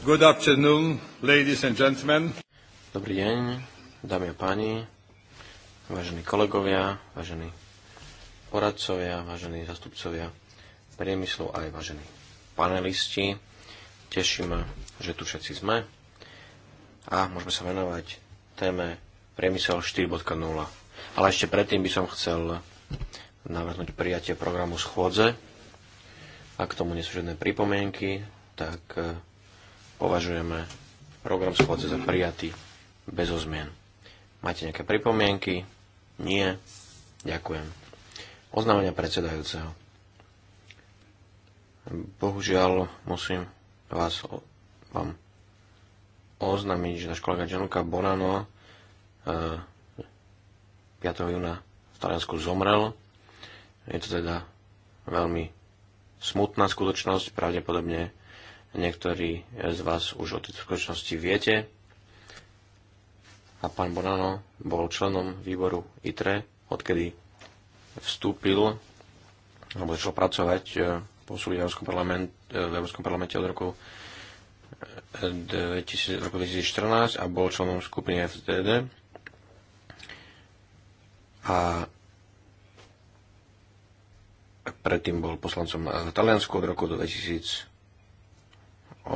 Good afternoon, ladies and gentlemen. Dobrý deň, dámy a páni, vážení kolegovia, vážení poradcovia, vážení zastupcovia priemyslu, aj vážení panelisti. Teším, ma, že tu všetci sme a môžeme sa venovať téme priemysel 4.0. Ale ešte predtým by som chcel navrhnúť prijatie programu schôdze. Ak k tomu nie sú žiadne pripomienky, tak eh, považujeme program schôdze za prijatý bez ozmien. Máte nejaké pripomienky? Nie? Ďakujem. Oznámenia predsedajúceho. Bohužiaľ musím vás vám oznámiť, že náš kolega Gianluca Bonano 5. E, júna v Taliansku zomrel. Je to teda veľmi smutná skutočnosť, pravdepodobne Niektorí z vás už o tejto skutočnosti viete. A pán Bonano bol členom výboru ITRE, odkedy vstúpil alebo začal pracovať eh, pôsobiť v Európskom, eh, v Európskom parlamente od roku 2000, eh, roku 2014 a bol členom skupiny FDD. A predtým bol poslancom v Taliansku od roku 2000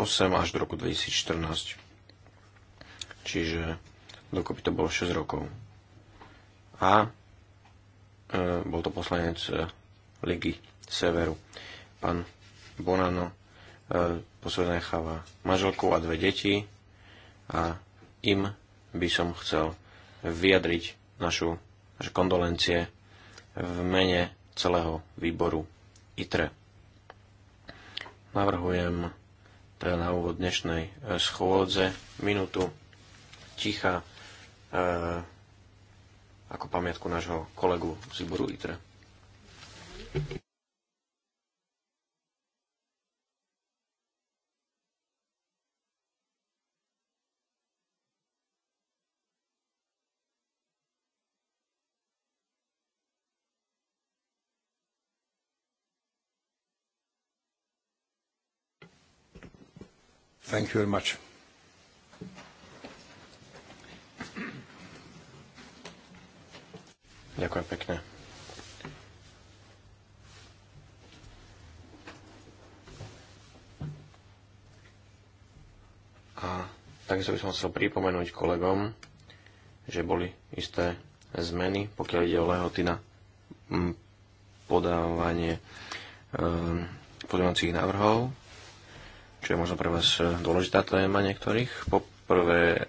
až do roku 2014. Čiže dokopy to bolo 6 rokov. A e, bol to poslanec e, Ligy Severu. Pán Bonano e, posledné cháva manželku a dve deti a im by som chcel vyjadriť našu, naše kondolencie v mene celého výboru ITRE. Navrhujem je teda na úvod dnešnej e, schôdze minútu ticha e, ako pamiatku nášho kolegu z ITRE. Thank you very much. Ďakujem pekne. A takisto by som chcel pripomenúť kolegom, že boli isté zmeny, pokiaľ ide o lehoty na mm, podávanie ehm, pozmeňovacích návrhov čo je možno pre vás e, dôležitá téma niektorých. Poprvé e,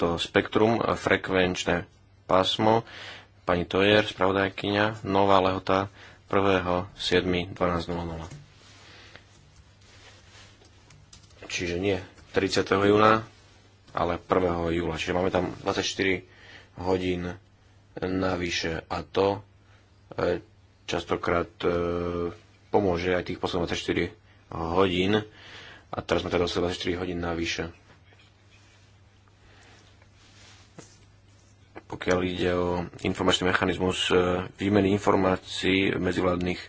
to spektrum, e, frekvenčné pásmo, pani Tojer, spravodajkyňa, nová lehota 1.7.12.00. Čiže nie 30. júna, ale 1. júla. Čiže máme tam 24 hodín navyše a to častokrát pomôže aj tých posledných 24 hodín a teraz sme teda dostali 24 hodín navyše. Pokiaľ ide o informačný mechanizmus e, výmeny informácií v medzivládnych e,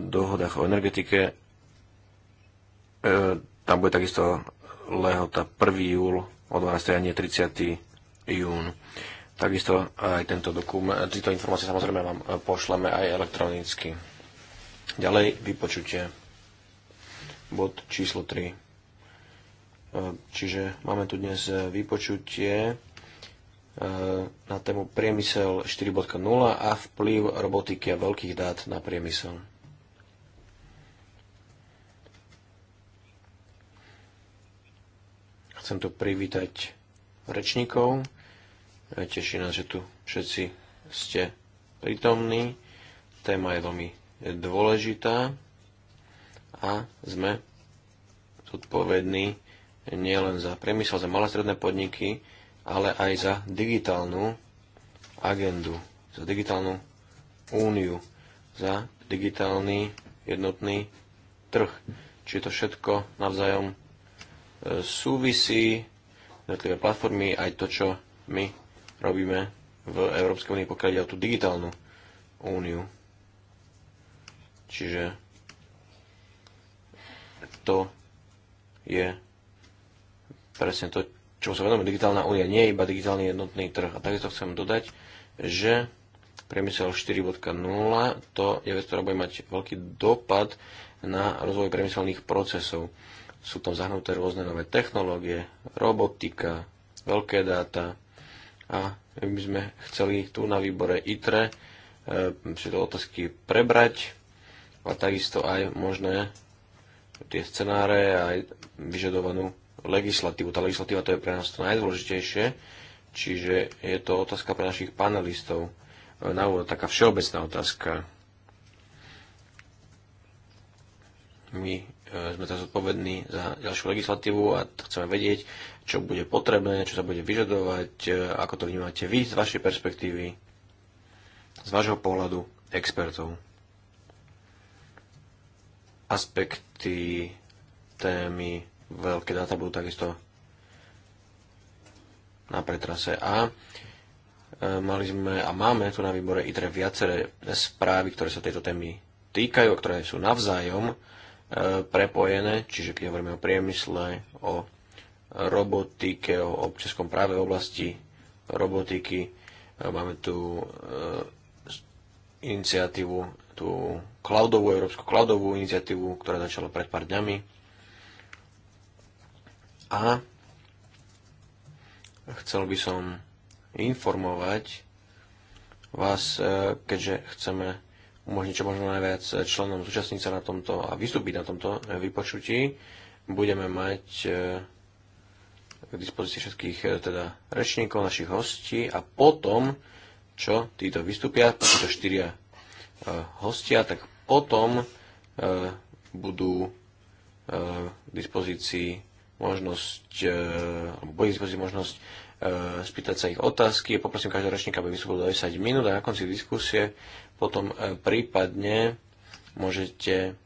dohodách o energetike, e, tam bude takisto lehota 1. júl o 12. a nie 30. jún. Takisto aj tento dokument, tieto informácie samozrejme vám pošleme aj elektronicky. Ďalej vypočutie bod číslo 3. E, čiže máme tu dnes vypočutie e, na tému priemysel 4.0 a vplyv robotiky a veľkých dát na priemysel. Chcem tu privítať rečníkov. E, teší nás, že tu všetci ste prítomní. Téma je veľmi dôležitá a sme zodpovední nielen za priemysel, za malé stredné podniky, ale aj za digitálnu agendu, za digitálnu úniu, za digitálny jednotný trh. Čiže to všetko navzájom e, súvisí, jednotlivé platformy, aj to, čo my robíme v Európskej únii, pokiaľ ide o tú digitálnu úniu. Čiže to je presne to, čo sa vedomí digitálna únia, nie je iba digitálny jednotný trh. A takisto chcem dodať, že priemysel 4.0 to je vec, ktorá bude mať veľký dopad na rozvoj priemyselných procesov. Sú tam zahnuté rôzne nové technológie, robotika, veľké dáta a my by sme chceli tu na výbore ITRE e, si to otázky prebrať a takisto aj možné tie scenáre a aj vyžadovanú legislatívu. Tá legislatíva to je pre nás to najdôležitejšie, čiže je to otázka pre našich panelistov. Na úvod taká všeobecná otázka. My e, sme teraz odpovední za ďalšiu legislatívu a chceme vedieť, čo bude potrebné, čo sa bude vyžadovať, e, ako to vnímate vy z vašej perspektívy, z vášho pohľadu expertov aspekty témy veľké dáta budú takisto na pretrase. A e, mali sme a máme tu na výbore ITRE viaceré správy, ktoré sa tejto témy týkajú, ktoré sú navzájom e, prepojené, čiže keď hovoríme o priemysle, o robotike, o, o práve v oblasti robotiky, e, máme tu iniciatívu tú cloudovú, európsku cloudovú iniciatívu, ktorá začala pred pár dňami. A chcel by som informovať vás, e, keďže chceme umožniť čo možno najviac členom zúčastniť sa na tomto a vystúpiť na tomto vypočutí. Budeme mať e, k dispozícii všetkých e, teda rečníkov, našich hostí a potom, čo títo vystúpia, títo štyria E, hostia, tak potom e, budú k e, dispozícii možnosť, alebo bude k dispozícii možnosť spýtať sa ich otázky. Poprosím každého ročníka, aby vystúpil 20 10 minút a na konci diskusie potom prípadne môžete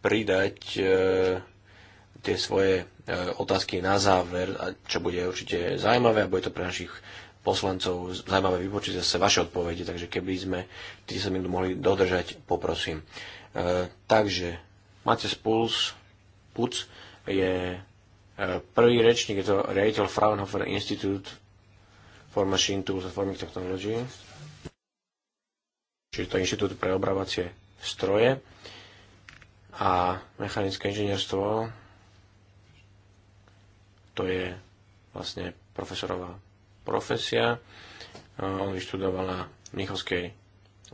pridať tie svoje otázky na záver, čo bude určite zaujímavé a bude to pre našich poslancov zaujímavé vypočuť zase vaše odpovede, takže keby sme tie sa minút mohli dodržať, poprosím. E, takže máte Puls, Puc je e, prvý rečník, je to riaditeľ Fraunhofer Institute for Machine Tools and Forming Technology, čiže to je Inštitút pre obravacie stroje a mechanické inžinierstvo, to je vlastne profesorová profesia. On vyštudoval na Mnichovskej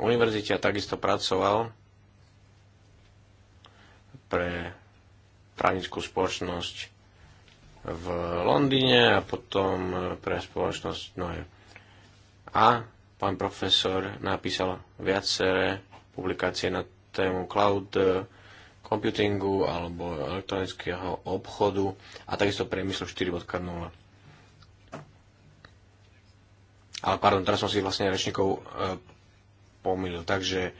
univerzite a takisto pracoval pre právnickú spoločnosť v Londýne a potom pre spoločnosť Noe. A pán profesor napísal viaceré publikácie na tému cloud e, computingu alebo elektronického obchodu a takisto priemyslu 4.0. Ale pardon, teraz som si vlastne rečníkov e, pomýlil. Takže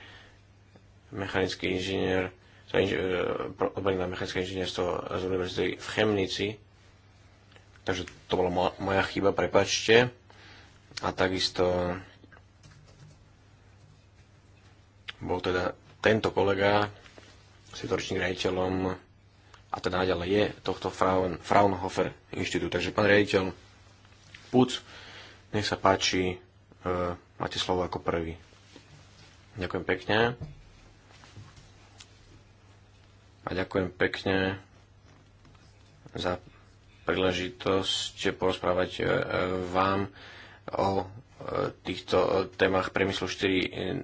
mechanický inžinier, e, e, odborník na mechanické inžinierstvo z univerzity v Chemnici. Takže to bola moja chyba, prepačte. A takisto bol teda tento kolega svetoročným riaditeľom a teda naďalej je tohto Fraun, Fraunhofer inštitút. Takže pán riaditeľ Puc, nech sa páči, uh, máte slovo ako prvý. Ďakujem pekne. A ďakujem pekne za príležitosť porozprávať e, vám o e, týchto témach priemyslu 4.0.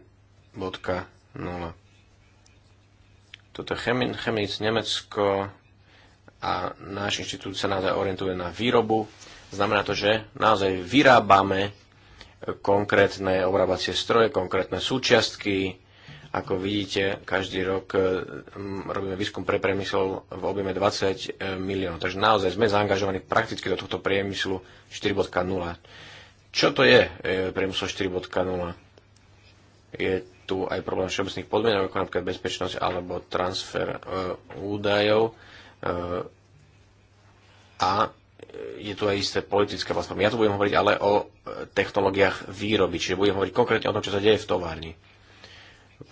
Toto je Chemnitz, Nemecko a náš inštitút sa naozaj orientuje na výrobu Znamená to, že naozaj vyrábame konkrétne obrábacie stroje, konkrétne súčiastky. Ako vidíte, každý rok e, robíme výskum pre priemysel v objeme 20 e, miliónov. Takže naozaj sme zaangažovaní prakticky do tohto priemyslu 4.0. Čo to je e, priemysel 4.0? Je tu aj problém všeobecných podmienok, ako napríklad bezpečnosť alebo transfer údajov. a je tu aj isté politické vlastne. Ja tu budem hovoriť ale o e, technológiách výroby, čiže budem hovoriť konkrétne o tom, čo sa deje v továrni.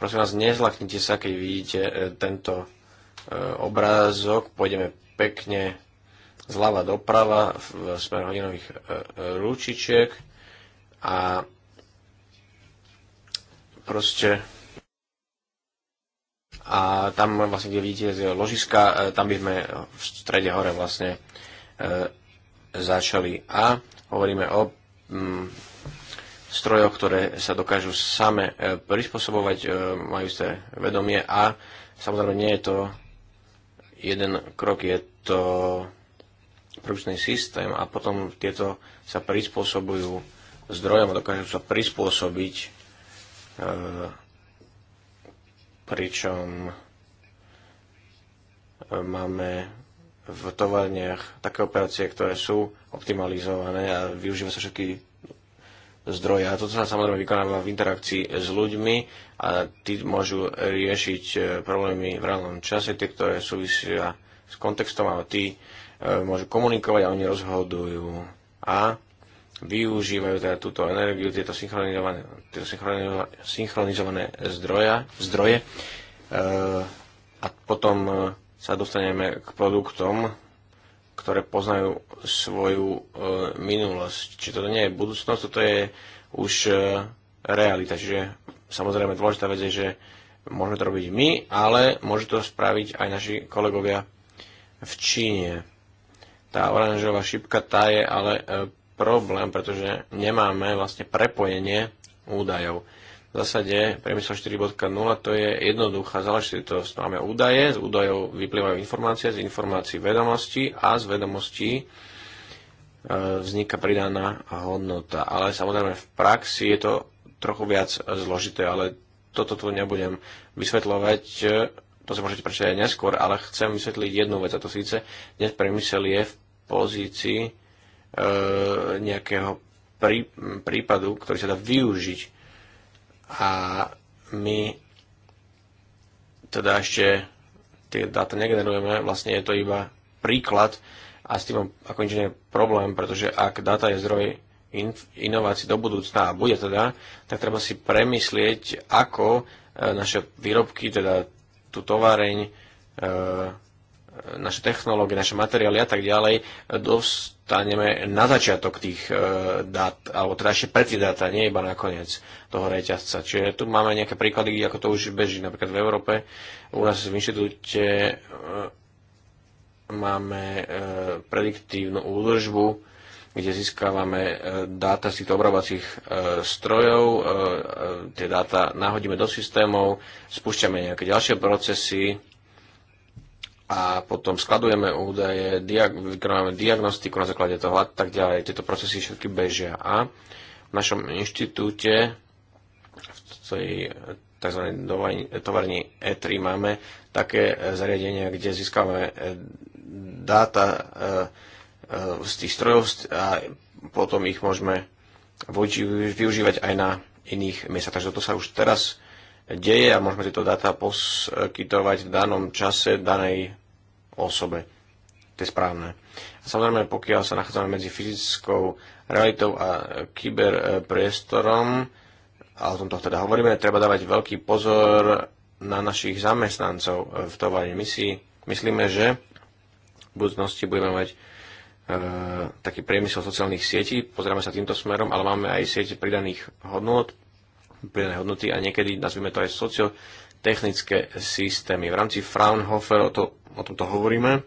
Prosím vás, nezlaknite sa, keď vidíte e, tento e, obrázok. Pôjdeme pekne zľava doprava v smer hodinových ručičiek a proste a tam vlastne, kde vidíte z ložiska, tam by sme v strede hore vlastne začali. A hovoríme o mm, strojoch, ktoré sa dokážu same e, prispôsobovať, e, majú ste vedomie a samozrejme nie je to jeden krok, je to produkčný systém a potom tieto sa prispôsobujú zdrojom a dokážu sa prispôsobiť, e, pričom e, máme v továrniach také operácie, ktoré sú optimalizované a využíva sa všetky zdroje. A toto sa samozrejme vykonáva v interakcii s ľuďmi a tí môžu riešiť e, problémy v reálnom čase, tie, ktoré súvisia s kontextom a tí e, môžu komunikovať a oni rozhodujú a využívajú teda túto energiu, tieto synchronizované, tieto synchronizované, zdroja, zdroje e, a potom e, sa dostaneme k produktom, ktoré poznajú svoju e, minulosť. Či toto nie je budúcnosť, toto je už e, realita. Čiže samozrejme dôležitá vec je, že môžeme to robiť my, ale môže to spraviť aj naši kolegovia v Číne. Tá oranžová šipka, tá je ale e, problém, pretože nemáme vlastne prepojenie údajov v zásade priemysel 4.0 to je jednoduchá záležitosť. máme údaje, z údajov vyplývajú informácie, z informácií vedomosti a z vedomostí e, vzniká pridaná hodnota. Ale samozrejme v praxi je to trochu viac zložité, ale toto tu nebudem vysvetľovať, e, to sa môžete prečítať aj neskôr, ale chcem vysvetliť jednu vec, a to síce dnes priemysel je v pozícii e, nejakého prípadu, ktorý sa dá využiť a my teda ešte tie dáta negenerujeme, vlastne je to iba príklad a s tým mám ako inžinier problém, pretože ak dáta je zdroj inovácií do budúcna a bude teda, tak treba si premyslieť, ako e, naše výrobky, teda tú továreň, e, naše technológie, naše materiály a tak ďalej dostaneme na začiatok tých e, dát, alebo teda ešte pred tie dáta, nie iba na koniec toho reťazca. Čiže tu máme nejaké príklady, ako to už beží napríklad v Európe. U nás v inštitúte e, máme e, prediktívnu údržbu, kde získávame dáta z týchto obrábacích strojov, tie dáta nahodíme do systémov, spúšťame nejaké ďalšie procesy, a potom skladujeme údaje, diag- vykonávame diagnostiku na základe toho a tak ďalej. Tieto procesy všetky bežia. A v našom inštitúte, v tej tzv. tovarni E3 máme také zariadenia, kde získame eh, dáta eh, eh, z tých strojov a potom ich môžeme využívať aj na iných miestach. Takže toto sa už teraz deje a môžeme tieto dáta poskytovať v danom čase danej osobe. To je správne. A samozrejme, pokiaľ sa nachádzame medzi fyzickou realitou a kyberpriestorom, a o tomto teda hovoríme, treba dávať veľký pozor na našich zamestnancov v továrni. My si myslíme, že v budúcnosti budeme mať e, taký priemysel sociálnych sietí, pozrieme sa týmto smerom, ale máme aj siete pridaných hodnot, pridané hodnoty a niekedy nazvime to aj socio technické systémy. V rámci Fraunhofer o, to, o tomto hovoríme,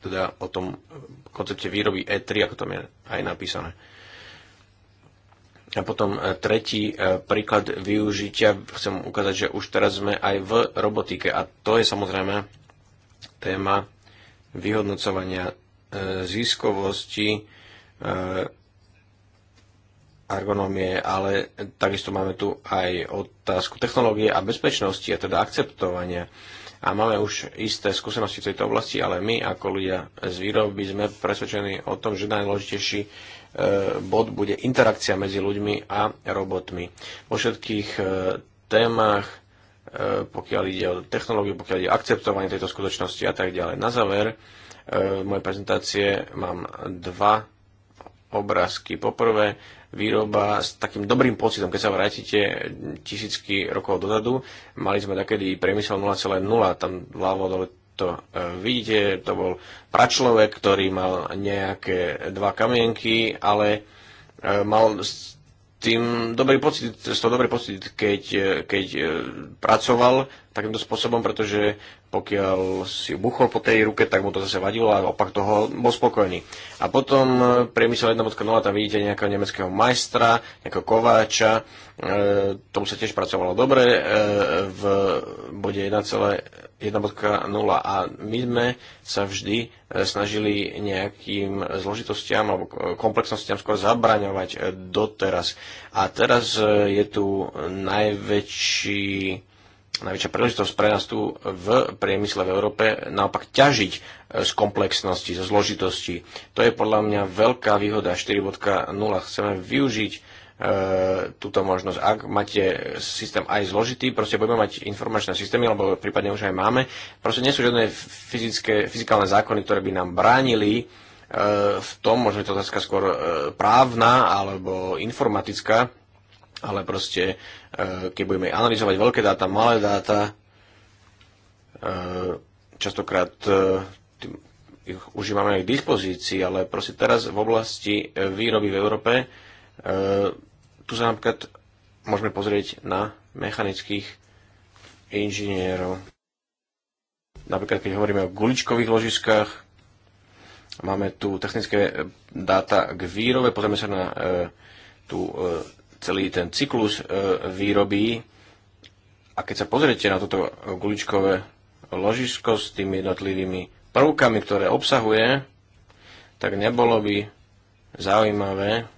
teda o tom koncepte výroby E3, ako tam je aj napísané. A potom e, tretí e, príklad využitia, chcem ukázať, že už teraz sme aj v robotike a to je samozrejme téma vyhodnocovania e, ziskovosti ergonomie, ale takisto máme tu aj otázku technológie a bezpečnosti, a teda akceptovania. A máme už isté skúsenosti v tejto oblasti, ale my ako ľudia z výroby sme presvedčení o tom, že najdôležitejší e, bod bude interakcia medzi ľuďmi a robotmi. Vo všetkých e, témach, e, pokiaľ ide o technológiu, pokiaľ ide o akceptovanie tejto skutočnosti a tak ďalej. Na záver mojej prezentácie mám dva obrázky. Poprvé, výroba s takým dobrým pocitom. Keď sa vrátite tisícky rokov dozadu, mali sme takedy priemysel 0,0, tam ľavo dole to e, vidíte, to bol pračlovek, ktorý mal nejaké dva kamienky, ale e, mal tým dobrý pocit, z toho dobrý pocit, keď, keď e, pracoval takýmto spôsobom, pretože pokiaľ si buchol po tej ruke, tak mu to zase vadilo a opak toho bol spokojný. A potom e, priemysel 1.0, tam vidíte nejakého nemeckého majstra, nejakého kováča, e, tomu sa tiež pracovalo dobre, e, v bode 1.0 a my sme sa vždy e, snažili nejakým zložitostiam alebo komplexnostiam skôr zabraňovať e, doteraz. A teraz e, je tu najväčší najväčšia príležitosť pre nás tu v priemysle v Európe naopak ťažiť z komplexnosti, zo zložitosti. To je podľa mňa veľká výhoda 4.0. Chceme využiť E, túto možnosť. Ak máte systém aj zložitý, proste budeme mať informačné systémy, alebo prípadne už aj máme, proste nie sú žiadne fyzické, fyzikálne zákony, ktoré by nám bránili e, v tom, možno je to otázka skôr e, právna alebo informatická, ale proste keď budeme analyzovať veľké dáta, malé dáta, častokrát ich užívame aj k dispozícii, ale proste teraz v oblasti výroby v Európe E, tu sa napríklad môžeme pozrieť na mechanických inžinierov. Napríklad, keď hovoríme o guličkových ložiskách, máme tu technické e, dáta k výrobe, pozrieme sa na e, tu celý ten cyklus výroby a keď sa pozriete na toto guličkové ložisko s tými jednotlivými prvkami, ktoré obsahuje, tak nebolo by zaujímavé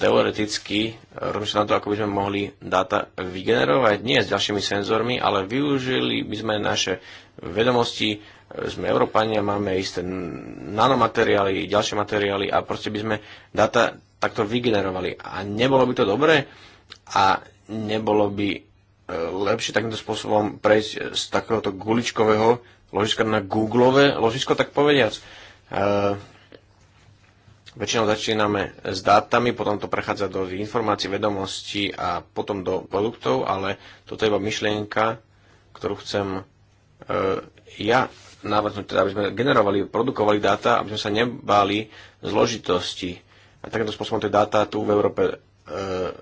teoreticky rozmýšľať na to, ako by sme mohli dáta vygenerovať, nie s ďalšími senzormi, ale využili by sme naše vedomosti, sme Európania, máme isté nanomateriály, ďalšie materiály a proste by sme dáta takto vygenerovali. A nebolo by to dobré a nebolo by e, lepšie takýmto spôsobom prejsť z takéhoto guličkového ložiska na Googleové ložisko, tak povediac. E, Väčšinou začíname s dátami, potom to prechádza do informácií, vedomostí a potom do produktov, ale toto je iba myšlienka, ktorú chcem e, ja navrhnúť, teda aby sme generovali, produkovali dáta, aby sme sa nebali zložitosti. A takýmto spôsobom tie dáta tu v Európe e,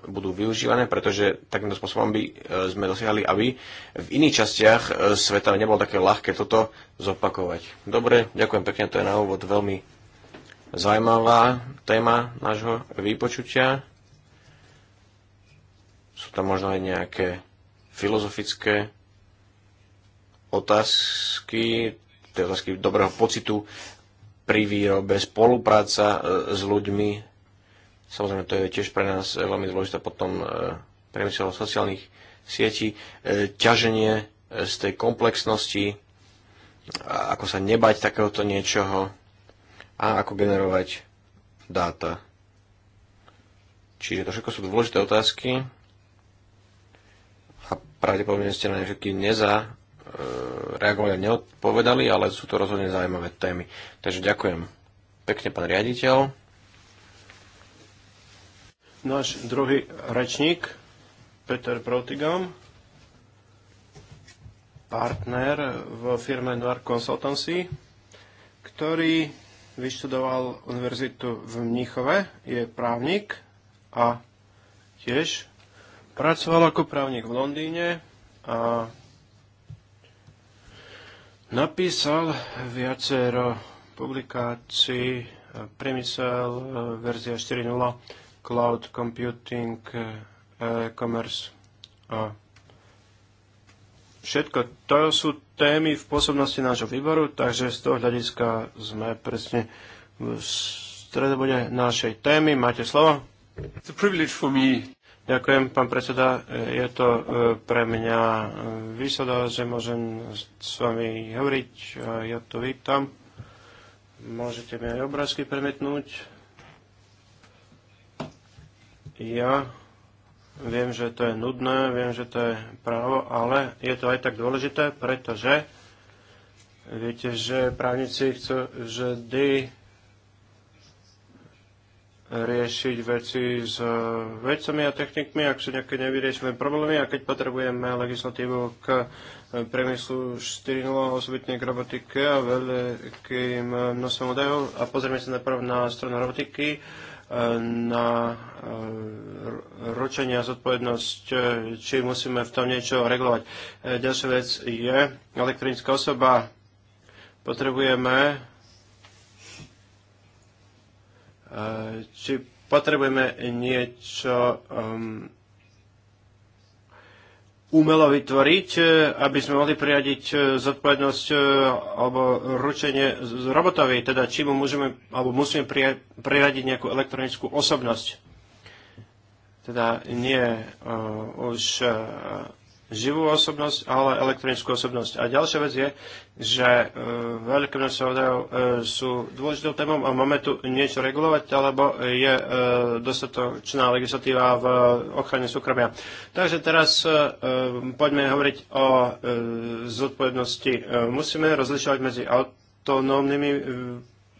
budú využívané, pretože takýmto spôsobom by e, sme dosiahli, aby v iných častiach e, sveta nebolo také ľahké toto zopakovať. Dobre, ďakujem pekne, to je na úvod veľmi zaujímavá téma nášho výpočutia. Sú tam možno aj nejaké filozofické otázky, tie otázky dobrého pocitu pri výrobe, spolupráca e, s ľuďmi. Samozrejme, to je tiež pre nás veľmi dôležité potom e, priemysel sociálnych sietí, e, ťaženie z tej komplexnosti, ako sa nebať takéhoto niečoho a ako generovať dáta. Čiže to všetko sú dôležité otázky a pravdepodobne ste na ne všetky neza e, reagovali a neodpovedali, ale sú to rozhodne zaujímavé témy. Takže ďakujem pekne, pán riaditeľ. Náš druhý rečník, Peter Protigam, partner v firme Noir Consultancy, ktorý vyštudoval univerzitu v Mníchove, je právnik a tiež pracoval ako právnik v Londýne a napísal viacero publikácií Premysel, verzia 4.0 Cloud Computing e-commerce a všetko to sú témy v pôsobnosti nášho výboru, takže z toho hľadiska sme presne v stredobode našej témy. Máte slovo? It's a privilege for me. Ďakujem, pán predseda. Je to e, pre mňa e, výsada, že môžem s vami hovoriť. Ja to vítam. Môžete mi aj obrázky premietnúť. Ja Viem, že to je nudné, viem, že to je právo, ale je to aj tak dôležité, pretože viete, že právnici chcú vždy riešiť veci s e, vedcami a technikmi, ak sú nejaké nevyriešené problémy a keď potrebujeme legislatívu k e, priemyslu 4.0, osobitne k robotike a veľkým e, množstvom údajov a pozrieme sa najprv na stranu robotiky, na eh, ročenie a zodpovednosť, eh, či musíme v tom niečo regulovať. Eh, ďalšia vec je elektronická osoba. Potrebujeme či potrebujeme niečo um, umelo vytvoriť, e, aby sme mohli priradiť e, zodpovednosť e, alebo ručenie z robotovi, teda či mu môžeme, alebo musíme priradiť nejakú elektronickú osobnosť. Teda nie uh, už uh, živú osobnosť, ale elektronickú osobnosť. A ďalšia vec je, že e, veľké množstvo údajov e, sú dôležitou témou a máme tu niečo regulovať, alebo je e, dostatočná legislatíva v ochrane súkromia. Takže teraz e, poďme hovoriť o e, zodpovednosti. E, musíme rozlišovať medzi autonómnymi e,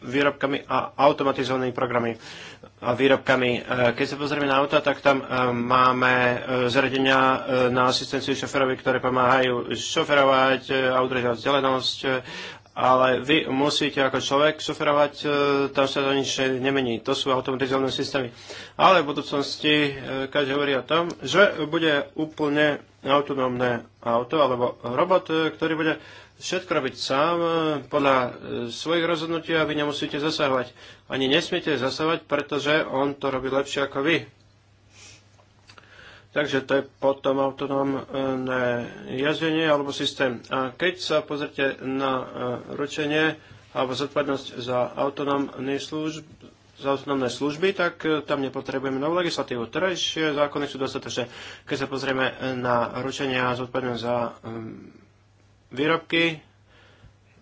výrobkami a automatizovanými programy a výrobkami. E, keď sa pozrieme na auta, tak tam e, máme e, zariadenia na asistenciu šoferovi, ktoré pomáhajú šoferovať a udržať vzdialenosť, ale vy musíte ako človek šoferovať, tam sa to nič nemení. To sú automatizované systémy. Ale v budúcnosti každý hovorí o tom, že bude úplne autonómne auto alebo robot, ktorý bude všetko robiť sám e, podľa e, svojich rozhodnutí a vy nemusíte zasahovať. Ani nesmiete zasahovať, pretože on to robí lepšie ako vy. Takže to je potom autonómne jazdenie alebo systém. A keď sa pozrite na e, ručenie alebo zodpovednosť za autonómne služby, za autonómne služby, tak tam nepotrebujeme novú legislatívu. Terajšie zákony sú dostatočné. Keď sa pozrieme na ručenia a zodpovednosť za výrobky,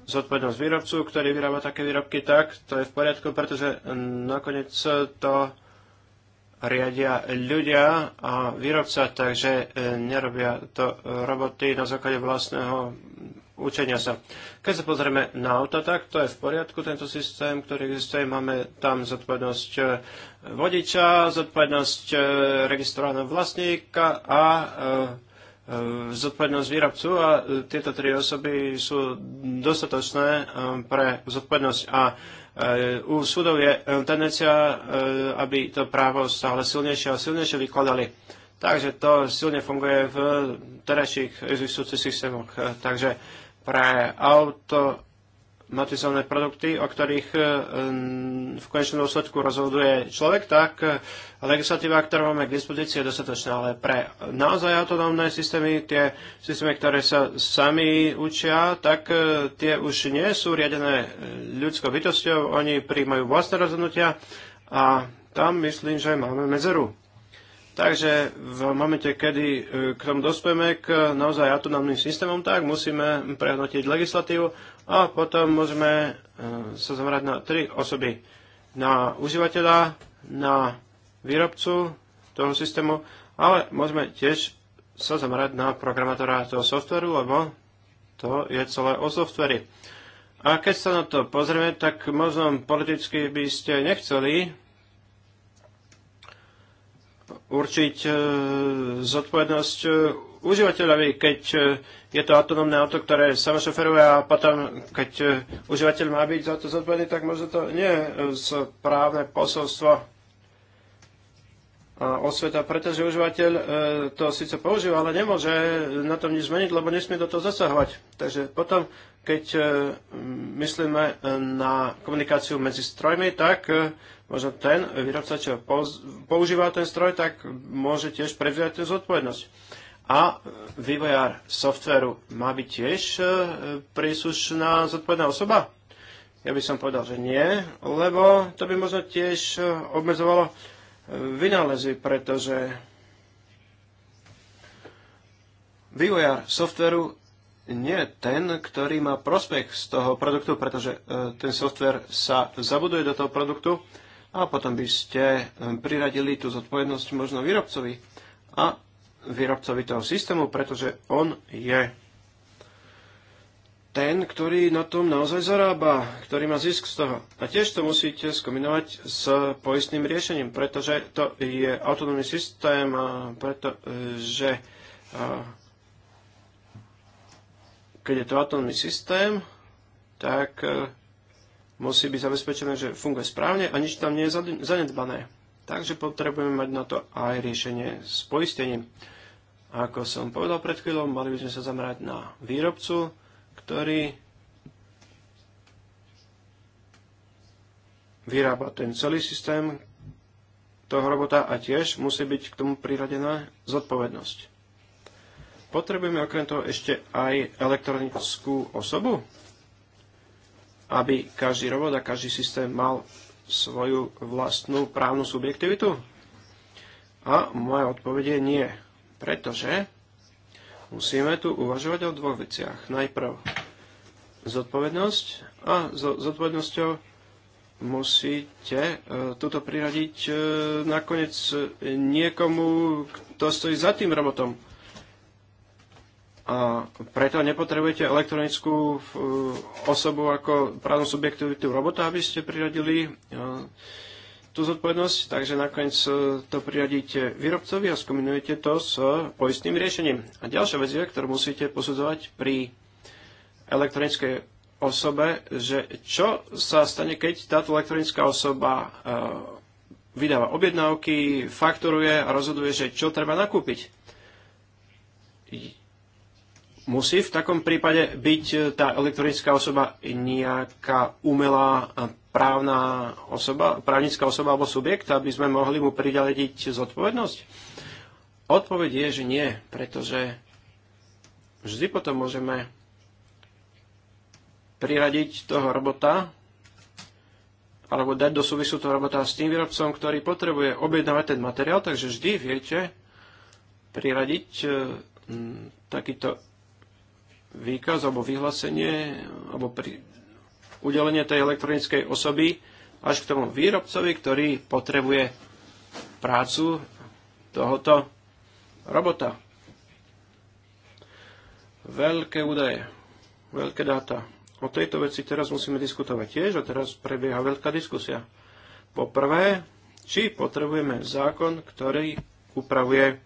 zodpovednosť výrobcu, ktorý vyrába také výrobky tak, to je v poriadku, pretože nakoniec to riadia ľudia a výrobca, takže e, nerobia to roboty na základe vlastného učenia sa. Keď sa pozrieme na auta, tak to je v poriadku, tento systém, ktorý existuje, máme tam zodpovednosť e, vodiča, zodpovednosť e, registrovaného vlastníka a E, zodpovednosť výrobcu a e, tieto tri osoby sú dostatočné e, pre zodpovednosť a u súdov je tendencia, aby to právo stále silnejšie a silnejšie vykladali. Takže to silne funguje v terajších existujúcich systémoch. Takže pre auto matizované produkty, o ktorých e, v konečnom dôsledku rozhoduje človek, tak e, legislatíva, ktorú máme k dispozícii, je dostatočná. Ale pre naozaj autonómne systémy, tie systémy, ktoré sa sami učia, tak e, tie už nie sú riadené ľudskou bytosťou, oni príjmajú vlastné rozhodnutia a tam myslím, že máme medzeru. Takže v momente, kedy k tomu dospieme k naozaj autonómnym systémom, tak musíme prehodnotiť legislatívu a potom môžeme e, sa zamerať na tri osoby. Na užívateľa, na výrobcu toho systému, ale môžeme tiež sa zamerať na programátora toho softveru, lebo to je celé o softveri. A keď sa na to pozrieme, tak možno politicky by ste nechceli určiť e, zodpovednosť e, užívateľovi, keď e, je to autonómne auto, ktoré šoferuje a potom, keď e, užívateľ má byť za to zodpovedný, tak možno to nie je správne e, posolstvo a osveta, pretože užívateľ to síce používa, ale nemôže na tom nič zmeniť, lebo nesmie do toho zasahovať. Takže potom, keď myslíme na komunikáciu medzi strojmi, tak možno ten výrobca, čo používa ten stroj, tak môže tiež prevziať tú zodpovednosť a vývojár softveru má byť tiež e, príslušná zodpovedná osoba? Ja by som povedal, že nie, lebo to by možno tiež e, obmedzovalo e, vynálezy, pretože vývojár softveru nie je ten, ktorý má prospech z toho produktu, pretože ten software sa zabuduje do toho produktu a potom by ste priradili tú zodpovednosť možno výrobcovi. A výrobcovi toho systému, pretože on je ten, ktorý na tom naozaj zarába, ktorý má zisk z toho. A tiež to musíte skombinovať s poistným riešením, pretože to je autonómny systém, pretože keď je to autonómny systém, tak e, musí byť zabezpečené, že funguje správne a nič tam nie je zanedbané. Takže potrebujeme mať na to aj riešenie s poistením. Ako som povedal pred chvíľou, mali by sme sa zamerať na výrobcu, ktorý vyrába ten celý systém toho robota a tiež musí byť k tomu priradená zodpovednosť. Potrebujeme okrem toho ešte aj elektronickú osobu, aby každý robot a každý systém mal svoju vlastnú právnu subjektivitu? A moja odpovede je nie. Pretože musíme tu uvažovať o dvoch veciach. Najprv zodpovednosť a zodpovednosťou musíte e, túto priradiť e, nakoniec e, niekomu, kto stojí za tým robotom. A preto nepotrebujete elektronickú osobu ako právnu subjektivitu robota, aby ste priradili tú zodpovednosť, takže nakoniec e, to priradíte výrobcovi a skombinujete to s e, poistným riešením. A ďalšia vec je, ktorú musíte posudzovať pri elektronickej osobe, že čo sa stane, keď táto elektronická osoba e, vydáva objednávky, fakturuje a rozhoduje, že čo treba nakúpiť musí v takom prípade byť e, tá elektronická osoba nejaká umelá e, právna osoba, právnická osoba alebo subjekt, aby sme mohli mu prideliť zodpovednosť? Odpoveď je, že nie, pretože vždy potom môžeme priradiť toho robota alebo dať do súvisu toho robota s tým výrobcom, ktorý potrebuje objednávať ten materiál, takže vždy viete priradiť e, takýto výkaz alebo vyhlásenie alebo pri udelenie tej elektronickej osoby až k tomu výrobcovi, ktorý potrebuje prácu tohoto robota. Veľké údaje, veľké dáta. O tejto veci teraz musíme diskutovať tiež a teraz prebieha veľká diskusia. Poprvé, či potrebujeme zákon, ktorý upravuje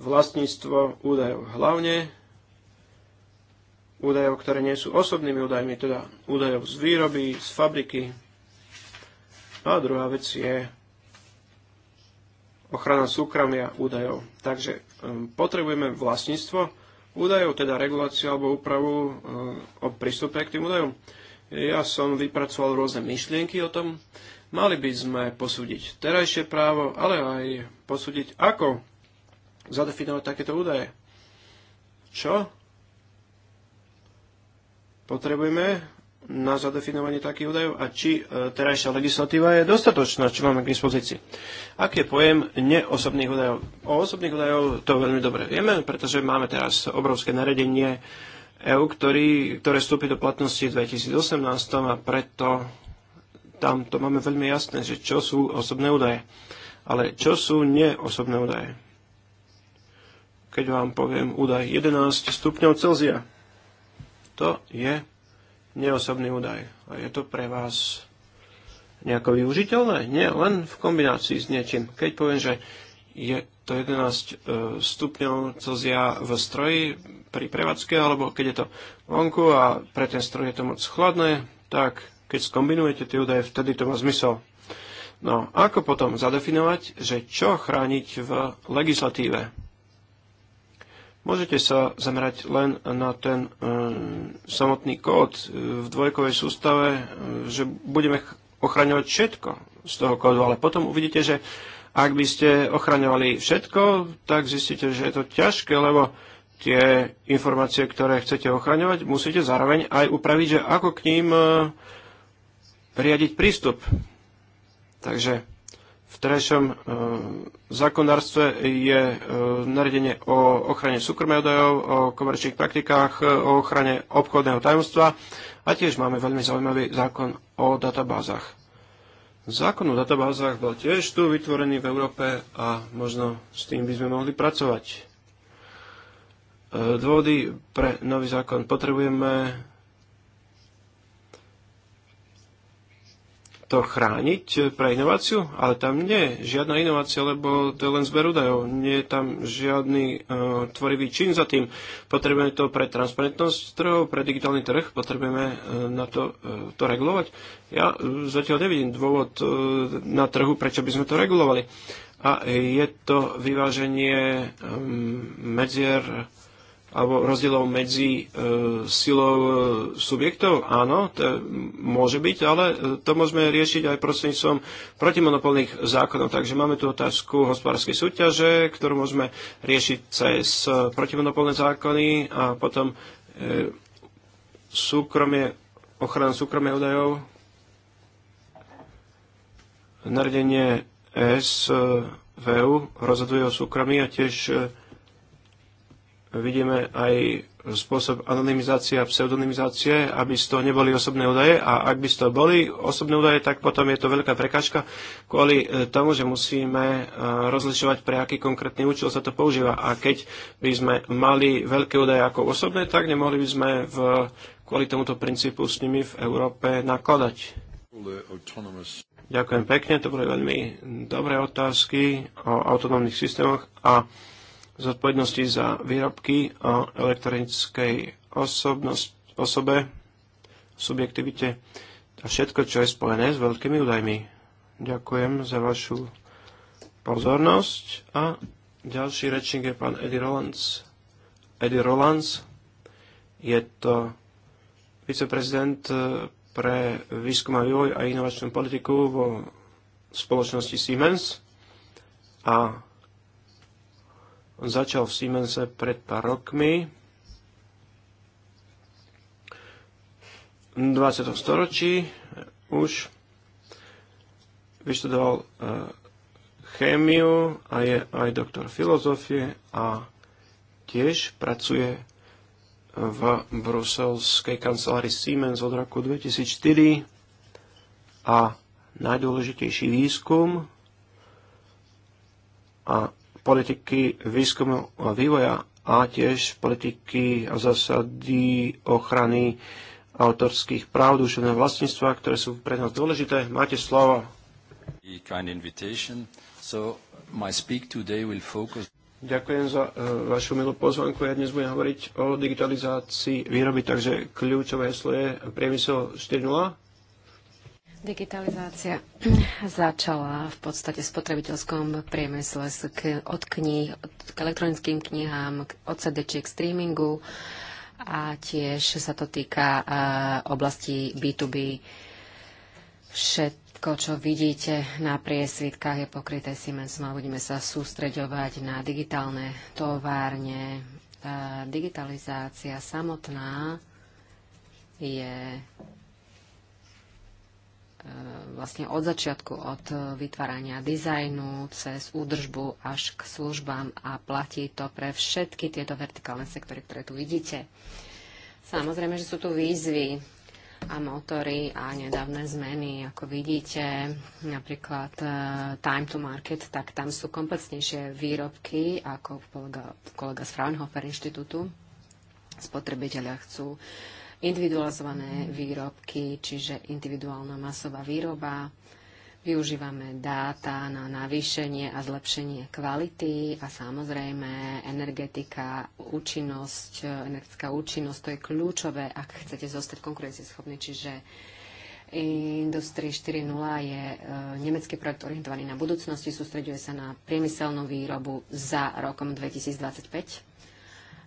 vlastníctvo údajov, hlavne údajov, ktoré nie sú osobnými údajmi, teda údajov z výroby, z fabriky. No a druhá vec je ochrana súkromia údajov. Takže um, potrebujeme vlastníctvo údajov, teda reguláciu alebo úpravu um, o prístupe k tým údajom. Ja som vypracoval rôzne myšlienky o tom. Mali by sme posúdiť terajšie právo, ale aj posúdiť, ako zadefinovať takéto údaje. Čo potrebujeme na zadefinovanie takých údajov a či e, terajšia legislatíva je dostatočná, čo máme k dispozícii. Aký je pojem neosobných údajov? O osobných údajov to veľmi dobre vieme, pretože máme teraz obrovské naredenie EU, ktorý, ktoré vstúpi do platnosti v 2018 a preto tam to máme veľmi jasné, že čo sú osobné údaje. Ale čo sú neosobné údaje? Keď vám poviem údaj 11 stupňov Celzia, to je neosobný údaj. A je to pre vás nejako využiteľné? Nie, len v kombinácii s niečím. Keď poviem, že je to 11 e, stupňov Celzia v stroji pri prevádzke, alebo keď je to vonku a pre ten stroj je to moc chladné, tak keď skombinujete tie údaje, vtedy to má zmysel. No, ako potom zadefinovať, že čo chrániť v legislatíve? Môžete sa zamerať len na ten e, samotný kód v dvojkovej sústave, e, že budeme ochraňovať všetko z toho kódu, ale potom uvidíte, že ak by ste ochraňovali všetko, tak zistíte, že je to ťažké, lebo tie informácie, ktoré chcete ochraňovať, musíte zároveň aj upraviť, že ako k ním e, riadiť prístup. Takže v terajšom e, zákonárstve je e, naredenie o ochrane súkromia údajov, o komerčných praktikách, e, o ochrane obchodného tajomstva a tiež máme veľmi zaujímavý zákon o databázach. Zákon o databázach bol tiež tu vytvorený v Európe a možno s tým by sme mohli pracovať. E, dôvody pre nový zákon potrebujeme to chrániť eh, pre inováciu, ale tam nie je žiadna inovácia, lebo to je len zber údajov. Nie je tam žiadny uh, tvorivý čin za tým. Potrebujeme to pre transparentnosť trhov, pre digitálny trh, potrebujeme uh, na to, uh, to regulovať. Ja uh, zatiaľ nevidím dôvod uh, na trhu, prečo by sme to regulovali. A je to vyváženie um, medzier alebo rozdielov medzi e, silou e, subjektov? Áno, to môže byť, ale e, to môžeme riešiť aj prostredníctvom protimonopolných zákonov. Takže máme tu otázku hospodárskej súťaže, ktorú môžeme riešiť cez protimonopolné zákony a potom súkromie, ochranu súkromie údajov, nariadenie SVU rozhoduje o súkromí a tiež vidíme aj spôsob anonymizácie a pseudonymizácie, aby z toho neboli osobné údaje a ak by z toho boli osobné údaje, tak potom je to veľká prekážka kvôli e, tomu, že musíme e, rozlišovať, pre aký konkrétny účel sa to používa. A keď by sme mali veľké údaje ako osobné, tak nemohli by sme v, kvôli tomuto princípu s nimi v Európe nakladať. Ďakujem pekne, to boli veľmi dobré otázky o autonómnych systémoch a zodpovednosti za výrobky o elektronickej osobnosť, osobe, subjektivite a všetko, čo je spojené s veľkými údajmi. Ďakujem za vašu pozornosť a ďalší rečník je pán Eddie Rolands. Eddie Rolands je to viceprezident eh, pre výskum a vývoj a inovačnú politiku vo spoločnosti Siemens a začal v Siemense pred pár rokmi. V 20. storočí už vyštudoval e, chémiu a je aj doktor filozofie a tiež pracuje v bruselskej kancelárii Siemens od roku 2004 a najdôležitejší výskum a politiky výskumu a vývoja a tiež politiky a zásady ochrany autorských práv duševného vlastníctva, ktoré sú pre nás dôležité. Máte slovo. Ďakujem za e, vašu milú pozvanku. Ja dnes budem hovoriť o digitalizácii výroby, takže kľúčové heslo je priemysel Digitalizácia začala v podstate v spotrebiteľskom priemysle od kníh, k elektronickým knihám, od CD k streamingu a tiež sa to týka oblasti B2B. Všetko, čo vidíte na priesvitkách, je pokryté Siemensom a budeme sa sústreďovať na digitálne továrne. Digitalizácia samotná je E, vlastne od začiatku, od vytvárania dizajnu cez údržbu až k službám a platí to pre všetky tieto vertikálne sektory, ktoré tu vidíte. Samozrejme, že sú tu výzvy a motory a nedávne zmeny, ako vidíte, napríklad e, time to market, tak tam sú komplexnejšie výrobky, ako kolega, kolega z Fraunhofer inštitútu. Spotrebitelia chcú uh, individualizované výrobky, čiže individuálna masová výroba. Využívame dáta na navýšenie a zlepšenie kvality a samozrejme energetika, účinnosť, energetická účinnosť, to je kľúčové, ak chcete zostať konkurencieschopní, čiže Industrie 4.0 je e, nemecký projekt orientovaný na budúcnosti, sústreďuje sa na priemyselnú výrobu za rokom 2025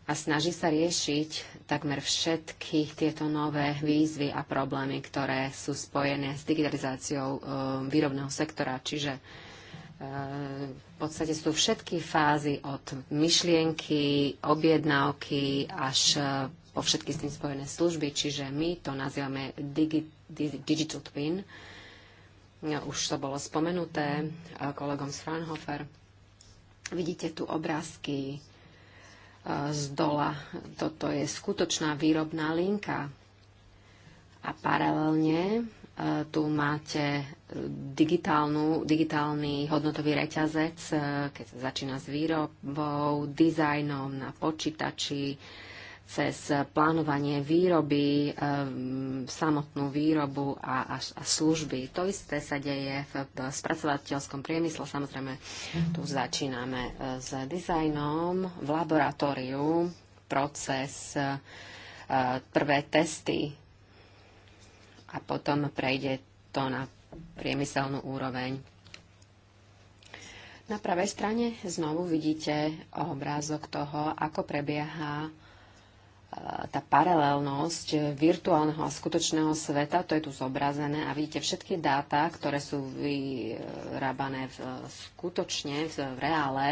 a snaží sa riešiť takmer všetky tieto nové výzvy a problémy, ktoré sú spojené s digitalizáciou e, výrobného sektora. Čiže e, v podstate sú všetky fázy od myšlienky, objednávky až e, po všetky s tým spojené služby, čiže my to nazývame digi, Digital Twin. No, už to bolo spomenuté e, kolegom z Fraunhofer. Vidíte tu obrázky z dola. Toto je skutočná výrobná linka. A paralelne e, tu máte e, digitálnu, digitálny hodnotový reťazec, e, keď sa začína s výrobou, dizajnom na počítači, cez plánovanie výroby, ehm, samotnú výrobu a, a služby. To isté sa deje v spracovateľskom priemysle. Samozrejme, tu začíname e, s dizajnom v laboratóriu, proces, e, prvé testy a potom prejde to na priemyselnú úroveň. Na pravej strane znovu vidíte obrázok toho, ako prebieha tá paralelnosť virtuálneho a skutočného sveta, to je tu zobrazené a vidíte všetky dáta, ktoré sú vyrábané v, skutočne, v, v reále,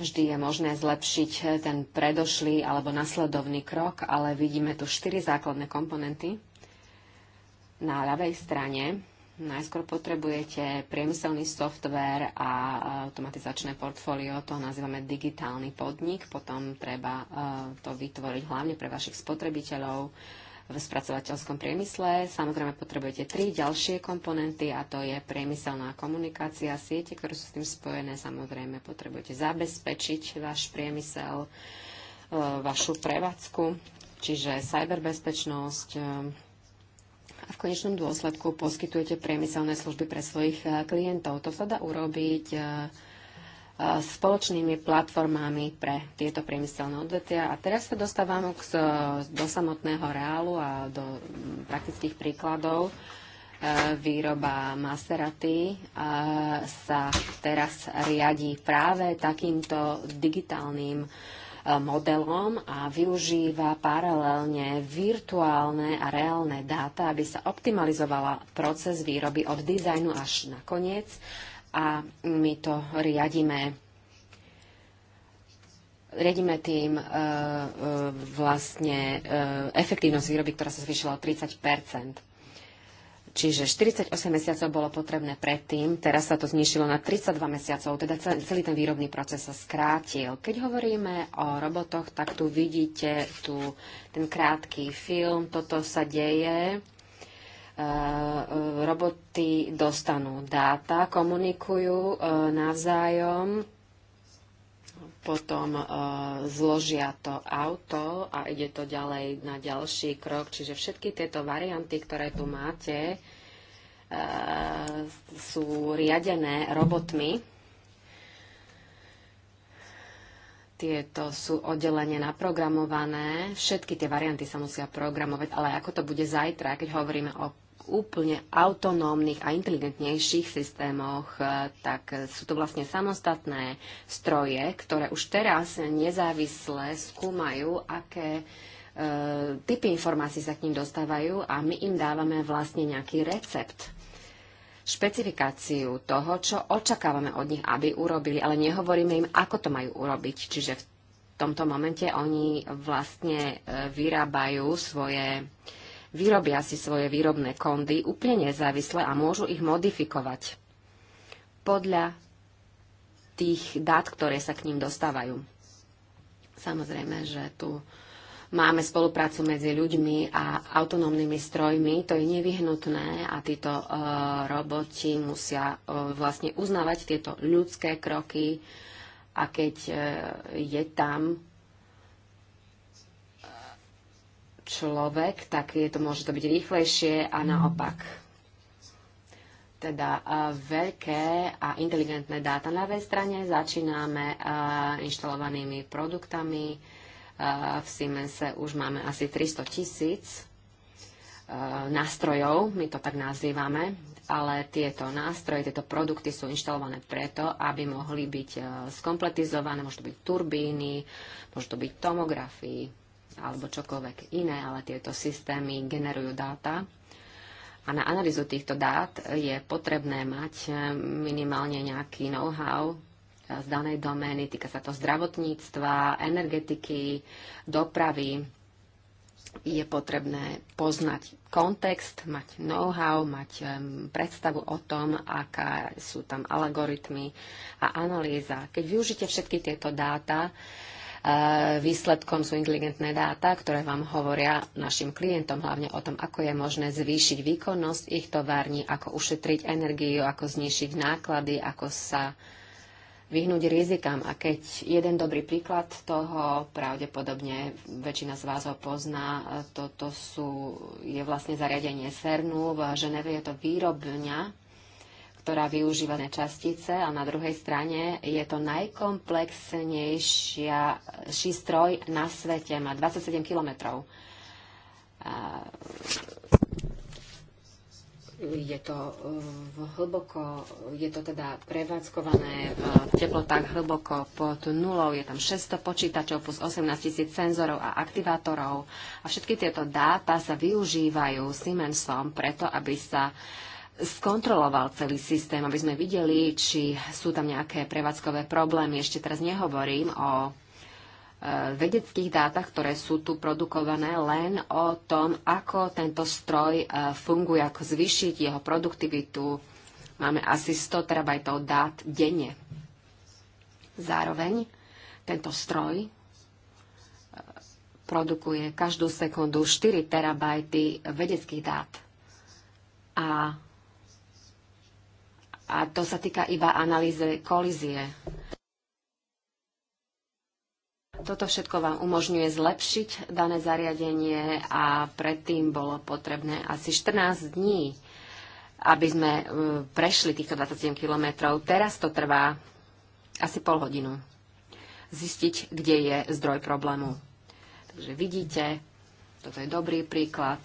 vždy je možné zlepšiť ten predošlý alebo nasledovný krok, ale vidíme tu štyri základné komponenty. Na ľavej strane najskôr potrebujete priemyselný software a automatizačné portfólio, to nazývame digitálny podnik, potom treba e, to vytvoriť hlavne pre vašich spotrebiteľov v spracovateľskom priemysle. Samozrejme potrebujete tri ďalšie komponenty a to je priemyselná komunikácia, siete, ktoré sú s tým spojené. Samozrejme potrebujete zabezpečiť váš priemysel, e, vašu prevádzku, čiže cyberbezpečnosť, e, a v konečnom dôsledku poskytujete priemyselné služby pre svojich e, klientov. To sa dá urobiť e, e, spoločnými platformami pre tieto priemyselné odvetia. A teraz sa dostávam k, do samotného reálu a do mm, praktických príkladov. Výroba Maserati sa teraz riadi práve takýmto digitálnym E, modelom a využíva paralelne virtuálne a reálne dáta, aby sa optimalizovala proces výroby od dizajnu až na koniec a my to riadíme Riedime tým e, e, vlastne e, efektívnosť výroby, ktorá sa zvýšila o 30 Čiže 48 mesiacov bolo potrebné predtým, teraz sa to znišilo na 32 mesiacov, teda celý ten výrobný proces sa skrátil. Keď hovoríme o robotoch, tak tu vidíte tu ten krátky film, toto sa deje. E, e, roboty dostanú dáta, komunikujú e, navzájom potom e, zložia to auto a ide to ďalej na ďalší krok. Čiže všetky tieto varianty, ktoré tu máte, e, sú riadené robotmi. Tieto sú oddelenie naprogramované. Všetky tie varianty sa musia programovať, ale ako to bude zajtra, keď hovoríme o úplne autonómnych a inteligentnejších systémoch, e, tak sú to vlastne samostatné stroje, ktoré už teraz nezávisle skúmajú, aké e, typy informácií sa k ním dostávajú a my im dávame vlastne nejaký recept špecifikáciu toho, čo očakávame od nich, aby urobili, ale nehovoríme im, ako to majú urobiť. Čiže v tomto momente oni vlastne e, vyrábajú svoje Vyrobia si svoje výrobné kondy úplne nezávisle a môžu ich modifikovať podľa tých dát, ktoré sa k ním dostávajú. Samozrejme, že tu máme spoluprácu medzi ľuďmi a autonómnymi strojmi, to je nevyhnutné a títo uh, roboti musia uh, vlastne uznávať tieto ľudské kroky a keď uh, je tam človek, tak je to, môže to byť rýchlejšie a mhm. naopak. Teda veľké a inteligentné dáta na jednej strane začíname inštalovanými produktami. V Siemense už máme asi 300 tisíc nástrojov, my to tak nazývame, ale tieto nástroje, tieto produkty sú inštalované preto, aby mohli byť skompletizované, môžu to byť turbíny, môžu to byť tomografii, alebo čokoľvek iné, ale tieto systémy generujú dáta. A na analýzu týchto dát je potrebné mať eh, minimálne nejaký know-how eh, z danej domény. Týka sa to zdravotníctva, energetiky, dopravy. Je potrebné poznať kontext, mať know-how, mať predstavu o tom, aká sú tam algoritmy a analýza. Keď využite všetky tieto dáta, Eh, výsledkom sú inteligentné dáta, ktoré vám hovoria našim klientom hlavne o tom, ako je možné zvýšiť výkonnosť ich tovární, ako ušetriť energiu, ako znišiť náklady, ako sa vyhnúť rizikám. A keď jeden dobrý príklad toho, pravdepodobne väčšina z vás ho pozná, eh, toto sú, je vlastne zariadenie CERNu v Ženeve, je to výrobňa ktorá využíva častice a na druhej strane je to najkomplexnejší stroj na svete, má 27 kilometrov. Je to eh, v hlboko, je to teda prevádzkované v teplotách hlboko pod nulou, je tam 600 počítačov plus 18 tisíc senzorov a aktivátorov a všetky tieto dáta sa využívajú Siemensom preto, aby sa uh, skontroloval celý systém, aby sme videli, či sú tam nejaké prevádzkové problémy. Ešte teraz nehovorím o e, vedeckých dátach, ktoré sú tu produkované, len o tom, ako tento stroj e, funguje, ako zvyšiť jeho produktivitu. Máme asi 100 terabajtov dát denne. Zároveň tento stroj e, produkuje každú sekundu 4 terabajty vedeckých dát. A a to sa týka iba analýzy kolízie. Toto všetko vám umožňuje zlepšiť dané zariadenie a predtým bolo potrebné asi 14 dní, aby sme e, prešli týchto 27 kilometrov. Teraz to trvá asi pol hodinu zistiť, kde je zdroj problému. Takže vidíte, toto je dobrý príklad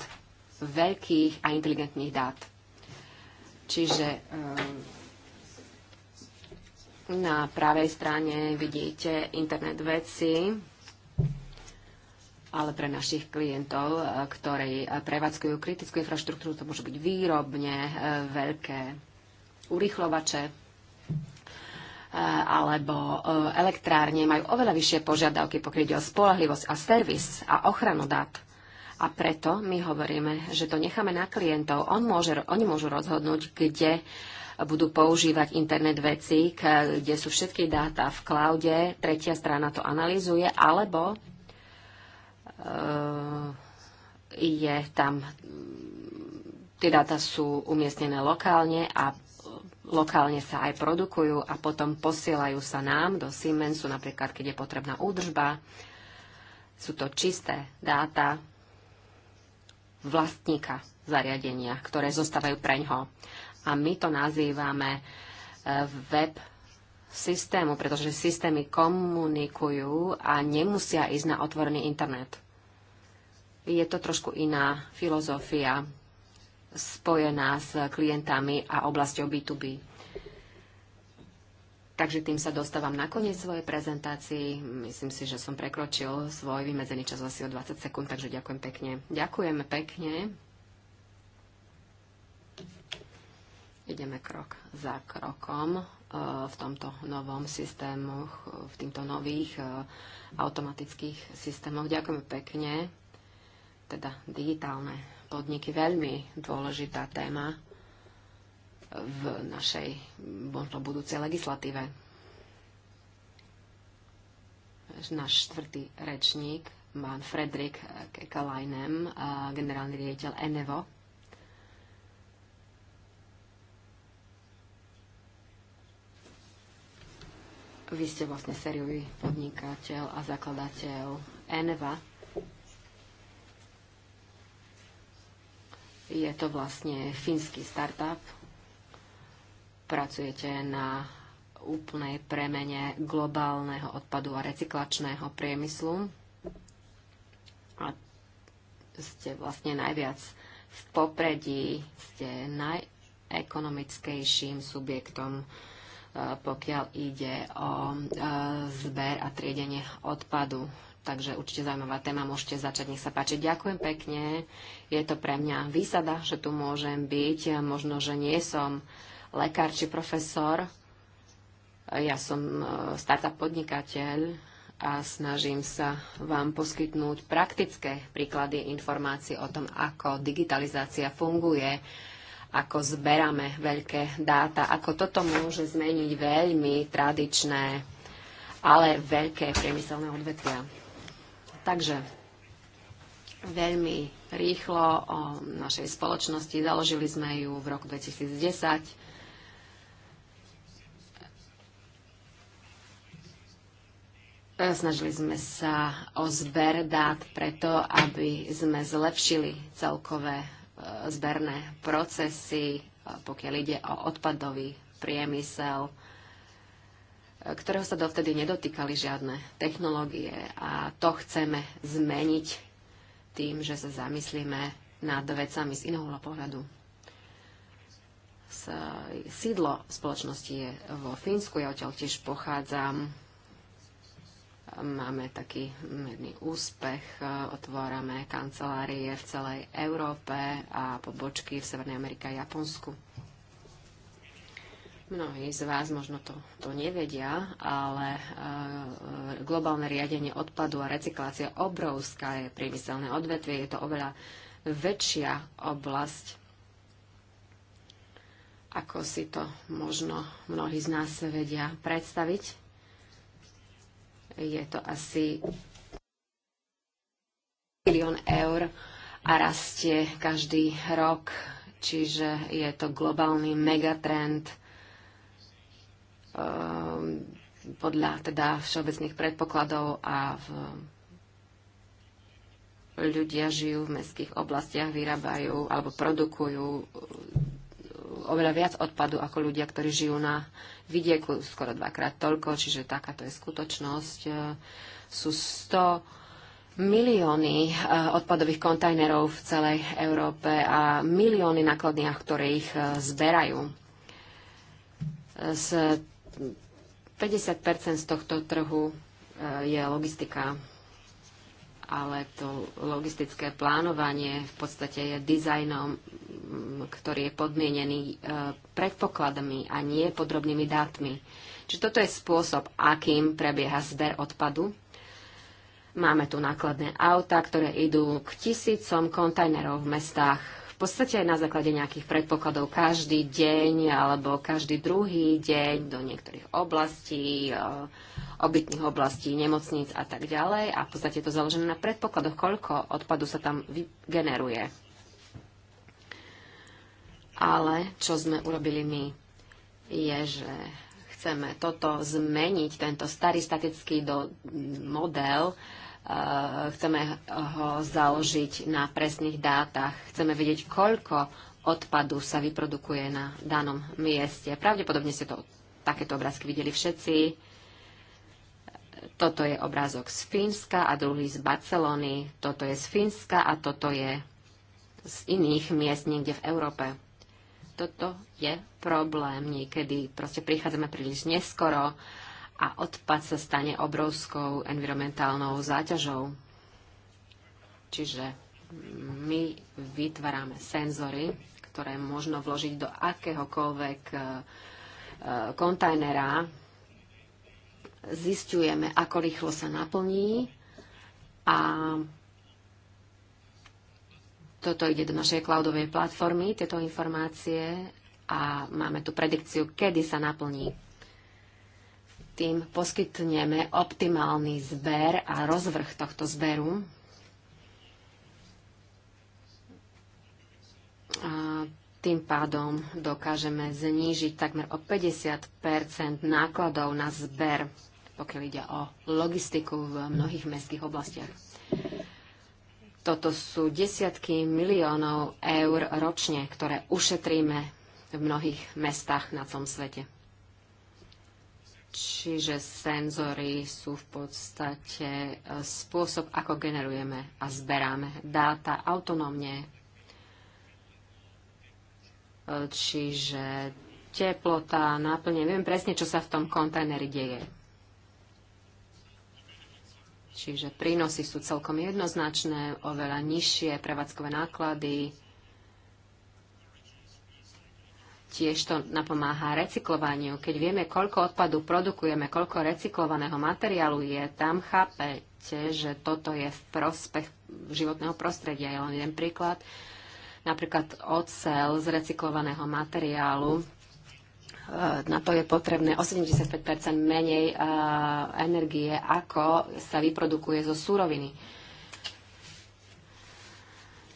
veľkých a inteligentných dát. Čiže e, na pravej strane vidíte internet veci, ale pre našich klientov, eh, ktorí eh, prevádzkujú kritickú infraštruktúru, to môžu byť výrobne eh, veľké urychlovače, alebo elektrárne majú oveľa vyššie požiadavky, pokiaľ ide o spolahlivosť a servis a ochranu dát. A preto my hovoríme, že to necháme na klientov. On môže, oni môžu rozhodnúť, kde uh, budú používať internet veci, kde sú všetky dáta v cloude, tretia strana to analýzuje, alebo e, je tam, tie dáta sú umiestnené lokálne a lokálne sa aj produkujú a potom posielajú sa nám do Siemensu, napríklad keď je potrebná údržba. Sú to čisté dáta vlastníka zariadenia, ktoré zostávajú preňho. ho a my to nazývame e, web systému, pretože systémy komunikujú a nemusia ísť na otvorený internet. Je to trošku iná filozofia spojená s klientami a oblasťou B2B. Takže tým sa dostávam na koniec svojej prezentácii. Myslím si, že som prekročil svoj vymedzený čas asi o 20 sekúnd, takže ďakujem pekne. Ďakujeme pekne ideme krok za krokom e, v tomto novom systému, v týmto nových e, automatických systémoch. Ďakujeme pekne. Teda digitálne podniky, veľmi dôležitá téma v našej možno budúcej legislatíve. Náš štvrtý rečník, pán Fredrik Kekalainen, e, generálny riaditeľ Enevo, Vy ste vlastne sériový podnikateľ a zakladateľ Enva. Je to vlastne fínsky startup. Pracujete na úplnej premene globálneho odpadu a recyklačného priemyslu. A ste vlastne najviac v popredí, ste najekonomickejším subjektom E, pokiaľ ide o e, zber a triedenie odpadu. Takže určite zaujímavá téma, môžete začať, nech sa páči. Ďakujem pekne, je to pre mňa výsada, že tu môžem byť. Možno, že nie som lekár či profesor, ja som e, startup podnikateľ a snažím sa vám poskytnúť praktické príklady informácií o tom, ako digitalizácia funguje ako zberame veľké dáta, ako toto môže zmeniť veľmi tradičné, ale veľké priemyselné odvetvia. Takže veľmi rýchlo o našej spoločnosti. Založili sme ju v roku 2010. Snažili sme sa o zber dát preto, aby sme zlepšili celkové zberné procesy, pokiaľ ide o odpadový priemysel, ktorého sa dovtedy nedotýkali žiadne technológie a to chceme zmeniť tým, že sa zamyslíme nad vecami z iného pohľadu. Sídlo spoločnosti je vo Fínsku, ja odtiaľ tiež pochádzam. Máme taký medný úspech, otvárame kancelárie v celej Európe a pobočky v Severnej Amerike a Japonsku. Mnohí z vás možno to, to nevedia, ale e, globálne riadenie odpadu a recyklácia obrovská, je priemyselné odvetvie, je to oveľa väčšia oblasť, ako si to možno mnohí z nás vedia predstaviť je to asi milión eur a rastie každý rok, čiže je to globálny megatrend um, podľa teda všeobecných predpokladov a v, ľudia žijú v mestských oblastiach, vyrábajú alebo produkujú oveľa viac odpadu ako ľudia, ktorí žijú na vidieku, skoro dvakrát toľko, čiže takáto je skutočnosť. E, sú 100 milióny e, odpadových kontajnerov v celej Európe a milióny nakladniach, ktoré ich e, zberajú. Z 50 z tohto trhu je logistika ale to logistické plánovanie v podstate je dizajnom ktorý je podmienený e, predpokladmi a nie podrobnými dátmi. Čiže toto je spôsob, akým prebieha zber odpadu. Máme tu nákladné auta, ktoré idú k tisícom kontajnerov v mestách. V podstate aj na základe nejakých predpokladov každý deň alebo každý druhý deň do niektorých oblastí, e, obytných oblastí, nemocníc a tak ďalej. A v podstate je to založené na predpokladoch, koľko odpadu sa tam generuje. Ale čo sme urobili my, je, že chceme toto zmeniť, tento starý statický do, model, e, chceme ho založiť na presných dátach, chceme vidieť, koľko odpadu sa vyprodukuje na danom mieste. Pravdepodobne ste to, takéto obrázky videli všetci. Toto je obrázok z Fínska a druhý z Barcelony. Toto je z Fínska a toto je z iných miest niekde v Európe toto je problém. Niekedy proste prichádzame príliš neskoro a odpad sa stane obrovskou environmentálnou záťažou. Čiže my vytvárame senzory, ktoré možno vložiť do akéhokoľvek e, e, kontajnera. Zistujeme, ako rýchlo sa naplní a toto ide do našej cloudovej platformy, tieto informácie a máme tu predikciu, kedy sa naplní. Tým poskytneme optimálny zber a rozvrh tohto zberu. A tým pádom dokážeme znížiť takmer o 50 nákladov na zber, pokiaľ ide o logistiku v mnohých mestských oblastiach. Toto sú desiatky miliónov eur ročne, ktoré ušetríme v mnohých mestách na celom svete. Čiže senzory sú v podstate e, spôsob, ako generujeme a zberáme dáta autonómne. E, čiže teplota, náplne, viem presne, čo sa v tom kontajneri deje. Čiže prínosy sú celkom jednoznačné, oveľa nižšie prevádzkové náklady. Tiež to napomáha recyklovaniu. Keď vieme, koľko odpadu produkujeme, koľko recyklovaného materiálu je, tam chápete, že toto je v prospech životného prostredia. Je len jeden príklad. Napríklad ocel z recyklovaného materiálu Eh, na to je potrebné 85 menej eh, energie, ako sa vyprodukuje zo súroviny.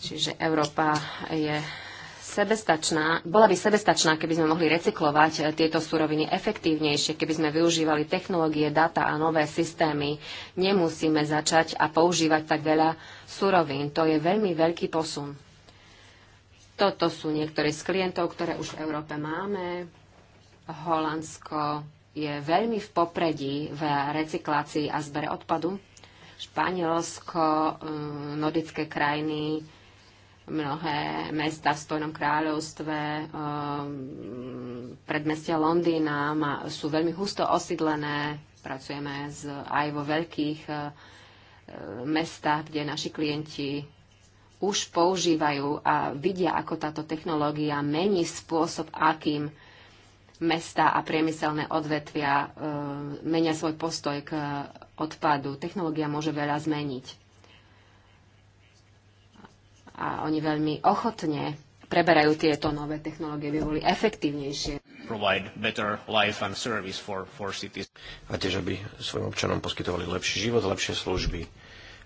Čiže Európa je sebestačná, bola by sebestačná, keby sme mohli recyklovať eh, tieto suroviny efektívnejšie, keby sme využívali technológie, data a nové systémy. Nemusíme začať a používať tak veľa surovín. To je veľmi veľký posun. Toto sú niektorí z klientov, ktoré už v Európe máme Holandsko je veľmi v popredí v recyklácii a zbere odpadu. Španielsko, mm, nordické krajiny, mnohé mesta v Spojenom kráľovstve, mm, predmestia Londýna sú veľmi husto osídlené. Pracujeme aj vo veľkých e, mestách, kde naši klienti už používajú a vidia, ako táto technológia mení spôsob, akým mesta a priemyselné odvetvia e, menia svoj postoj k odpadu. Technológia môže veľa zmeniť. A oni veľmi ochotne preberajú tieto nové technológie, aby boli efektívnejšie. For, for a tiež, aby svojim občanom poskytovali lepší život, lepšie služby.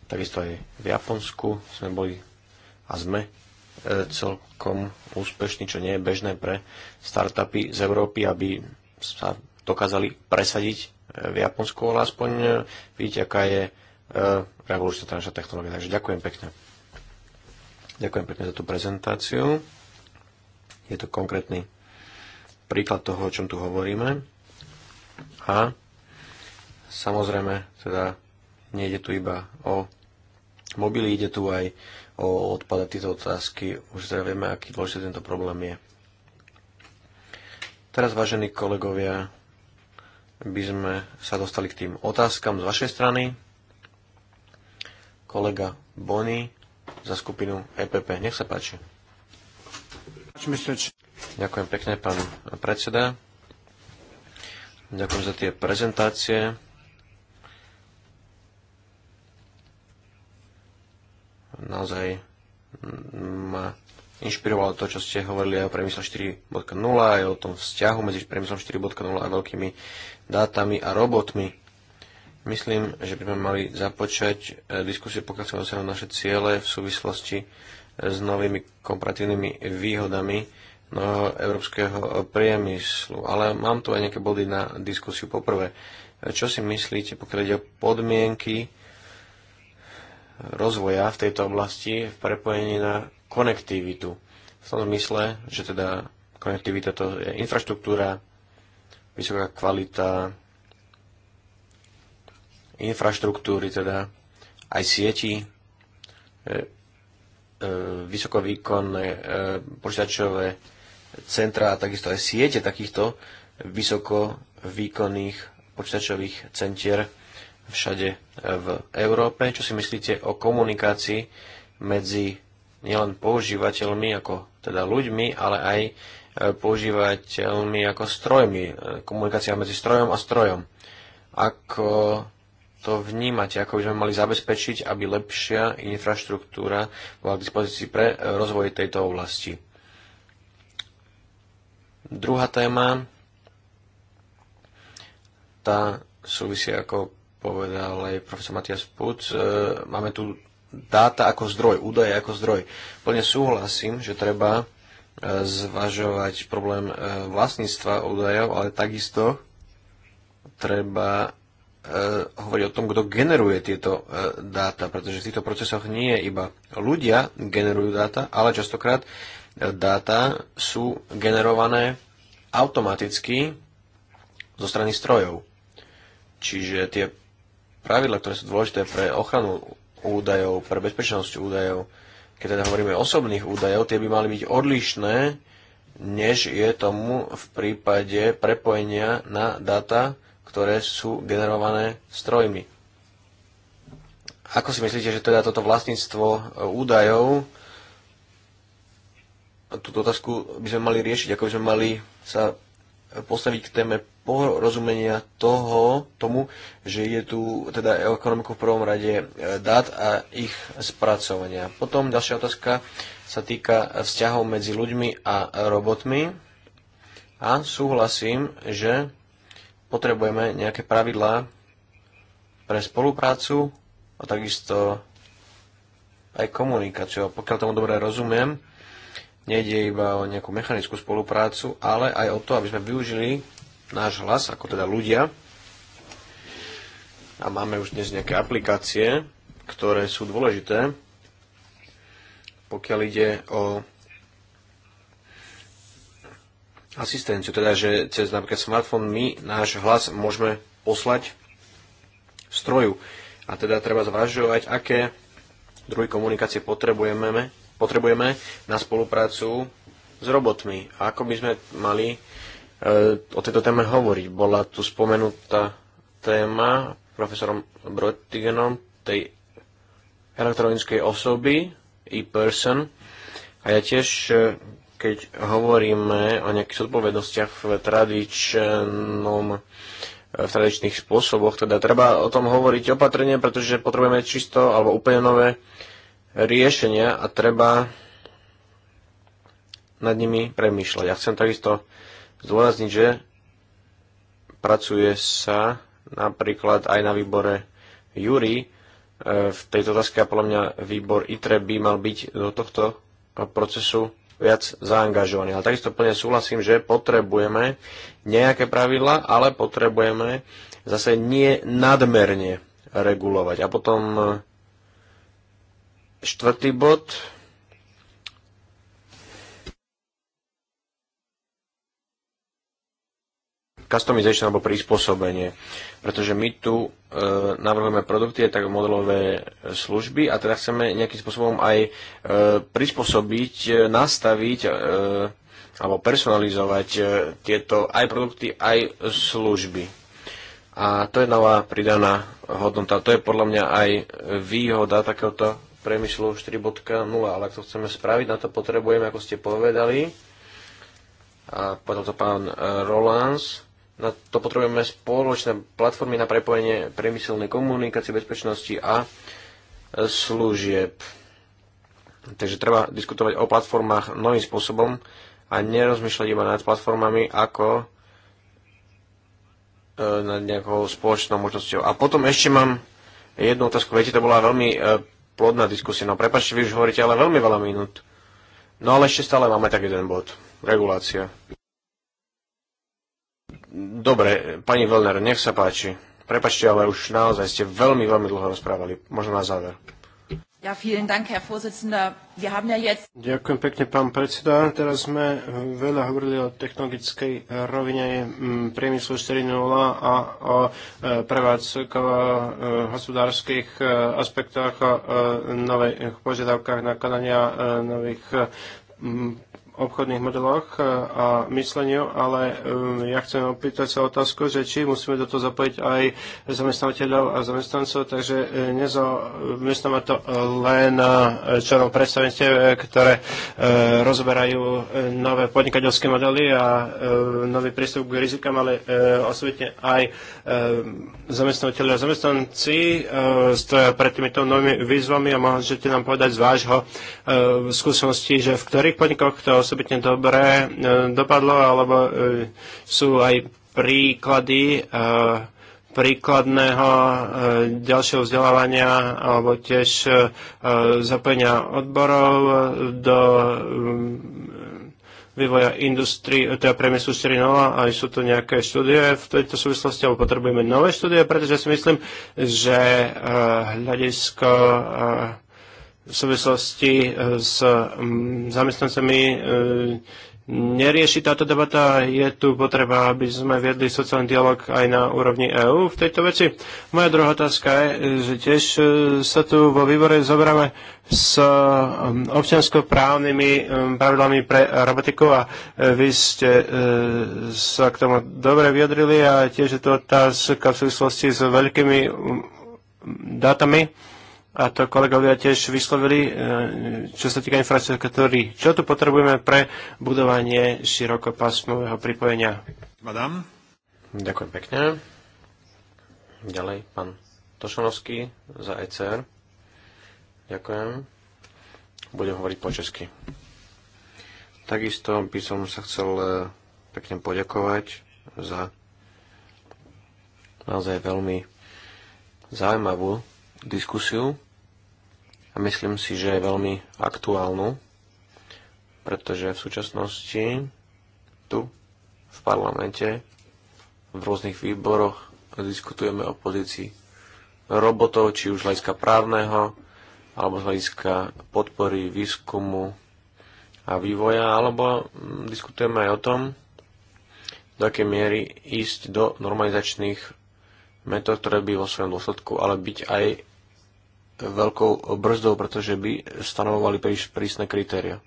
Takisto aj v Japonsku sme boli a sme celkom úspešný, čo nie je bežné pre startupy z Európy, aby sa dokázali presadiť e, v Japonsku, ale aspoň e, vidíte, aká je e, revolučná tá naša technológia. Takže ďakujem pekne. Ďakujem pekne za tú prezentáciu. Je to konkrétny príklad toho, o čom tu hovoríme. A samozrejme, teda nejde tu iba o mobily, ide tu aj o tieto otázky. Už teda vieme, aký dôležitý tento problém je. Teraz, vážení kolegovia, by sme sa dostali k tým otázkam z vašej strany. Kolega Boni za skupinu EPP. Nech sa páči. Ďakujem pekne, pán predseda. Ďakujem za tie prezentácie. naozaj ma inšpirovalo to, čo ste hovorili aj o priemysle 4.0, aj o tom vzťahu medzi priemyslom 4.0 a veľkými dátami a robotmi. Myslím, že by sme mali započať e, diskusiu, pokiaľ chceme dosiahnuť naše ciele v súvislosti s novými komparatívnymi výhodami nového európskeho priemyslu. Ale mám tu aj nejaké body na diskusiu. Poprvé, e, čo si myslíte, pokiaľ ide o podmienky, rozvoja v tejto oblasti v prepojení na konektivitu. V tom zmysle, že teda konektivita to je infraštruktúra, vysoká kvalita infraštruktúry, teda aj sieti, e, e, vysokovýkonné e, počítačové centra a takisto aj siete takýchto vysokovýkonných počítačových centier všade e, v Európe. Čo si myslíte o komunikácii medzi nielen používateľmi, ako teda ľuďmi, ale aj e, používateľmi ako strojmi, e, komunikácia medzi strojom a strojom. Ako to vnímate, ako by sme mali zabezpečiť, aby lepšia infraštruktúra bola k dispozícii pre rozvoj tejto oblasti. Druhá téma, tá súvisí ako povedal aj profesor Matias Puc, e, máme tu dáta ako zdroj, údaje ako zdroj. Plne súhlasím, že treba e, zvažovať problém e, vlastníctva údajov, ale takisto treba hovoriť o tom, kto generuje tieto dáta, pretože v týchto procesoch nie je iba ľudia generujú dáta, ale častokrát dáta sú generované automaticky zo strany strojov. Čiže tie pravidla, ktoré sú dôležité pre ochranu údajov, pre bezpečnosť údajov, keď teda hovoríme osobných údajov, tie by mali byť odlišné, než je tomu v prípade prepojenia na data, ktoré sú generované strojmi. Ako si myslíte, že teda toto vlastníctvo e, údajov, túto otázku by sme mali riešiť, ako by sme mali sa postaviť k téme porozumenia toho, tomu, že je tu teda ekonomiku v prvom rade e, dát a ich spracovania. Potom ďalšia otázka sa týka vzťahov medzi ľuďmi a robotmi. A súhlasím, že potrebujeme nejaké pravidlá pre spoluprácu a takisto aj komunikáciu. pokiaľ tomu dobre rozumiem, nejde iba o nejakú mechanickú spoluprácu, ale aj o to, aby sme využili náš hlas, ako teda ľudia. A máme už dnes nejaké aplikácie, ktoré sú dôležité, pokiaľ ide o asistenciu, teda že cez napríklad smartfón my náš hlas môžeme poslať stroju. A teda treba zvažovať, aké druhy komunikácie potrebujeme, potrebujeme na spoluprácu s robotmi. A ako by sme mali o tejto téme hovoriť. Bola tu spomenutá téma profesorom Brottigenom tej elektronickej osoby, e-person. A ja tiež, e, keď hovoríme o nejakých zodpovednostiach v tradičnom e, v tradičných spôsoboch, teda treba o tom hovoriť opatrne, pretože potrebujeme čisto alebo úplne nové riešenia a treba nad nimi premýšľať. Ja chcem takisto zdôrazniť, že pracuje sa napríklad aj na výbore Júri e, v tejto otázke a podľa mňa výbor ITRE by mal byť do tohto procesu viac zaangažovaný. Ale takisto plne súhlasím, že potrebujeme nejaké pravidla, ale potrebujeme zase nie nadmerne regulovať. A potom e, štvrtý bod, customization alebo prispôsobenie. Pretože my tu e, navrhujeme produkty, tak modelové e, služby a teda chceme nejakým spôsobom aj e, prispôsobiť, e, nastaviť e, alebo personalizovať e, tieto aj produkty, aj služby. A to je nová pridaná hodnota. To je podľa mňa aj výhoda takéhoto priemyslu 4.0, ale ak to chceme spraviť, na to potrebujeme, ako ste povedali, a povedal to pán e, Rolands, na to potrebujeme spoločné platformy na prepojenie priemyselnej komunikácie, bezpečnosti a služieb. Takže treba diskutovať o platformách novým spôsobom a nerozmýšľať iba nad platformami ako e, nad nejakou spoločnou možnosťou. A potom ešte mám jednu otázku. Viete, to bola veľmi e, plodná diskusia. No prepačte, vy už hovoríte ale veľmi veľa minút. No ale ešte stále máme tak jeden bod. Regulácia. Dobre, pani Vellner, nech sa páči. Prepačte, ale už naozaj ste veľmi, veľmi dlho rozprávali. Možno na záver. Ja, vielen Dank, Herr Vorsitzender. Wir haben ja jetzt... Ďakujem pekne, pán predseda. Teraz sme veľa hovorili o technologickej rovine mm, priemyslu 4.0 a o e, prevádzkovo-hospodárskych e, e, aspektoch a nových požiadavkách nakladania nových mm, obchodných modeloch e, a mysleniu, ale e, ja chcem opýtať sa otázku, že či musíme do toho zapojiť aj zamestnávateľov a zamestnancov, takže e, nezamestnáme to len členom predstavenstiev, ktoré rozberajú nové podnikateľské modely a nový prístup k rizikám, ale osobitne aj zamestnávateľi a zamestnanci stoja pred týmito novými výzvami a môžete nám povedať z vášho skúsenosti, že v ktorých podnikoch to osobitne dobre e, dopadlo, alebo e, sú aj príklady e, príkladného ďalšieho vzdelávania alebo tiež zapojenia odborov do vývoja industrie, teda priemyslu 4.0 a sú tu nejaké štúdie v tejto súvislosti, alebo potrebujeme nové štúdie, pretože si myslím, že hľadisko v súvislosti e, s zamestnancami e, nerieši táto debata. Je tu potreba, aby sme viedli sociálny dialog aj na úrovni EÚ v tejto veci. Moja druhá otázka je, že tiež e, sa tu vo výbore zoberáme s občianskoprávnymi pravidlami pre robotiku a vy ste sa k tomu dobre vyjadrili a tiež je to otázka v súvislosti s veľkými datami a to kolegovia tiež vyslovili, e, čo sa týka infraštruktúry. Čo tu potrebujeme pre budovanie širokopásmového pripojenia? Madame. Ďakujem pekne. Ďalej pán Tošanovský za ECR. Ďakujem. Budem hovoriť po česky. Takisto by som sa chcel e, pekne poďakovať za naozaj veľmi zaujímavú diskusiu a myslím si, že je veľmi aktuálnu, pretože v súčasnosti tu v parlamente v rôznych výboroch diskutujeme o pozícii robotov, či už hľadiska právneho, alebo z hľadiska podpory výskumu a vývoja, alebo diskutujeme aj o tom, do akej miery ísť do normalizačných metód, ktoré by vo svojom dôsledku ale byť aj veľkou brzdou, pretože by stanovovali príliš prísne kritéria.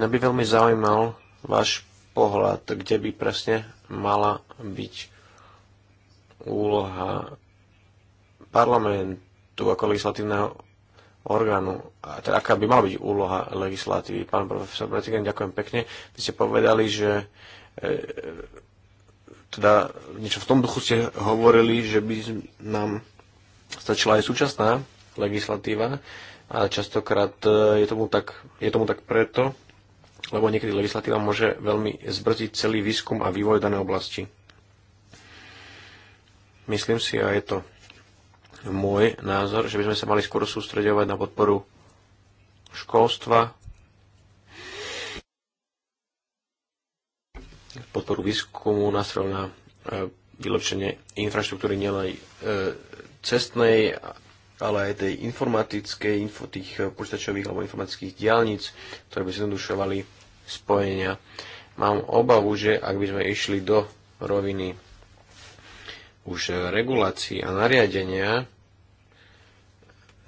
Mňa by veľmi zaujímal váš pohľad, kde by presne mala byť úloha parlamentu ako legislatívneho orgánu, a teda aká by mala byť úloha legislatívy. Pán profesor Bratigan, ďakujem pekne. Vy ste povedali, že e, teda niečo v tom duchu ste hovorili, že by nám stačila aj súčasná legislatíva a častokrát e, je tomu tak, je tomu tak preto, lebo niekedy legislatíva môže veľmi zbrziť celý výskum a vývoj danej oblasti. Myslím si, a je to môj názor, že by sme sa mali skôr sústredovať na podporu školstva, podporu výskumu, nástrojov na e, vylepšenie infraštruktúry nielen e, cestnej, ale aj tej informatickej, info, tých eh, počítačových alebo informatických diálnic, ktoré by zjednodušovali spojenia. Mám obavu, že ak by sme išli do roviny už eh, regulácií a nariadenia,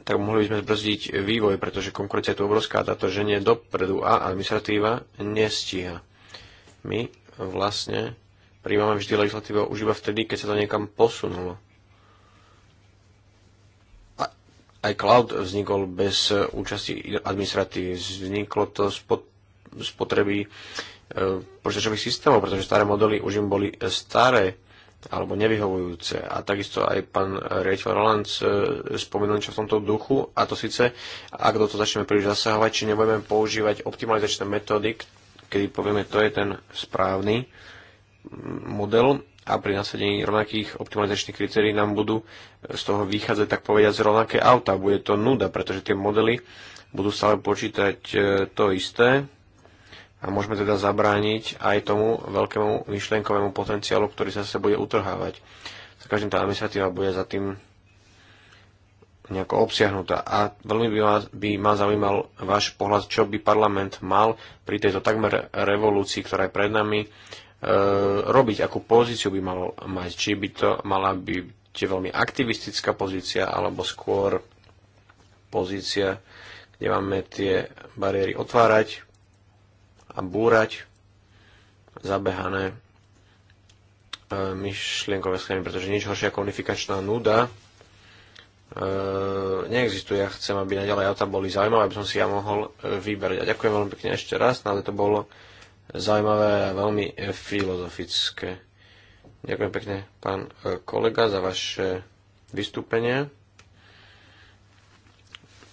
tak mohli by sme zbrzdiť vývoj, pretože konkurencia je tu obrovská, táto ženie dopredu a administratíva nestíha. My vlastne príjmame vždy legislatívu už iba vtedy, keď sa to niekam posunulo aj cloud vznikol bez účasti administratívy. Vzniklo to z potreby e, počítačových systémov, pretože staré modely už im boli staré alebo nevyhovujúce. A takisto aj pán riaditeľ Roland e, spomenul niečo v tomto duchu, a to síce, ak do toho začneme príliš zasahovať, či nebudeme používať optimalizačné metódy, kedy povieme, to je ten správny model a pri nasadení rovnakých optimalizačných kritérií nám budú e, z toho vychádzať, tak povedať, z rovnaké auta. Bude to nuda, pretože tie modely budú stále počítať e, to isté a môžeme teda zabrániť aj tomu veľkému myšlienkovému potenciálu, ktorý sa sa bude utrhávať. Za každým tá administratíva bude za tým nejako obsiahnutá. A veľmi by ma, by ma zaujímal váš pohľad, čo by parlament mal pri tejto takmer revolúcii, ktorá je pred nami, E, robiť, akú pozíciu by mal mať, či by to mala byť veľmi aktivistická pozícia, alebo skôr pozícia, kde máme tie bariéry otvárať a búrať zabehané e, myšlienkové schémy, pretože nič horšie ako unifikačná nuda e, neexistuje. Ja chcem, aby naďalej auta boli zaujímavé, aby som si ja mohol vyberať. A ďakujem veľmi pekne ešte raz, ale to bolo zaujímavé a veľmi filozofické. Ďakujem pekne, pán e, kolega, za vaše vystúpenie.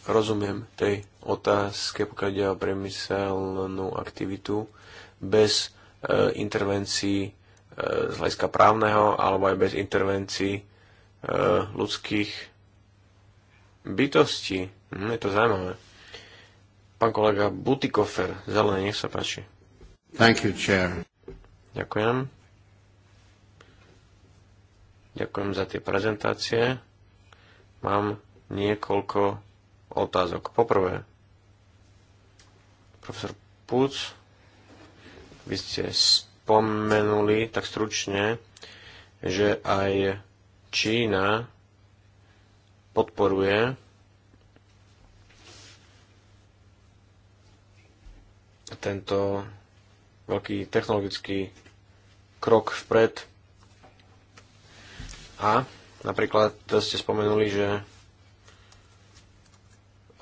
Rozumiem tej otázke, pokiaľ ide o priemyselnú aktivitu, bez e, intervencií e, z hľadiska právneho alebo aj bez intervencií e, ľudských bytostí. Hm, je to zaujímavé. Pán kolega Butikofer, zelené, nech sa páči. Thank you, chair. Ďakujem. Ďakujem za tie prezentácie. Mám niekoľko otázok. Poprvé, profesor Puc, vy ste spomenuli tak stručne, že aj Čína podporuje tento veľký technologický krok vpred. A napríklad ste spomenuli, že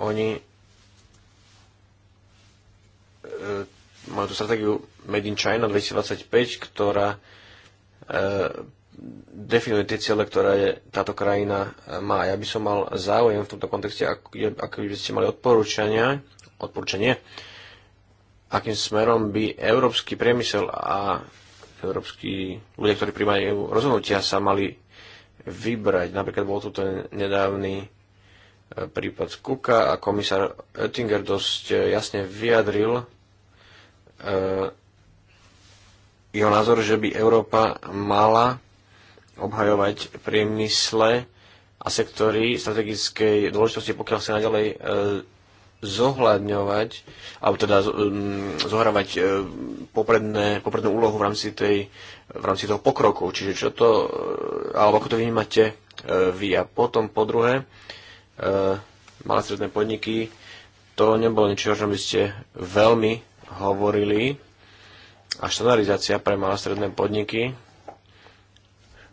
oni e, majú tú stratégiu Made in China 2025, ktorá e, definuje tie ciele, ktoré táto krajina má. Ja by som mal záujem v tomto kontexte, ak, ak by ste mali odporúčania, odporúčanie, akým smerom by európsky priemysel a európsky ľudia, ktorí príjmajú rozhodnutia, sa mali vybrať. Napríklad bol tu ten nedávny e, prípad Kuka a komisár Oettinger dosť e, jasne vyjadril e, jeho názor, že by Európa mala obhajovať priemysle a sektory strategickej dôležitosti, pokiaľ sa naďalej zohľadňovať, alebo teda mm, zohrávať e, popredné, poprednú úlohu v rámci, tej, v rámci toho pokroku. Čiže čo to, e, alebo ako to vnímate e, vy. A potom po druhé, malé stredné podniky, to nebolo niečo, o čom by ste veľmi hovorili. A štandardizácia pre malé stredné podniky,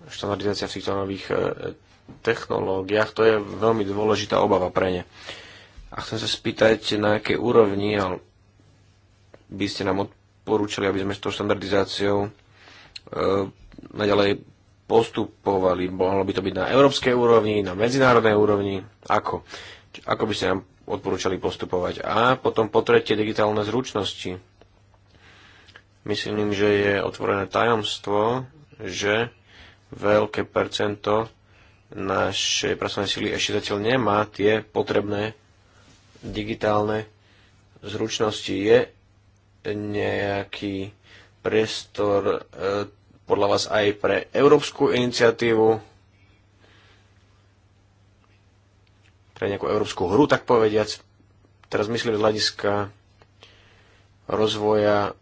štandardizácia v týchto nových technológiách, to je veľmi dôležitá obava pre ne. Uh, a chcem sa spýtať, na akej úrovni by ste nám odporúčali, aby sme s tou štandardizáciou e, naďalej postupovali. Mohlo by to byť na európskej úrovni, na medzinárodnej úrovni. Ako? Ako by ste nám odporúčali postupovať? A potom po tretie, digitálne zručnosti. Myslím, že je otvorené tajomstvo, že veľké percento našej pracovnej sily ešte zatiaľ nemá tie potrebné digitálne zručnosti. Je nejaký priestor e, podľa vás aj pre európsku iniciatívu, pre nejakú európsku hru, tak povediac. Teraz myslím z hľadiska rozvoja,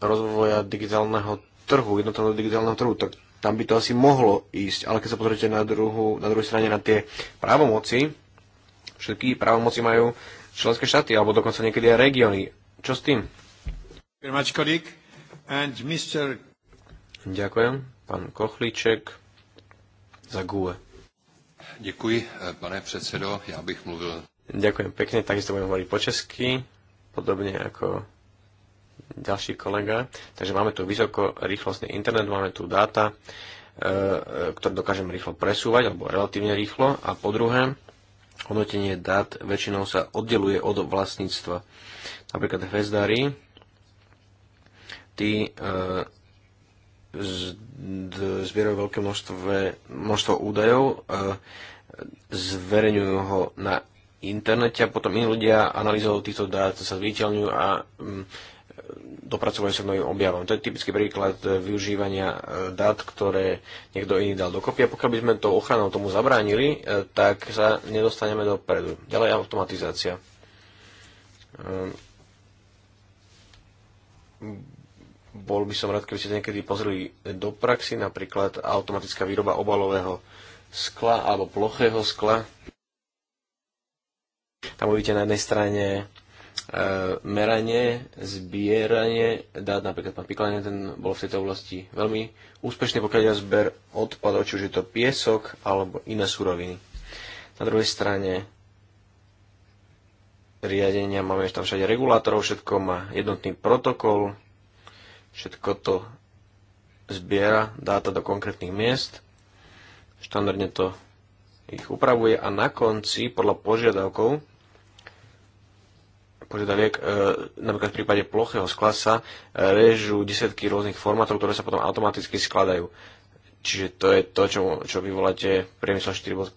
rozvoja digitálneho trhu, jednotného digitálneho trhu, tak tam by to asi mohlo ísť. Ale keď sa pozriete na, druhu, na druhej strane na tie právomoci, Všetky právomoci majú členské štáty, alebo dokonca niekedy aj regióny. Čo s tým? Ďakujem. Pán Kochlíček za GUE. Ďakujem, pane předsedo, ja bych mluvil. Ďakujem pekne, takisto budem hovoriť po česky, podobne ako ďalší kolega. Takže máme tu vysoko rýchlostný internet, máme tu dáta, e, e, ktoré dokážeme rýchlo presúvať, alebo relatívne rýchlo. A po druhé, hodnotenie dát väčšinou sa oddeluje od vlastníctva. Napríklad hvezdári, tí e, zbierajú veľké množstvo, množstvo údajov, e, zverejňujú ho na internete a potom iní ľudia analýzou týchto dát sa zviteľňujú a mm, dopracovajú sa novým objavom. To je typický príklad e, využívania e, dát, ktoré niekto iný dal dokopy a pokiaľ by sme to ochranou tomu zabránili, e, tak sa nedostaneme dopredu. Ďalej automatizácia. Ehm, bol by som rád, keby ste niekedy pozreli do praxi, napríklad automatická výroba obalového skla alebo plochého skla. Tam uvidíte na jednej strane E, meranie, zbieranie dát, napríklad pán Piklanie, ten bol v tejto oblasti veľmi úspešný, pokiaľ ide zber odpadov, či už je to piesok alebo iné suroviny. Na druhej strane riadenia máme tam všade regulátorov, všetko má jednotný protokol, všetko to zbiera dáta do konkrétnych miest, štandardne to ich upravuje a na konci podľa požiadavkov požiadaviek, e, napríklad v prípade plochého skla sa e, režú desiatky rôznych formátov, ktoré sa potom automaticky skladajú. Čiže to je to, čo, čo vyvoláte priemysel 4.0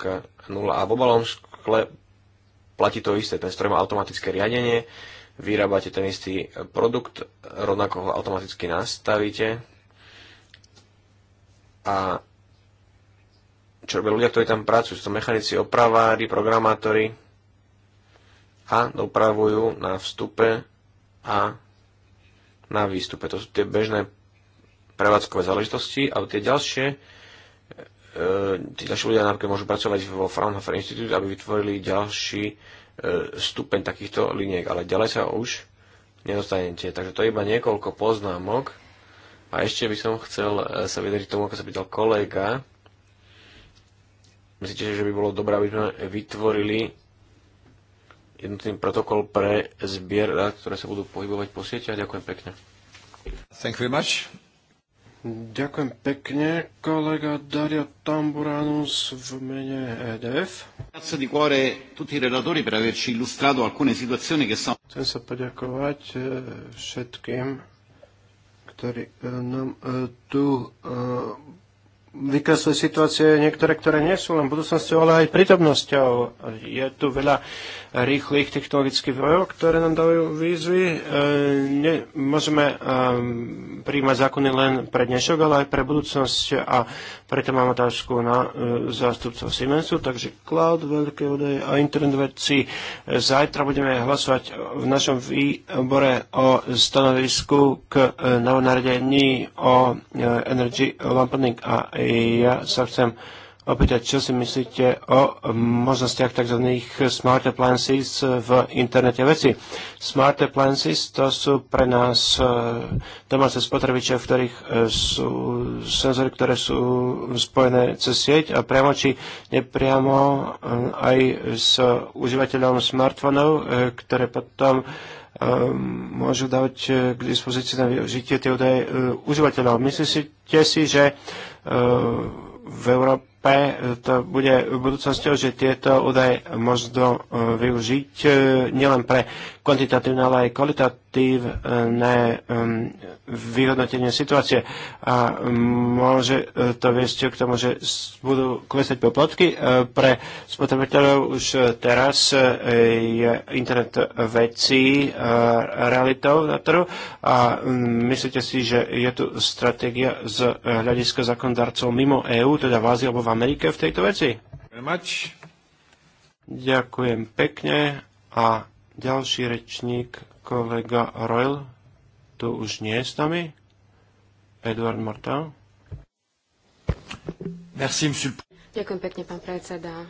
a v obalom skle platí to isté. Ten stroj má automatické riadenie, vyrábate ten istý produkt, rovnako ho automaticky nastavíte a čo robia ľudia, ktorí tam pracujú, sú to mechanici, opravári, programátori, a dopravujú na vstupe a na výstupe. To sú tie bežné prevádzkové záležitosti a tie ďalšie e, tí ďalší ľudia napríklad môžu pracovať vo Fraunhofer Institute, aby vytvorili ďalší e, stupeň takýchto liniek, ale ďalej sa už nedostanete. Takže to je iba niekoľko poznámok a ešte by som chcel e, sa vydať tomu, ako sa pýtal kolega. Myslíte, že by bolo dobré, aby sme vytvorili jednotný protokol pre zbier dát, eh, ktoré sa budú pohybovať po sieti. A ďakujem pekne. Thank you very much. Ďakujem pekne, kolega Dario Tamburanus v mene EDF. Chcem sa poďakovať eh, všetkým, ktorí eh, nám tu vykresliť situácie niektoré, ktoré nie sú len budúcnosťou, ale aj prítomnosťou. Je tu veľa rýchlych technologických vojov, ktoré nám dajú výzvy. E, ne, môžeme e, príjmať zákony len pre dnešok, ale aj pre budúcnosť a preto mám otázku na e, zástupcov Siemensu, takže cloud, veľké údaje a internet veci. E, zajtra budeme hlasovať v našom výbore o stanovisku k e, novom o e, energy lampening a e, ja sa chcem opýtať, čo si myslíte o možnostiach tzv. smart appliances v internete veci. Smart appliances to sú pre nás e, domáce spotrebiče, v ktorých e, sú senzory, ktoré sú spojené cez sieť a priamo či nepriamo e, aj s užívateľom smartfónov, ktoré potom Ehm, môžu dať eh, k dispozícii na využitie tie údaje eh, užívateľov. Myslíte si, že eh, v Európe to bude v budúcnosti, že tieto údaje možno využiť nielen pre kvantitatívne, ale aj kvalitatívne objektívne vyhodnotenie situácie a môže e, to viesť k tomu, že budú klesať poplatky e, pre spotrebiteľov už e, teraz je internet vecí realitou na trhu a myslíte si, že je tu stratégia z hľadiska zákondarcov mimo EÚ, teda v Ázii alebo v Amerike v tejto veci? Ďakujem pekne a ďalší rečník Kolega Royal tu už nie je s nami. Edward Martin. Merci, monsieur. Ďakujem pekne, pán predseda.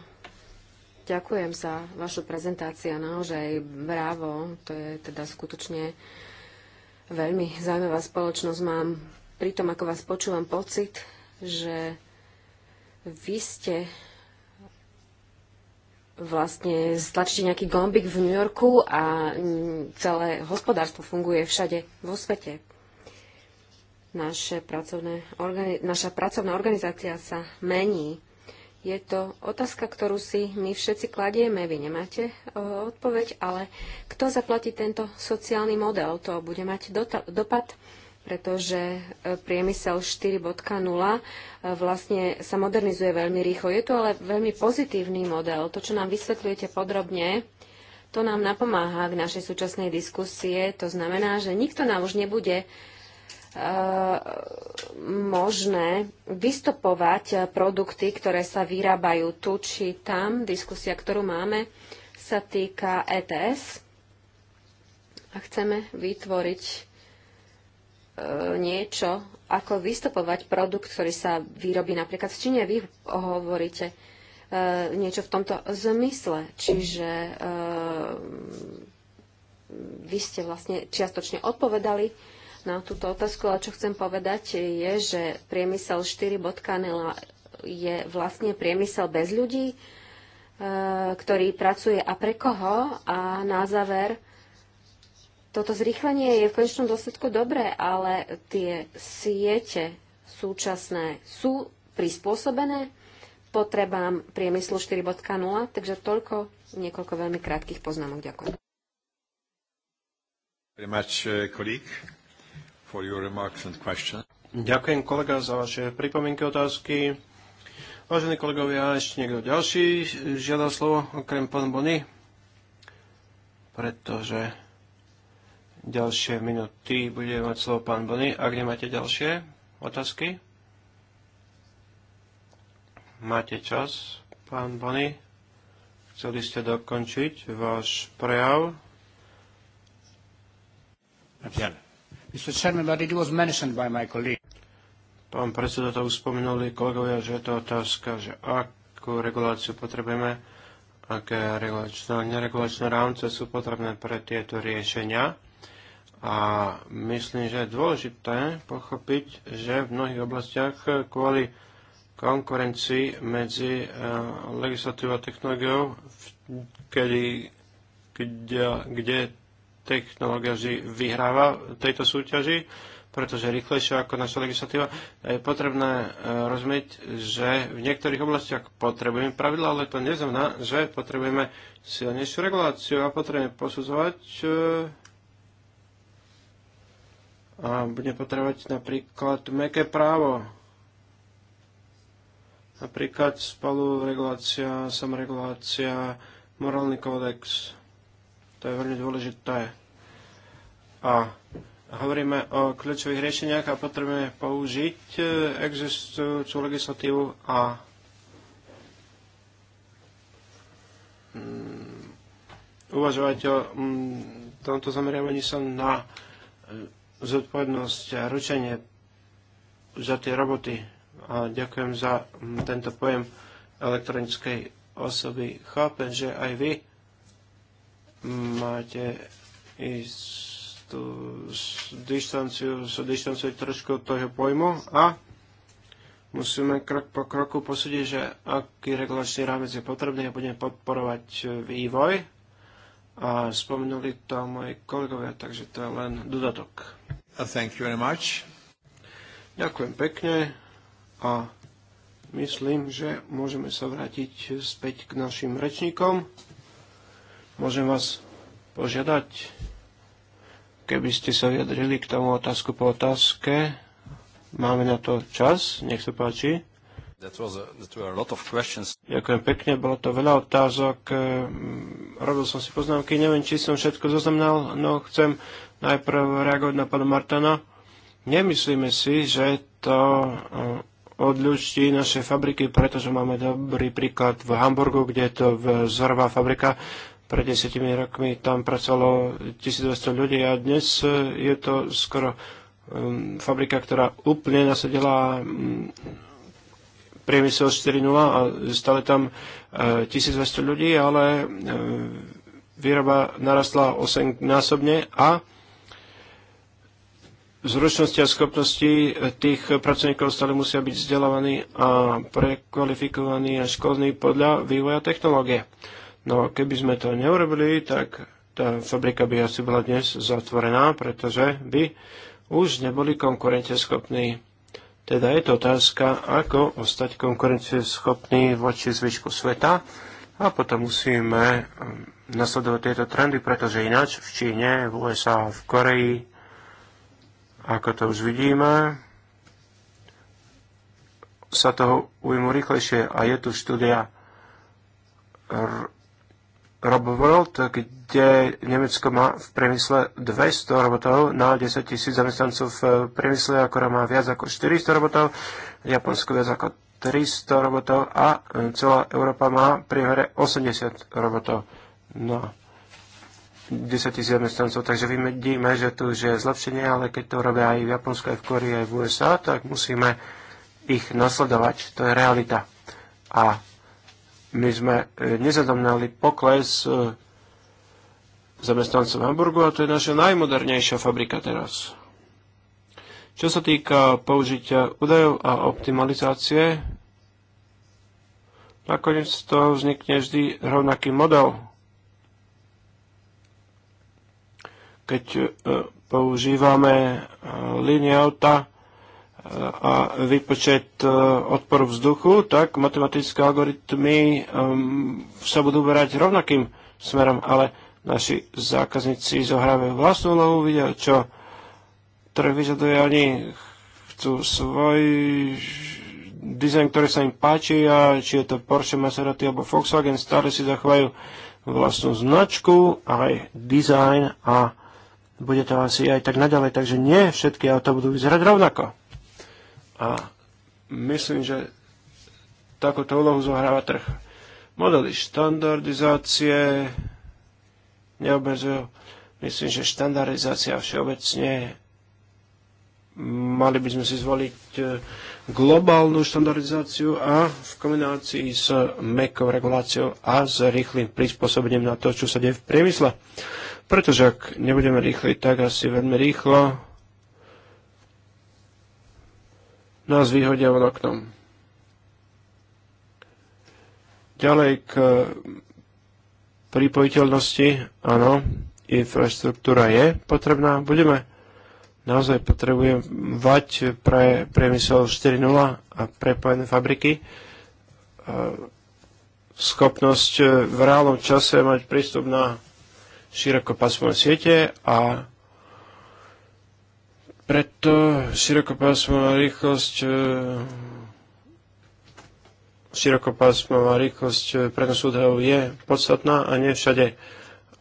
Ďakujem za vašu prezentáciu. Naozaj bravo. To je teda skutočne veľmi zaujímavá spoločnosť. Mám pri tom, ako vás počúvam, pocit, že vy ste vlastne stlačíte nejaký gombik v New Yorku a celé hospodárstvo funguje všade vo svete. Naše pracovné, naša pracovná organizácia sa mení. Je to otázka, ktorú si my všetci kladieme. Vy nemáte odpoveď, ale kto zaplatí tento sociálny model? To bude mať dopad pretože e, priemysel 4.0 e, vlastne sa modernizuje veľmi rýchlo. Je tu ale veľmi pozitívny model. To, čo nám vysvetľujete podrobne, to nám napomáha k našej súčasnej diskusie. To znamená, že nikto nám už nebude e, možné vystopovať produkty, ktoré sa vyrábajú tu či tam. Diskusia, ktorú máme, sa týka ETS a chceme vytvoriť E, niečo, ako vystupovať produkt, ktorý sa vyrobí napríklad v Číne. Vy hovoríte e, niečo v tomto zmysle. Čiže e, vy ste vlastne čiastočne odpovedali na túto otázku, ale čo chcem povedať je, že priemysel 4.0 je vlastne priemysel bez ľudí, ktorý pracuje a pre koho. A na záver toto zrýchlenie je v konečnom dôsledku dobré, ale tie siete súčasné sú prispôsobené potrebám priemyslu 4.0, takže toľko niekoľko veľmi krátkých poznámok. Ďakujem. Uh, Ďakujem kolega za vaše pripomienky, otázky. Vážení kolegovia, ešte niekto ďalší žiada slovo, okrem pán Bony, pretože Ďalšie minúty bude mať slovo pán Bony. Ak nemáte ďalšie otázky, máte čas, pán Bony. Chceli ste dokončiť váš prejav? Mr. Chairman, but it was mentioned by my colleague. Pán predseda to uspomenuli kolegovia, že je to otázka, že akú reguláciu potrebujeme, aké regulačné a neregulačné rámce sú potrebné pre tieto riešenia. A myslím, že je dôležité pochopiť, že v mnohých oblastiach kvôli konkurencii medzi e, legislatívou a technológiou, kedy, kde, kde technológia vždy vyhráva v tejto súťaži, pretože rýchlejšia, ako naša legislatíva, je potrebné e, rozumieť, že v niektorých oblastiach potrebujeme pravidla, ale to neznamená, že potrebujeme silnejšiu reguláciu a potrebujeme posudzovať e, a bude potrebovať napríklad meké právo. Napríklad spoluregulácia, samoregulácia, morálny kódex. To je veľmi dôležité. A hovoríme o kľúčových riešeniach a potrebujeme použiť e, existujúcu legislatívu a mm, uvažovať o mm, tomto zameriavaní sa na e, zodpovednosť a ručenie za tie roboty. A ďakujem za mm, tento pojem elektronickej osoby. Chápem, že aj vy máte istú distanciu, sa distancuje trošku od toho pojmu a musíme krok po kroku posúdiť, že aký regulačný rámec je potrebný a budeme podporovať e, vývoj a spomenuli to moji kolegovia, takže to je len dodatok. Uh, thank you very much. Ďakujem pekne a myslím, že môžeme sa vrátiť späť k našim rečníkom. Môžem vás požiadať, keby ste sa vyjadrili k tomu otázku po otázke. Máme na to čas, nech sa páči. Ďakujem pekne, bolo to veľa otázok. E, robil som si poznámky, neviem, či som všetko zaznamenal, no chcem najprv reagovať na pána Martana. Nemyslíme si, že to e, odľučí naše fabriky, pretože máme dobrý príklad v Hamburgu, kde je to vzorová fabrika. Pred desetimi rokmi tam pracovalo 1200 ľudí a dnes e, je to skoro fabrika, ktorá úplne nasadila priemysel 4.0 a stále tam 1200 e, ľudí, ale e, výroba narastla 8 násobne a zručnosti a schopnosti tých pracovníkov stále musia byť vzdelávaní a prekvalifikovaní a školní podľa vývoja technológie. No keby sme to neurobili, tak tá fabrika by asi bola dnes zatvorená, pretože by už neboli konkurenteschopní. Teda je to otázka, ako ostať konkurencieschopný voči zvyšku sveta a potom musíme um, nasledovať tieto trendy, pretože ináč v Číne, v USA, v Koreji, ako to už vidíme, sa toho ujmu rýchlejšie. A je tu štúdia World, kde Nemecko má v priemysle 200 robotov na 10 tisíc zamestnancov v priemysle, Akora má viac ako 400 robotov, Japonsko viac ako 300 robotov a celá Európa má hore 80 robotov na 10 tisíc zamestnancov. Takže vidíme, že tu je zlepšenie, ale keď to robia aj v Japonsku, aj v Koreji, aj v USA, tak musíme ich nasledovať. To je realita. A my sme eh, nezadomnali pokles eh, zamestnancov Hamburgu a to je naša najmodernejšia fabrika teraz. Čo sa týka použitia údajov a optimalizácie, nakoniec z toho vznikne vždy rovnaký model. Keď eh, používame linie auta, a výpočet e, odporu vzduchu, tak matematické algoritmy sa budú berať rovnakým smerom, ale naši zákazníci zohrávajú vlastnú úlohu, vidia, čo ktoré vyžaduje, oni chcú svoj dizajn, ktorý sa im páči a či je to Porsche, Maserati alebo Volkswagen, stále si zachovajú vlastnú značku, aj dizajn a bude to asi aj tak naďalej, takže nie všetky auta budú vyzerať rovnako. A myslím, že takúto úlohu zohráva trh. Modely štandardizácie neobmedzujú. Myslím, že štandardizácia všeobecne mali by sme si zvoliť e, globálnu štandardizáciu a v kombinácii s mekou reguláciou a s rýchlým prispôsobením na to, čo sa deje v priemysle. Pretože ak nebudeme rýchli, tak asi veľmi rýchlo nás vyhodia von oknom. Ďalej k pripojiteľnosti, áno, infraštruktúra je potrebná, budeme naozaj potrebujeme vať pre priemysel 4.0 a prepojené fabriky e, schopnosť v reálnom čase mať prístup na širokopasmové siete a preto širokopásmová rýchlosť e, širokopásmová rýchlosť e, prenosu údajov je podstatná a nie všade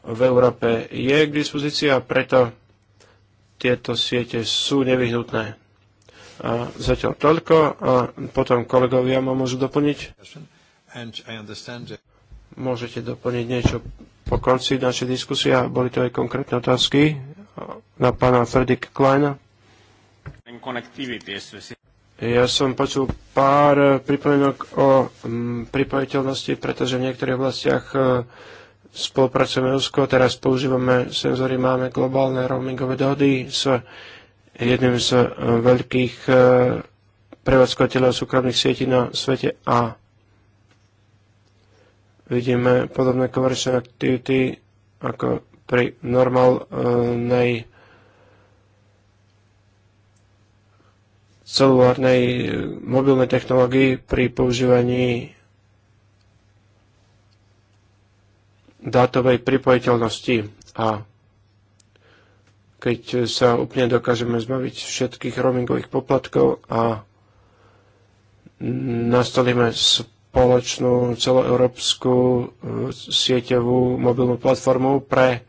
v Európe je k dispozícii a preto tieto siete sú nevyhnutné. A zatiaľ toľko a potom kolegovia ma môžu doplniť. Môžete doplniť niečo po konci našej diskusie a boli to aj konkrétne otázky na pána Fredrik Kleina. Ja som počul pár eh, pripomienok o mm, pripojiteľnosti, pretože v niektorých oblastiach eh, spolupracujeme úzko, teraz používame senzory, máme globálne roamingové dohody s jedným z eh, veľkých prevádzkovateľov súkromných sietí na svete a vidíme podobné komerčné aktivity ako pri normálnej celulárnej e, mobilnej technológii pri používaní dátovej pripojiteľnosti a keď sa úplne dokážeme zbaviť všetkých roamingových poplatkov a nastavíme spoločnú celoeurópsku e, sieťovú mobilnú platformu pre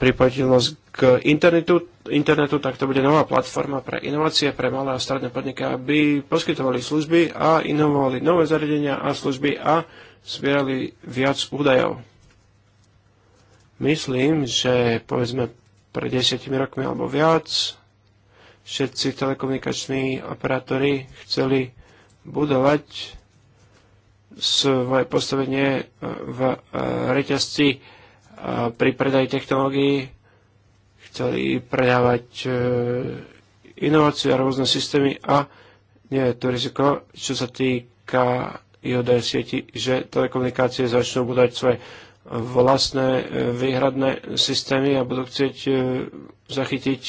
pripojiteľnosť k internetu, internetu, tak to bude nová platforma pre inovácie pre malé a stredné podniky, aby poskytovali služby a inovovali nové zariadenia a služby a zbierali viac údajov. Myslím, že povedzme pred desiatimi rokmi alebo viac všetci telekomunikační operátori chceli budovať svoje postavenie v reťazci eh, pri predaji technológií chceli predávať e, inovácie a rôzne systémy a nie je to riziko, čo sa týka IOD sieti, že telekomunikácie začnú budovať svoje vlastné e, výhradné systémy a budú chcieť e, zachytiť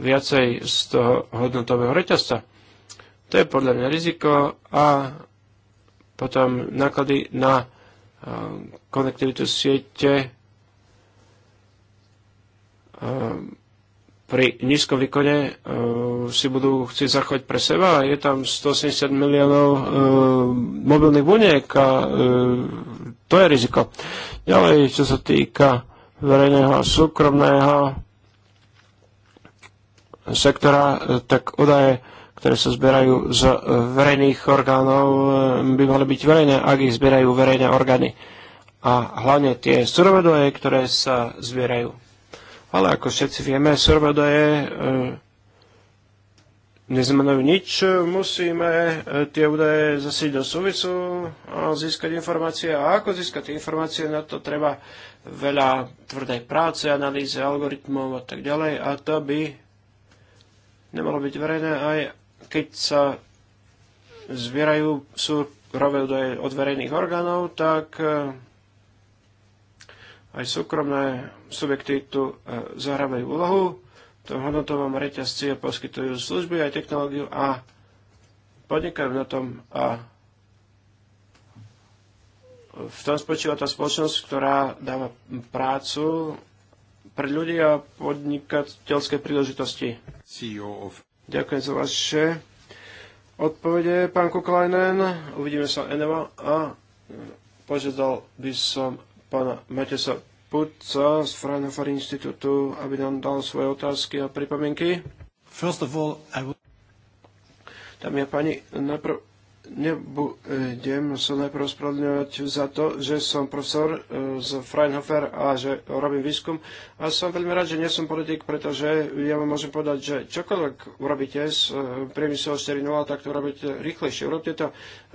viacej z toho hodnotového reťazca. To je podľa mňa riziko a potom náklady na konektivitu siete Ehm, pri nízkom výkone ehm, si budú chcieť zachovať pre seba. Je tam 180 miliónov ehm, mobilných buniek a to je riziko. Ďalej, čo sa týka verejného a súkromného sektora, tak údaje, ktoré sa zbierajú z verejných orgánov, by mali byť verejné, ak ich zbierajú verejné orgány. A hlavne tie surovedoje, ktoré sa zbierajú ale ako všetci vieme, je e, neznamenajú nič. Musíme e, tie údaje zasiť do súvisu a získať informácie. A ako získať informácie, na to treba veľa tvrdej práce, analýzy, algoritmov a tak ďalej. A to by nemalo byť verejné, aj keď sa zbierajú súkrové údaje od verejných orgánov, tak e, aj súkromné subjekty tu e, zahrávajú úlohu v tom hodnotovom reťazci a poskytujú služby aj technológiu a podnikajú na tom a v tom spočíva tá spoločnosť, ktorá dáva prácu pre ľudí a podnikateľské príležitosti. E of... Ďakujem za vaše odpovede, pán Kuklajnen. Uvidíme sa enema a požiadal by som pána Matesa Putca z Fraunhofer Institutu, aby nám dal svoje otázky a pripomienky. First of all, I would... Dámy a páni, najprv nebudem sa najprv ospravedlňovať za to, že som profesor e, z Freinhofer a že robím výskum. A som veľmi rád, že nie som politik, pretože ja vám môžem povedať, že čokoľvek urobíte z e, priemyslom 4.0, tak to robíte rýchlejšie. Urobte to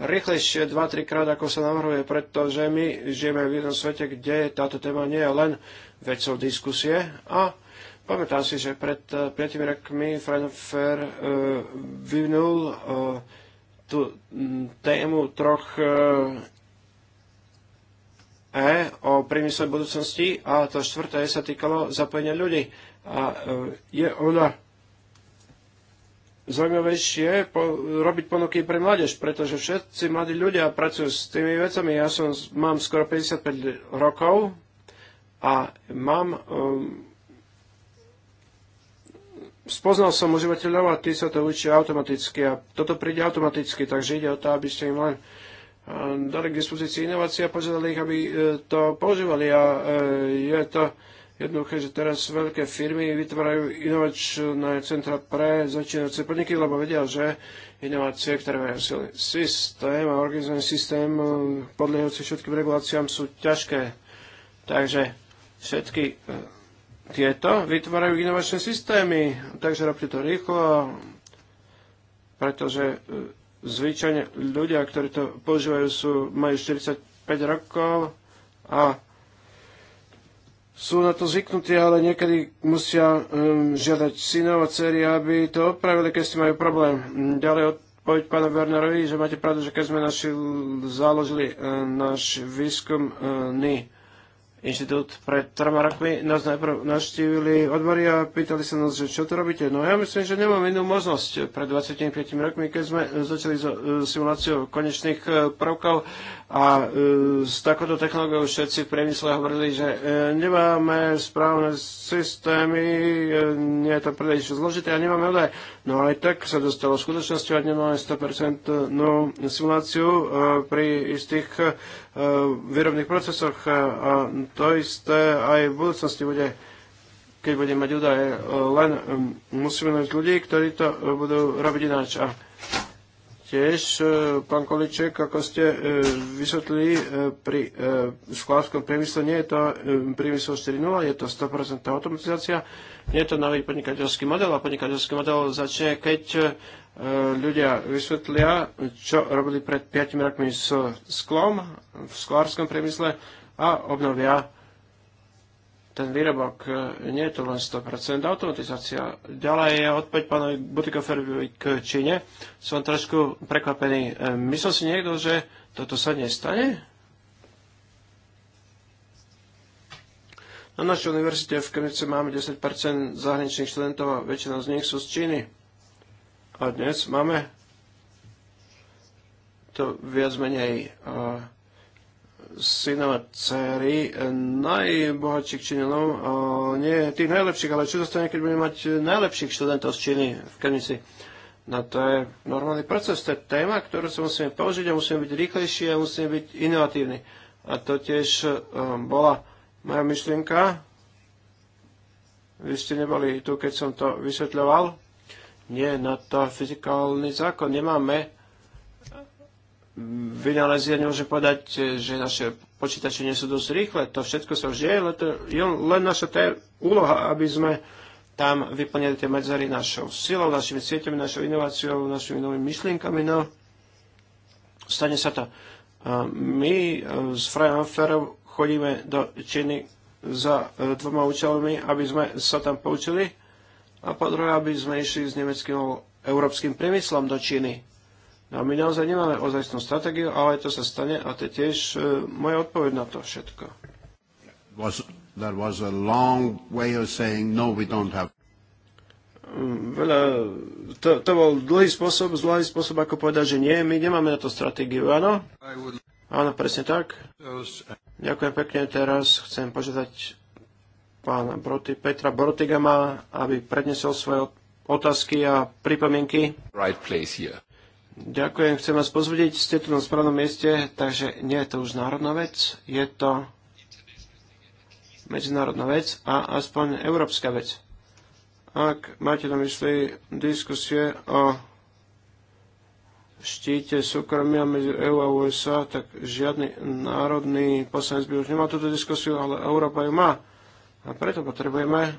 rýchlejšie 2-3 krát, ako sa navrhuje, pretože my žijeme v jednom svete, kde táto téma nie je len vecou diskusie a Pamätám si, že pred 5 e, rokmi Freinhofer uh, vyvinul uh, tú mm, tému troch e, e o priemysle budúcnosti a to štvrté e sa týkalo zapojenia ľudí. A e, je ona zaujímavejšie po, robiť ponuky pre mládež, pretože všetci mladí ľudia pracujú s tými vecami. Ja som, mám skoro 55 rokov a mám um, spoznal som užívateľov a tí sa to učia automaticky a toto príde automaticky, takže ide o to, aby ste im len eh, dali k dispozícii inovácie a požiadali ich, aby eh, to používali a eh, je to jednoduché, že teraz veľké firmy vytvárajú inovačné centra pre začínajúce podniky, lebo vedia, že inovácie, ktoré majú silný systém a organizovaný systém podliehajúci všetkým reguláciám sú ťažké. Takže všetky tieto vytvárajú inovačné systémy. Takže robte to rýchlo, pretože e, zvyčajne ľudia, ktorí to používajú, sú, majú 45 rokov a sú na to zvyknutí, ale niekedy musia um, žiadať synov a dcery, aby to opravili, keď si majú problém. Ďalej odpoveď pána Wernerovi, že máte pravdu, že keď sme naši, založili uh, e, náš výskumný uh, inštitút pred troma rokmi, nás najprv navštívili odbory a pýtali sa nás, že čo to robíte. No ja myslím, že nemám inú možnosť. Pred 25 rokmi, keď sme začali so e, simuláciou konečných e, prvkov a e, s takouto technológiou všetci v priemysle hovorili, že nemáme správne systémy, nie je to príliš zložité a nemáme údaje. No aj tak sa dostalo v skutočnosti a nemáme 100% no, simuláciu pri istých výrobných procesoch. A to isté aj v budúcnosti bude, keď budeme mať údaje. Len um, musíme mať ľudí, ktorí to uh, budú robiť ináč. A tiež, uh, pán Količek, ako ste uh, vysvetlili, pri sklárskom priemysle nie je to um, priemysel 4.0, je to 100% automatizácia, nie je to nový podnikateľský model a podnikateľský model začne, keď E, ľudia vysvetlia, čo robili pred 5 rokmi s sklom v sklárskom priemysle a obnovia ten výrobok. E, nie je to len 100% automatizácia. Ďalej je odpäť pánovi Butikoferovi k Číne. Som trošku prekvapený. E, myslel si niekto, že toto sa nestane? Na našej univerzite v Kemnice máme 10% zahraničných študentov a väčšina z nich sú z Číny a dnes máme to viac menej synov a dcery najbohatších činilov, nie tých najlepších, ale čo zostane, keď budeme mať najlepších študentov z Číny v Kenici. No to je normálny proces, to je téma, ktorú sa musíme použiť a musíme byť rýchlejší a musíme byť inovatívni. A to tiež bola moja myšlienka. Vy ste neboli tu, keď som to vysvetľoval nie je na to fyzikálny zákon. Nemáme vynalezie, nemôžem povedať, že naše počítače nie sú dosť rýchle. To všetko sa už je, ale to je len naša tá úloha, aby sme tam vyplnili tie medzery našou silou, našimi sieťami, našou inováciou, našimi novými myšlienkami. No, stane sa to. My e, s Frajom Ferom chodíme do Číny za e, dvoma účelmi, aby sme sa tam poučili a po druhé, aby sme išli s nemeckým európskym priemyslom do Číny. No my naozaj nemáme ozajstnú stratégiu, ale to sa stane a to je tiež uh, moja odpoveď na to všetko. No, mm, veľa, to, to bol dlhý spôsob, zlý spôsob, ako povedať, že nie, my nemáme na to stratégiu, áno? Áno, presne tak. Ďakujem pekne, teraz chcem požiadať pána Broty, Petra Bortigama, aby prednesol svoje otázky a pripomienky. Right place here. Ďakujem, chcem vás pozvedieť, ste tu na správnom mieste, takže nie je to už národná vec, je to medzinárodná vec a aspoň európska vec. Ak máte na mysli diskusie o štíte súkromia medzi EU a USA, tak žiadny národný poslanec by už nemal túto diskusiu, ale Európa ju má. A preto potrebujeme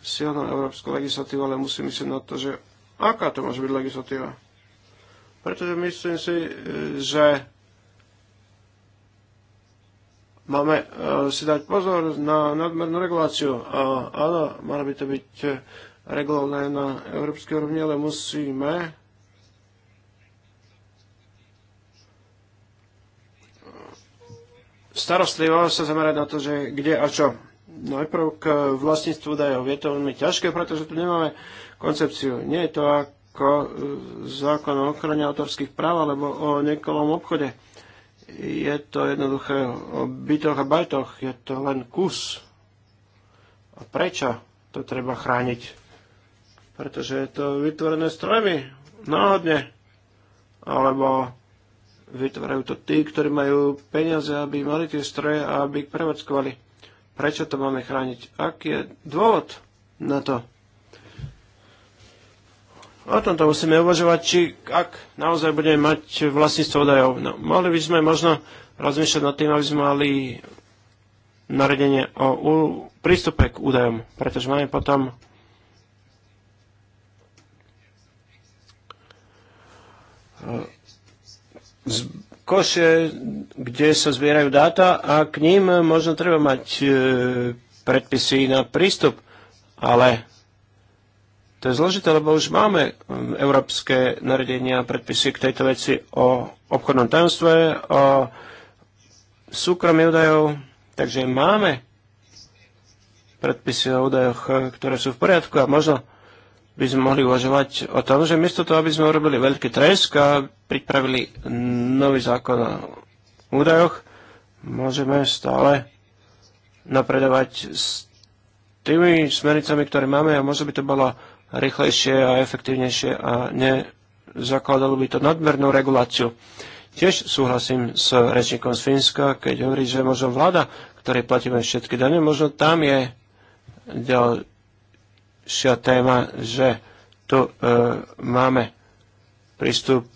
silnú európsku legislatívu, ale musím myslieť na to, že aká to môže byť legislatíva. Pretože myslím si, e, že máme e, si dať pozor na nadmernú reguláciu. A, áno, malo by to byť e, regulované na európskej úrovni, ale musíme starostlivo sa zamerať na to, že kde a čo najprv k vlastníctvu údajov. Je to veľmi ťažké, pretože tu nemáme koncepciu. Nie je to ako e, zákon o ochrane autorských práv alebo o nekolom obchode. Je to jednoduché o bytoch a bajtoch. Je to len kus. A prečo to treba chrániť? Pretože je to vytvorené strojmi. Náhodne. Alebo vytvárajú to tí, ktorí majú peniaze, aby mali tie stroje a aby ich prevádzkovali. Prečo to máme chrániť? Aký je dôvod na to? O tomto musíme uvažovať, či ak naozaj budeme mať vlastníctvo údajov. No, mohli by sme možno rozmýšľať nad tým, aby sme mali naredenie o u, prístupe k údajom, pretože máme potom z, koše, kde sa zbierajú dáta a k ním možno treba mať e, predpisy na prístup. Ale to je zložité, lebo už máme európske naredenia a predpisy k tejto veci o obchodnom tajomstve, o súkromí údajov, takže máme predpisy o údajoch, e, ktoré sú v poriadku a možno by sme mohli uvažovať o tom, že miesto toho, aby sme urobili veľký tresk a pripravili nový zákon o údajoch, môžeme stále napredovať s tými smernicami, ktoré máme a možno by to bolo rýchlejšie a efektívnejšie a nezakladalo by to nadmernú reguláciu. Tiež súhlasím s rečníkom z Fínska, keď hovorí, že možno vláda, ktorej platíme všetky dane, možno tam je ďalej šia téma, že tu e, máme prístup,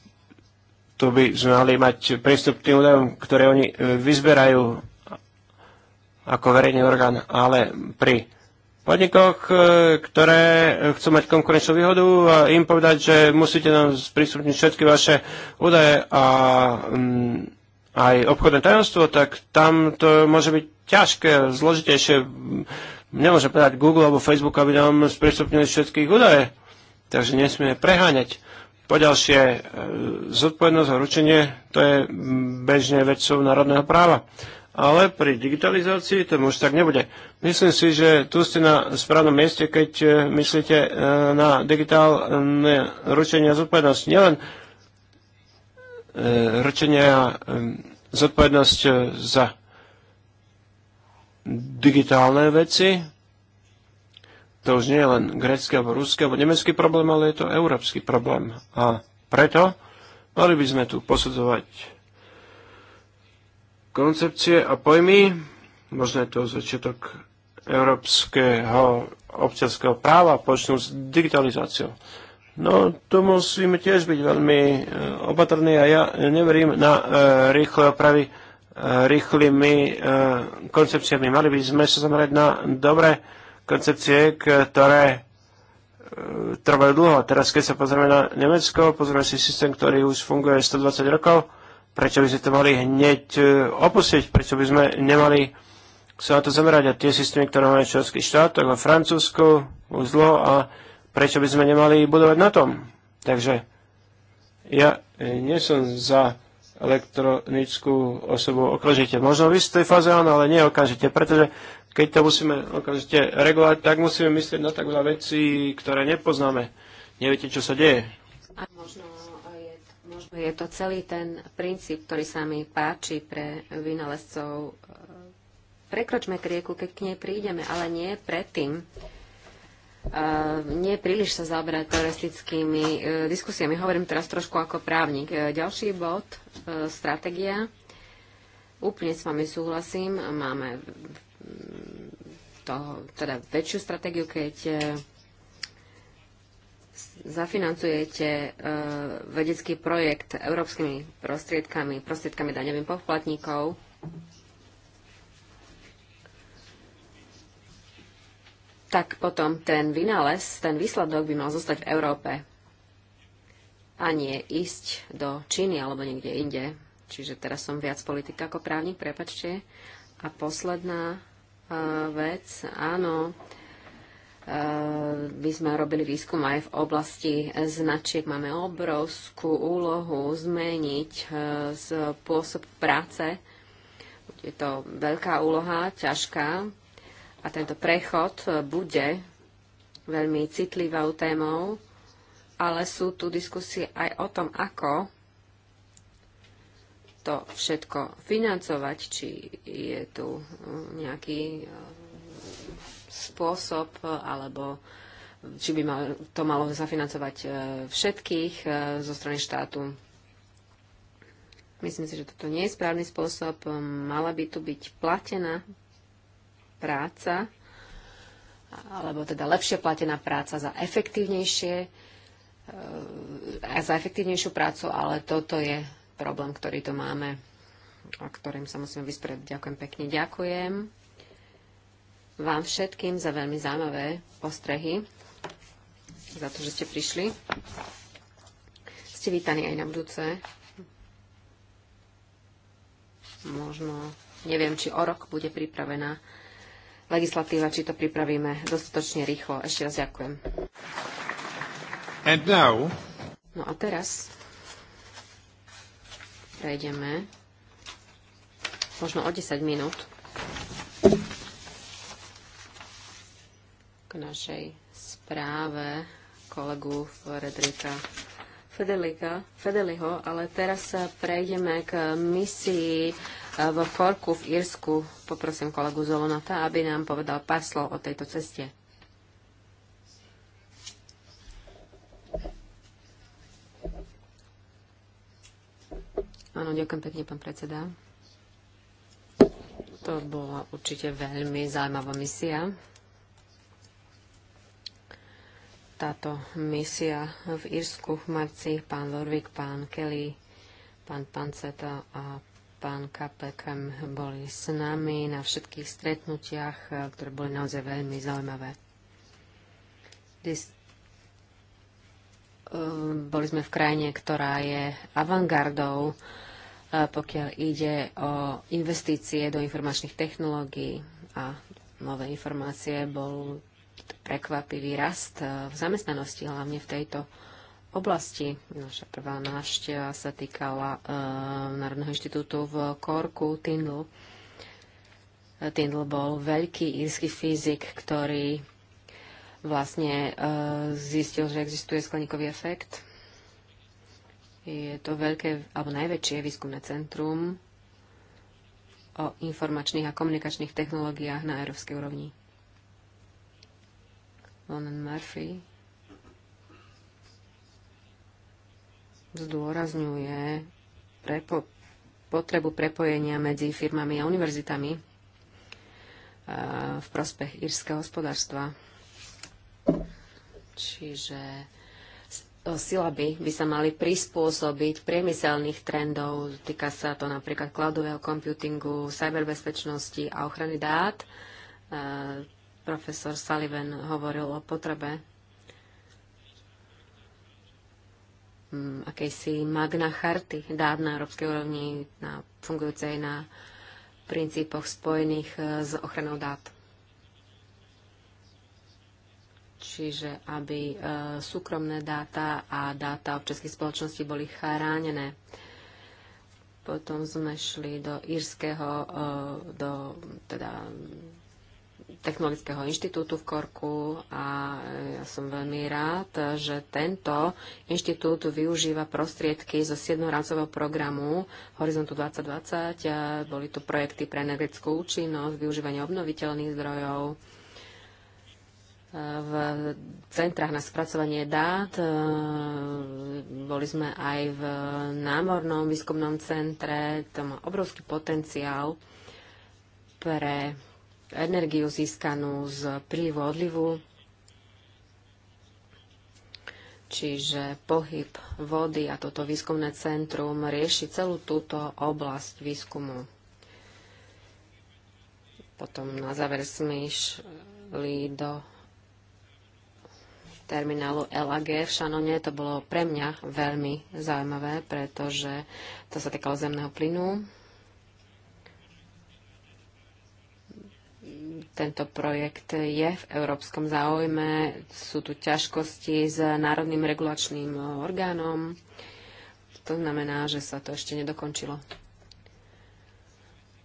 tu by sme mali mať prístup k tým údajom, ktoré oni e, vyzberajú ako verejný orgán, ale pri podnikoch, e, ktoré chcú mať konkurenčnú výhodu a im povedať, že musíte nám sprístupniť všetky vaše údaje a mm, aj obchodné tajomstvo, tak tam to môže byť ťažké, zložitejšie nemôže povedať Google alebo Facebook, aby nám sprístupnili všetkých údaje. Takže nesmieme preháňať. Poďalšie, e, zodpovednosť a ručenie, to je bežne vecou národného práva. Ale pri digitalizácii to už tak nebude. Myslím si, že tu ste na správnom mieste, keď e, myslíte e, na digitálne ručenie a zodpovednosť. Nielen ručenie a zodpovednosť za digitálne veci. To už nie je len grecký alebo ruský alebo nemecký problém, ale je to európsky problém. A preto mali by sme tu posudzovať koncepcie a pojmy, možno je to začiatok európskeho občianského práva, počnú s digitalizáciou. No, tu musíme tiež byť veľmi e, opatrní a ja neverím na e, rýchle opravy rýchlymi e, koncepciami. Mali by sme sa zamerať na dobré koncepcie, ktoré e, trvajú dlho. Teraz, keď sa pozrieme na Nemecko, pozrieme si systém, ktorý už funguje 120 rokov, prečo by sme to mali hneď e, opustiť, prečo by sme nemali sa na to zamerať a tie systémy, ktoré máme v členských štátoch, vo Francúzsku, už dlho a prečo by sme nemali budovať na tom. Takže ja nie som za elektronickú osobu okamžite. Možno v istej fáze áno, ale nie okamžite, pretože keď to musíme okamžite regulovať, tak musíme myslieť na tak veľa ktoré nepoznáme. Neviete, čo sa deje. A možno je, možno je to celý ten princíp, ktorý sa mi páči pre vynálezcov. Prekročme k rieku, keď k nej prídeme, ale nie predtým nie príliš sa zaoberať teoretickými e, diskusiami. Hovorím teraz trošku ako právnik. E, ďalší bod, e, stratégia. Úplne s vami súhlasím. Máme toho, teda väčšiu stratégiu, keď zafinancujete vedecký projekt európskymi prostriedkami, prostriedkami daňovým poplatníkov tak potom ten vynález, ten výsledok by mal zostať v Európe a nie ísť do Číny alebo niekde inde. Čiže teraz som viac politika ako právnik, prepačte. A posledná uh, vec, áno, e, my sme robili výskum aj v oblasti značiek. Máme obrovskú úlohu zmeniť e, spôsob práce. Je to veľká úloha, ťažká, a tento prechod e, bude veľmi citlivou témou, ale sú tu diskusie aj o tom, ako to všetko financovať, či je tu e, nejaký e, spôsob, alebo či by to malo zafinancovať všetkých zo strany štátu. Myslím si, že toto nie je správny spôsob. Mala by tu byť platená práca, alebo teda lepšie platená práca za efektívnejšie, a eh, za efektívnejšiu prácu, ale toto je problém, ktorý tu máme a ktorým sa musíme vysporiadať. Ďakujem pekne. Ďakujem vám všetkým za veľmi zaujímavé postrehy, za to, že ste prišli. Ste vítaní aj na budúce. Možno, neviem, či o rok bude pripravená legislatíva, či to pripravíme dostatočne rýchlo. Ešte raz ďakujem. And now... No a teraz prejdeme možno o 10 minút k našej správe kolegu Fredrika Fedeliho, ale teraz prejdeme k misii v Forku v Írsku. Poprosím kolegu Zolonata, aby nám povedal pár slov o tejto ceste. Áno, ďakujem pekne, pán predseda. To bola určite veľmi zaujímavá misia. Táto misia v Írsku v marci, pán Lorvik, pán Kelly, pán Panceta a pán kapekem boli s nami na všetkých stretnutiach, eh, ktoré boli naozaj veľmi zaujímavé. Dis- eh, boli sme v krajine, ktorá je avantgardou, eh, pokiaľ ide o investície do informačných technológií a nové informácie, bol prekvapivý rast v zamestnanosti, hlavne v tejto oblasti. Naša prvá návšteva sa týkala eh, Národného inštitútu v Korku, Tindl. Eh, Tindl bol veľký írsky fyzik, ktorý vlastne eh, zistil, že existuje skleníkový efekt. Je to veľké, alebo najväčšie výskumné centrum o informačných a komunikačných technológiách na európskej úrovni. Lonen Murphy zdôrazňuje prepo- potrebu prepojenia medzi firmami a univerzitami eh, v prospech írskeho hospodárstva. Čiže silaby by sa mali prispôsobiť priemyselných trendov. Týka sa to napríklad cloudového computingu, cyberbezpečnosti a ochrany dát. E, profesor Sullivan hovoril o potrebe Mm, akejsi magna charty dát na európskej úrovni, na, fungujúcej na princípoch spojených e, s ochranou dát. Čiže aby e, súkromné dáta a dáta občanských spoločností boli chránené. Potom sme šli do írskeho, e, do teda technologického inštitútu v Korku a ja som veľmi rád, že tento inštitút využíva prostriedky zo 7. rámcového programu Horizontu 2020. Boli tu projekty pre energetickú účinnosť, využívanie obnoviteľných zdrojov, e, v centrách na spracovanie dát. E, boli sme aj v námornom výskumnom centre. To má obrovský potenciál pre energiu získanú z prílivu odlivu, čiže pohyb vody a toto výskumné centrum rieši celú túto oblasť výskumu. Potom na záver smyšli do terminálu LAG v Šanone. To bolo pre mňa veľmi zaujímavé, pretože to sa týkalo zemného plynu. Tento projekt je v európskom záujme. Sú tu ťažkosti s Národným regulačným orgánom. To znamená, že sa to ešte nedokončilo.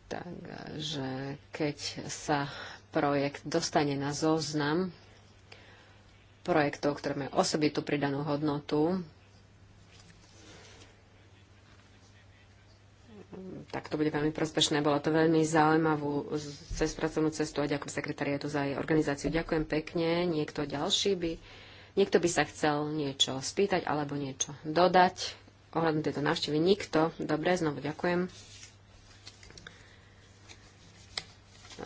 Takže keď sa projekt dostane na zoznam projektov, ktoré majú osobitú pridanú hodnotu, tak to bude veľmi prospešné. Bolo to veľmi zaujímavú cez pracovnú cestu a ďakujem sekretariatu za jej organizáciu. Ďakujem pekne. Niekto ďalší by, niekto by sa chcel niečo spýtať alebo niečo dodať ohľadom tejto návštevy. Nikto. Dobre, znovu ďakujem. No,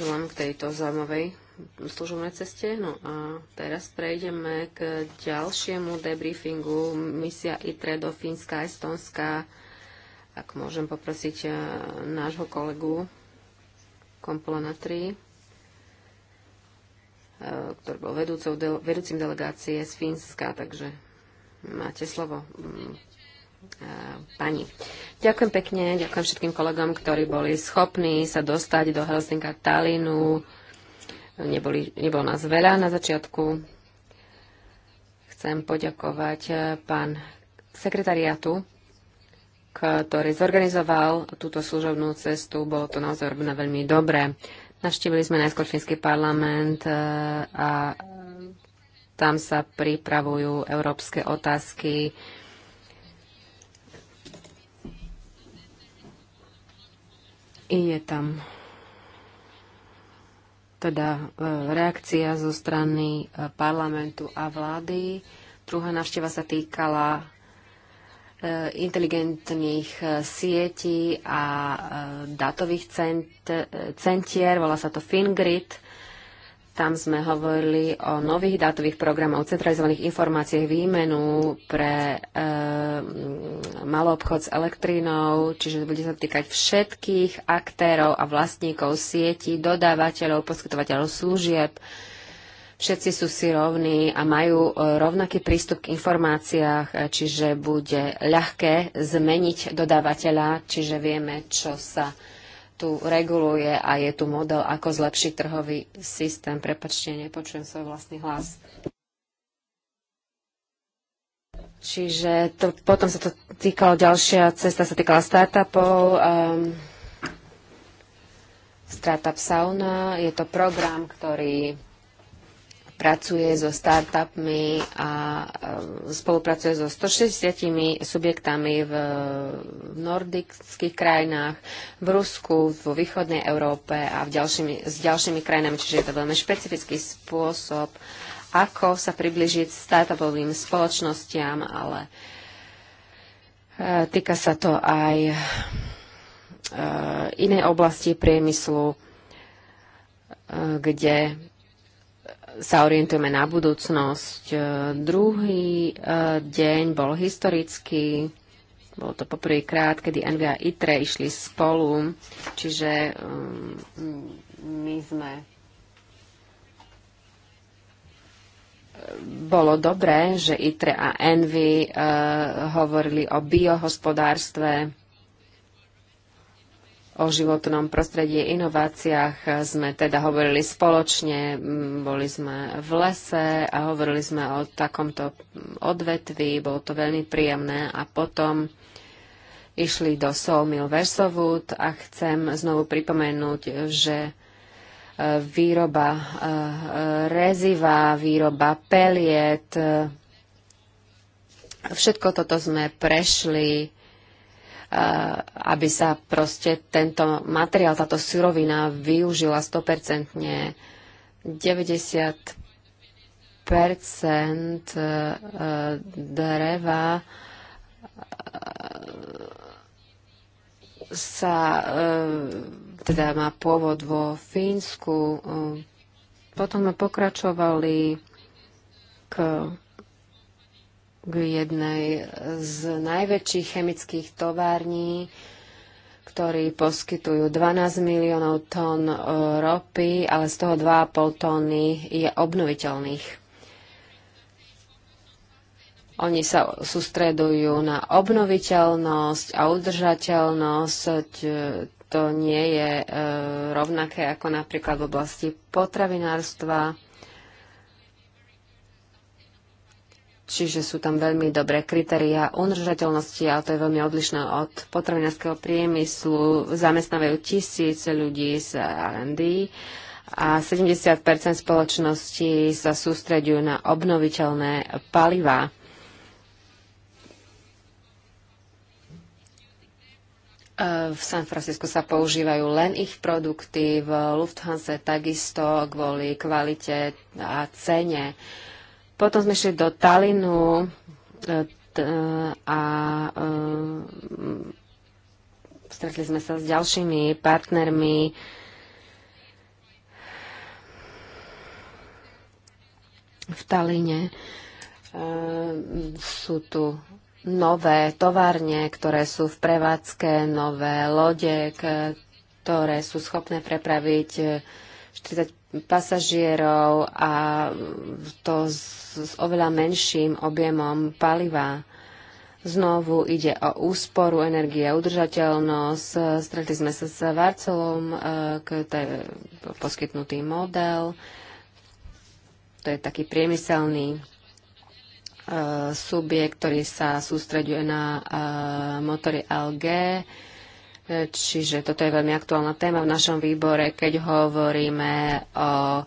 Želám k tejto zaujímavej služobnej ceste. No a teraz prejdeme k ďalšiemu debriefingu. Misia ITRE do Fínska, Estonska, ak môžem poprosiť eh, nášho kolegu Kompola 3, eh, ktorý bol vedúcou, vedúcim delegácie z Fínska, takže máte slovo. Mm, eh, pani. Ďakujem pekne, ďakujem všetkým kolegom, ktorí boli schopní sa dostať do Helsinka Talinu. Neboli, nebolo nás veľa na začiatku. Chcem poďakovať pán sekretariátu ktorý zorganizoval túto služobnú cestu. Bolo to naozaj robené veľmi dobre. Navštívili sme najskôr Fínsky parlament e, a tam sa pripravujú európske otázky. I je tam teda e, reakcia zo strany e, parlamentu a vlády. Druhá návšteva sa týkala Eh, inteligentných eh, sietí a eh, dátových cent, centier, volá sa to FinGrid. Tam sme hovorili o nových dátových programoch, centralizovaných informáciách, výmenu pre e, malý obchod s elektrínou, čiže bude sa týkať všetkých aktérov a vlastníkov sietí, dodávateľov, poskytovateľov služieb, e, všetci sú si rovní a majú e, rovnaký prístup k informáciách, e, čiže bude ľahké zmeniť dodávateľa, čiže vieme, čo sa tu reguluje a je tu model, ako zlepšiť trhový systém. Prepačte, nepočujem svoj vlastný hlas. Čiže to, potom sa to týkalo, ďalšia cesta sa týkala startupov. Um, Startup Sauna je to program, ktorý pracuje so startupmi a e, spolupracuje so 160 subjektami v, nordických krajinách, v Rusku, vo východnej Európe a v ďalšími, s ďalšími krajinami, čiže je to veľmi špecifický spôsob, ako sa približiť startupovým spoločnostiam, ale e, týka sa to aj e, inej oblasti priemyslu, kde sa orientujeme na budúcnosť. E, druhý e, deň bol historický. Bolo to poprvýkrát, kedy NVA a ITRE išli spolu, čiže mm, my sme e, bolo dobré, že ITRE a ENVY uh, hovorili o biohospodárstve o životnom prostredí, inováciách sme teda hovorili spoločne, boli sme v lese a hovorili sme o takomto odvetvi, bolo to veľmi príjemné a potom išli do Soulmill Versovút a chcem znovu pripomenúť, že e, výroba e, e, reziva, výroba peliet, všetko toto sme prešli Eh, aby sa proste tento materiál, táto surovina využila 100%. 90% eh, dreva eh, sa teda má pôvod vo Fínsku. Potom sme pokračovali k k jednej z najväčších chemických tovární, ktorí poskytujú 12 miliónov tón e, ropy, ale z toho 2,5 tóny je obnoviteľných. Oni sa sústredujú na obnoviteľnosť a udržateľnosť. E, to nie je e, rovnaké ako napríklad v oblasti potravinárstva Čiže sú tam veľmi dobré kritériá udržateľnosti, ale to je veľmi odlišné od potravinárskeho priemyslu. Zamestnávajú tisíce ľudí z R&D a 70 spoločnosti sa sústreďujú na obnoviteľné palivá. E, v San Francisco sa používajú len ich produkty, v Lufthansa takisto kvôli kvalite a cene. Uh, potom sme šli do Talinu e, e, a e, stretli sme sa s ďalšími partnermi. V Taline sú tu nové továrne, ktoré sú v prevádzke, nové lode, ktoré sú schopné prepraviť 40 pasažierov a to s, s oveľa menším objemom paliva. Znovu ide o úsporu energie, udržateľnosť. Stretli sme sa s Varcelom, e, to je poskytnutý model. To je taký priemyselný e, subjekt, ktorý sa sústreďuje na e, motory LG Čiže toto je veľmi aktuálna téma v našom výbore, keď hovoríme o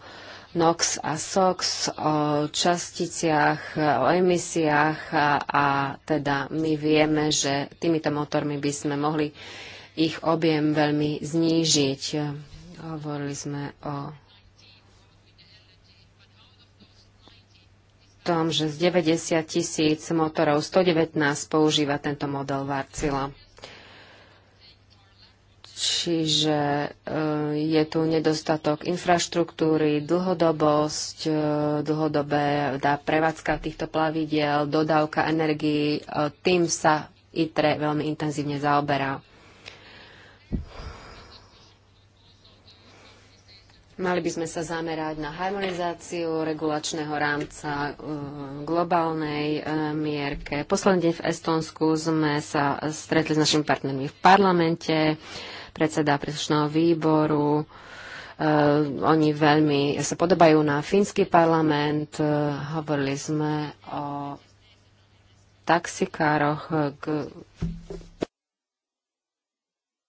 NOx a SOX, o časticiach, o emisiách a, a teda my vieme, že týmito motormi by sme mohli ich objem veľmi znížiť. Hovorili sme o tom, že z 90 tisíc motorov 119 používa tento model Varcila. Čiže e, je tu nedostatok infraštruktúry, dlhodobosť, e, dlhodobé dá prevádzka týchto plavidiel, dodávka energii. E, tým sa ITRE veľmi intenzívne zaoberá. Mali by sme sa zamerať na harmonizáciu regulačného rámca globálnej mierke. Posledný deň v Estonsku sme sa stretli s našimi partnermi v parlamente predseda príslušného výboru. Uh, oni veľmi sa podobajú na fínsky parlament. Uh, hovorili sme o taxikároch k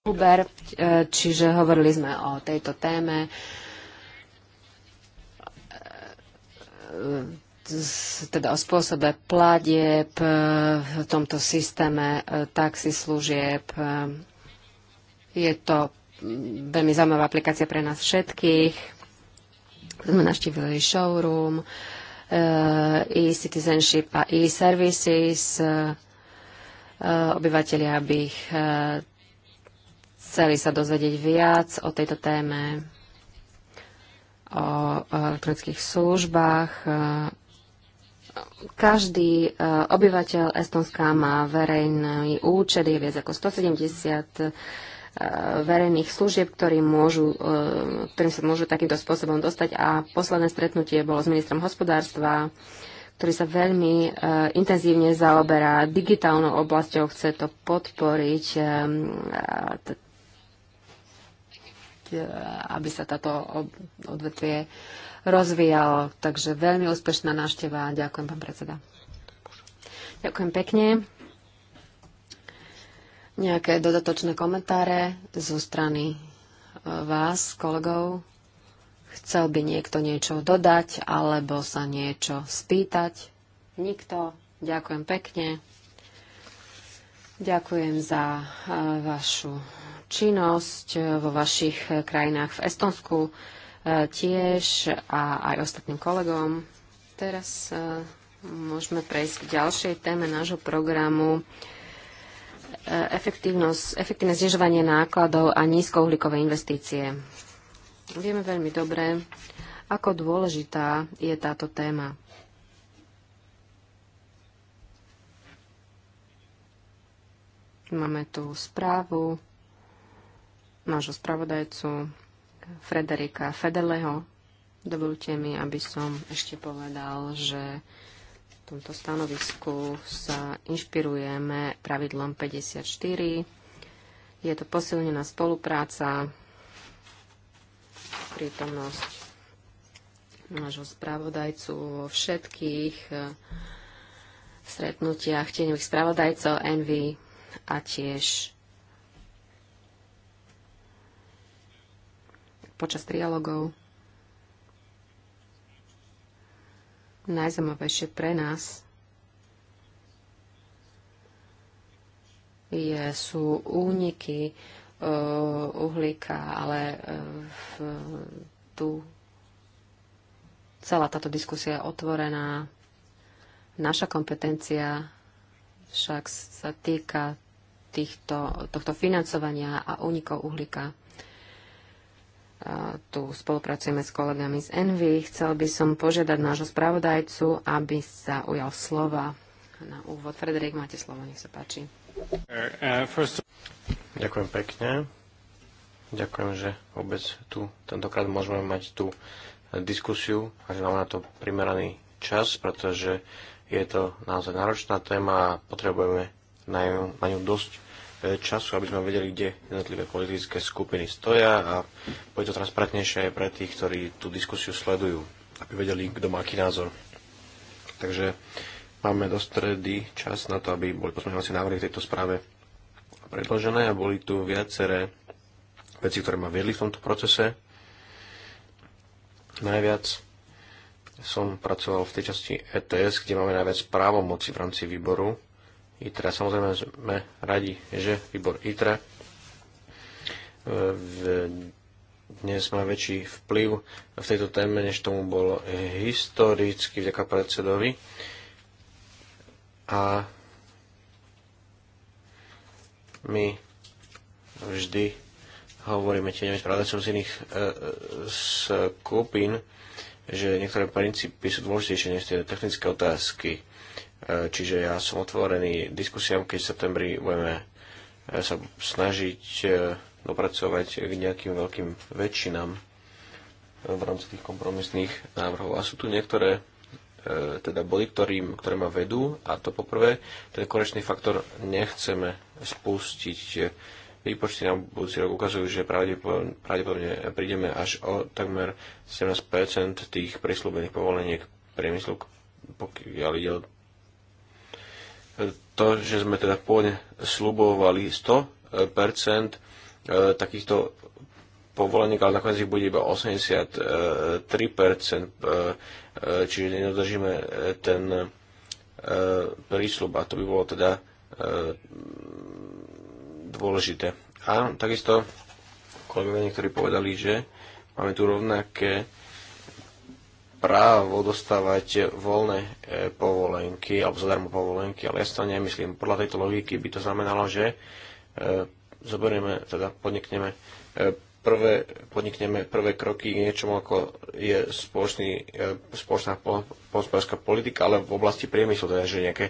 Uber, e, čiže hovorili sme o tejto téme. teda o spôsobe platieb v tomto systéme taxislúžieb. služieb je to veľmi zaujímavá aplikácia pre nás všetkých. Sme naštívili showroom, eh, e-citizenship a e-services. Eh, Obyvateľia by eh, chceli sa dozvedieť viac o tejto téme, o elektronických službách. Každý obyvateľ Estonska má verejný účet, je viac ako 170 Eh, verejných služieb, ktorým, môžu, eh, ktorým sa môžu takýmto spôsobom dostať. A posledné stretnutie bolo s ministrom hospodárstva, ktorý sa veľmi eh, intenzívne zaoberá digitálnou oblasťou, chce to podporiť, aby sa táto odvetvie rozvíjalo. Takže veľmi úspešná návšteva. Ďakujem, pán predseda. Ďakujem pekne. Nejaké dodatočné komentáre zo strany e, vás, kolegov? Chcel by niekto niečo dodať alebo sa niečo spýtať? Nikto. Ďakujem pekne. Ďakujem za e, vašu činnosť vo vašich krajinách v Estonsku e, tiež a aj ostatným kolegom. Teraz môžeme prejsť k ďalšej téme nášho programu efektívne znižovanie nákladov a nízkouhlíkové investície. Vieme veľmi dobre, ako dôležitá je táto téma. Máme tu správu nášho spravodajcu Frederika Fedeleho. Dovolte mi, aby som ešte povedal, že tomto stanovisku sa inšpirujeme pravidlom 54. Je to posilnená spolupráca, prítomnosť nášho spravodajcu vo všetkých eh, stretnutiach tieňových spravodajcov Envy a tiež počas trialogov. najzaujímavejšie pre nás je, sú úniky e, uhlíka, ale e, v, tu celá táto diskusia je otvorená. Naša kompetencia však sa týka týchto, tohto financovania a únikov uhlíka tu spolupracujeme s kolegami z Envy. Chcel by som požiadať nášho spravodajcu, aby sa ujal slova na úvod. Frederik, máte slovo, nech sa páči. Ďakujem pekne. Ďakujem, že vôbec tu tentokrát môžeme mať tú diskusiu a že máme na to primeraný čas, pretože je to naozaj náročná téma a potrebujeme na ňu, na ňu dosť času, aby sme vedeli, kde jednotlivé politické skupiny stoja a bude to transparentnejšie aj pre tých, ktorí tú diskusiu sledujú, aby vedeli, kto má aký názor. Takže máme do stredy čas na to, aby boli pozmeňovacie návrhy v tejto správe predložené a boli tu viaceré veci, ktoré ma viedli v tomto procese. Najviac som pracoval v tej časti ETS, kde máme najviac právomoci v rámci výboru ITRA. Samozrejme sme radi, že výbor ITRA e, dnes má väčší vplyv v tejto téme, než tomu bolo historicky vďaka predsedovi. A my vždy hovoríme tieňovým spravodajcom z iných e, skupín, že niektoré princípy sú dôležitejšie než tie technické otázky. E, čiže ja som otvorený diskusiám, keď v septembri budeme e, sa snažiť e, dopracovať k nejakým veľkým väčšinám v rámci tých kompromisných návrhov. A sú tu niektoré teda body, ktorým, ktoré ma vedú a to poprvé, ten konečný faktor nechceme spustiť. Výpočty na budúci rok ukazujú, že pravdepodobne, pravdepodobne prídeme až o takmer 17% tých prislúbených povoleniek priemyslu, pokiaľ ide o to, že sme teda pôvodne slubovali 100% e, e, takýchto povolení, ale nakoniec ich bude iba 83%, e, čiže nedodržíme ten prísľub a to by bolo teda dôležité. A takisto kolegovia niektorí povedali, že máme tu rovnaké právo dostávať voľné e, povolenky, alebo zadarmo povolenky, ale ja si to nemyslím. Podľa tejto logiky by to znamenalo, že e, zoberieme, teda podnikneme e, prvé, podnikneme prvé kroky k niečomu, ako je spoločný, spoločná hospodárska politika, ale v oblasti priemyslu, teda, že nejaké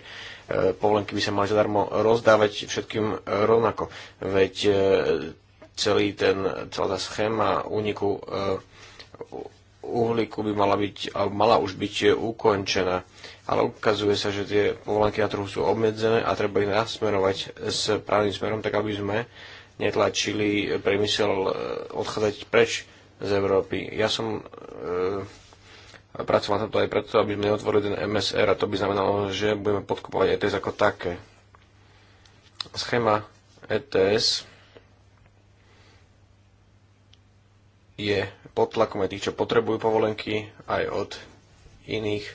povolenky by sa mali zadarmo rozdávať všetkým rovnako. Veď celý ten, celá tá schéma úniku uhlíku by mala, byť, mala už byť ukončená. Ale ukazuje sa, že tie povolenky na trhu sú obmedzené a treba ich nasmerovať s právnym smerom, tak aby sme netlačili priemysel e, odchádzať preč z Európy. Ja som e, pracoval na to aj preto, aby sme neotvorili ten MSR a to by znamenalo, že budeme podkupovať ETS ako také. Schéma ETS je pod tlakom aj tých, čo potrebujú povolenky, aj od iných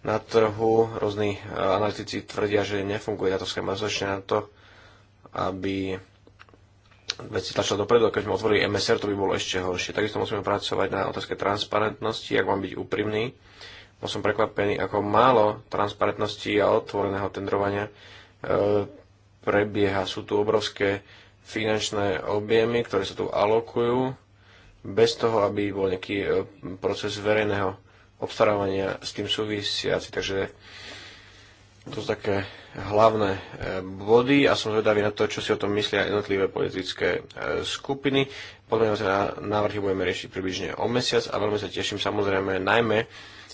na trhu. Rôzni e, analytici tvrdia, že nefunguje táto schéma dostatočne na to, aby veci tlačila dopredu, keď sme otvorili MSR, to by bolo ešte horšie. Takisto musíme pracovať na otázke transparentnosti, ak mám byť úprimný. Bol som prekvapený, ako málo transparentnosti a otvoreného tendrovania e, prebieha. Sú tu obrovské finančné objemy, ktoré sa tu alokujú bez toho, aby bol nejaký e, proces verejného obstarávania s tým súvisiaci. Takže to sú také hlavné e, body a som zvedavý na to, čo si o tom myslia jednotlivé politické e, skupiny. Podľa mňa teda návrhy budeme riešiť približne o mesiac a veľmi sa teším samozrejme najmä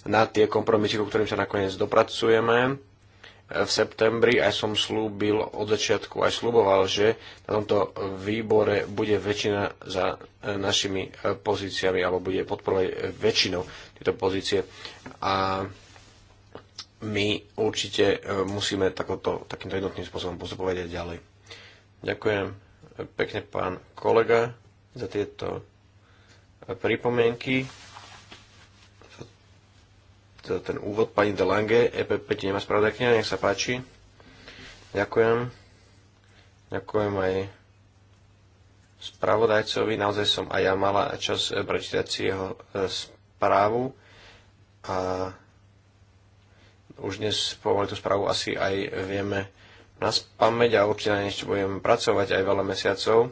na tie kompromisy, ku ktorým sa nakoniec dopracujeme v septembri aj som slúbil od začiatku, aj slúboval, že na tomto výbore bude väčšina za e, našimi e, pozíciami alebo bude podporovať väčšinou tieto pozície. A my určite e, musíme takoto, takýmto jednotným spôsobom postupovať aj ďalej. Ďakujem pekne pán kolega za tieto pripomienky teda ten úvod. Pani Lange. EPP ti nemá kniha, nech sa páči. Ďakujem. Ďakujem aj spravodajcovi. Naozaj som aj ja mala čas prečítať si jeho e, správu a už dnes pomaly tú správu asi aj vieme na spameť a určite na niečo budem pracovať aj veľa mesiacov.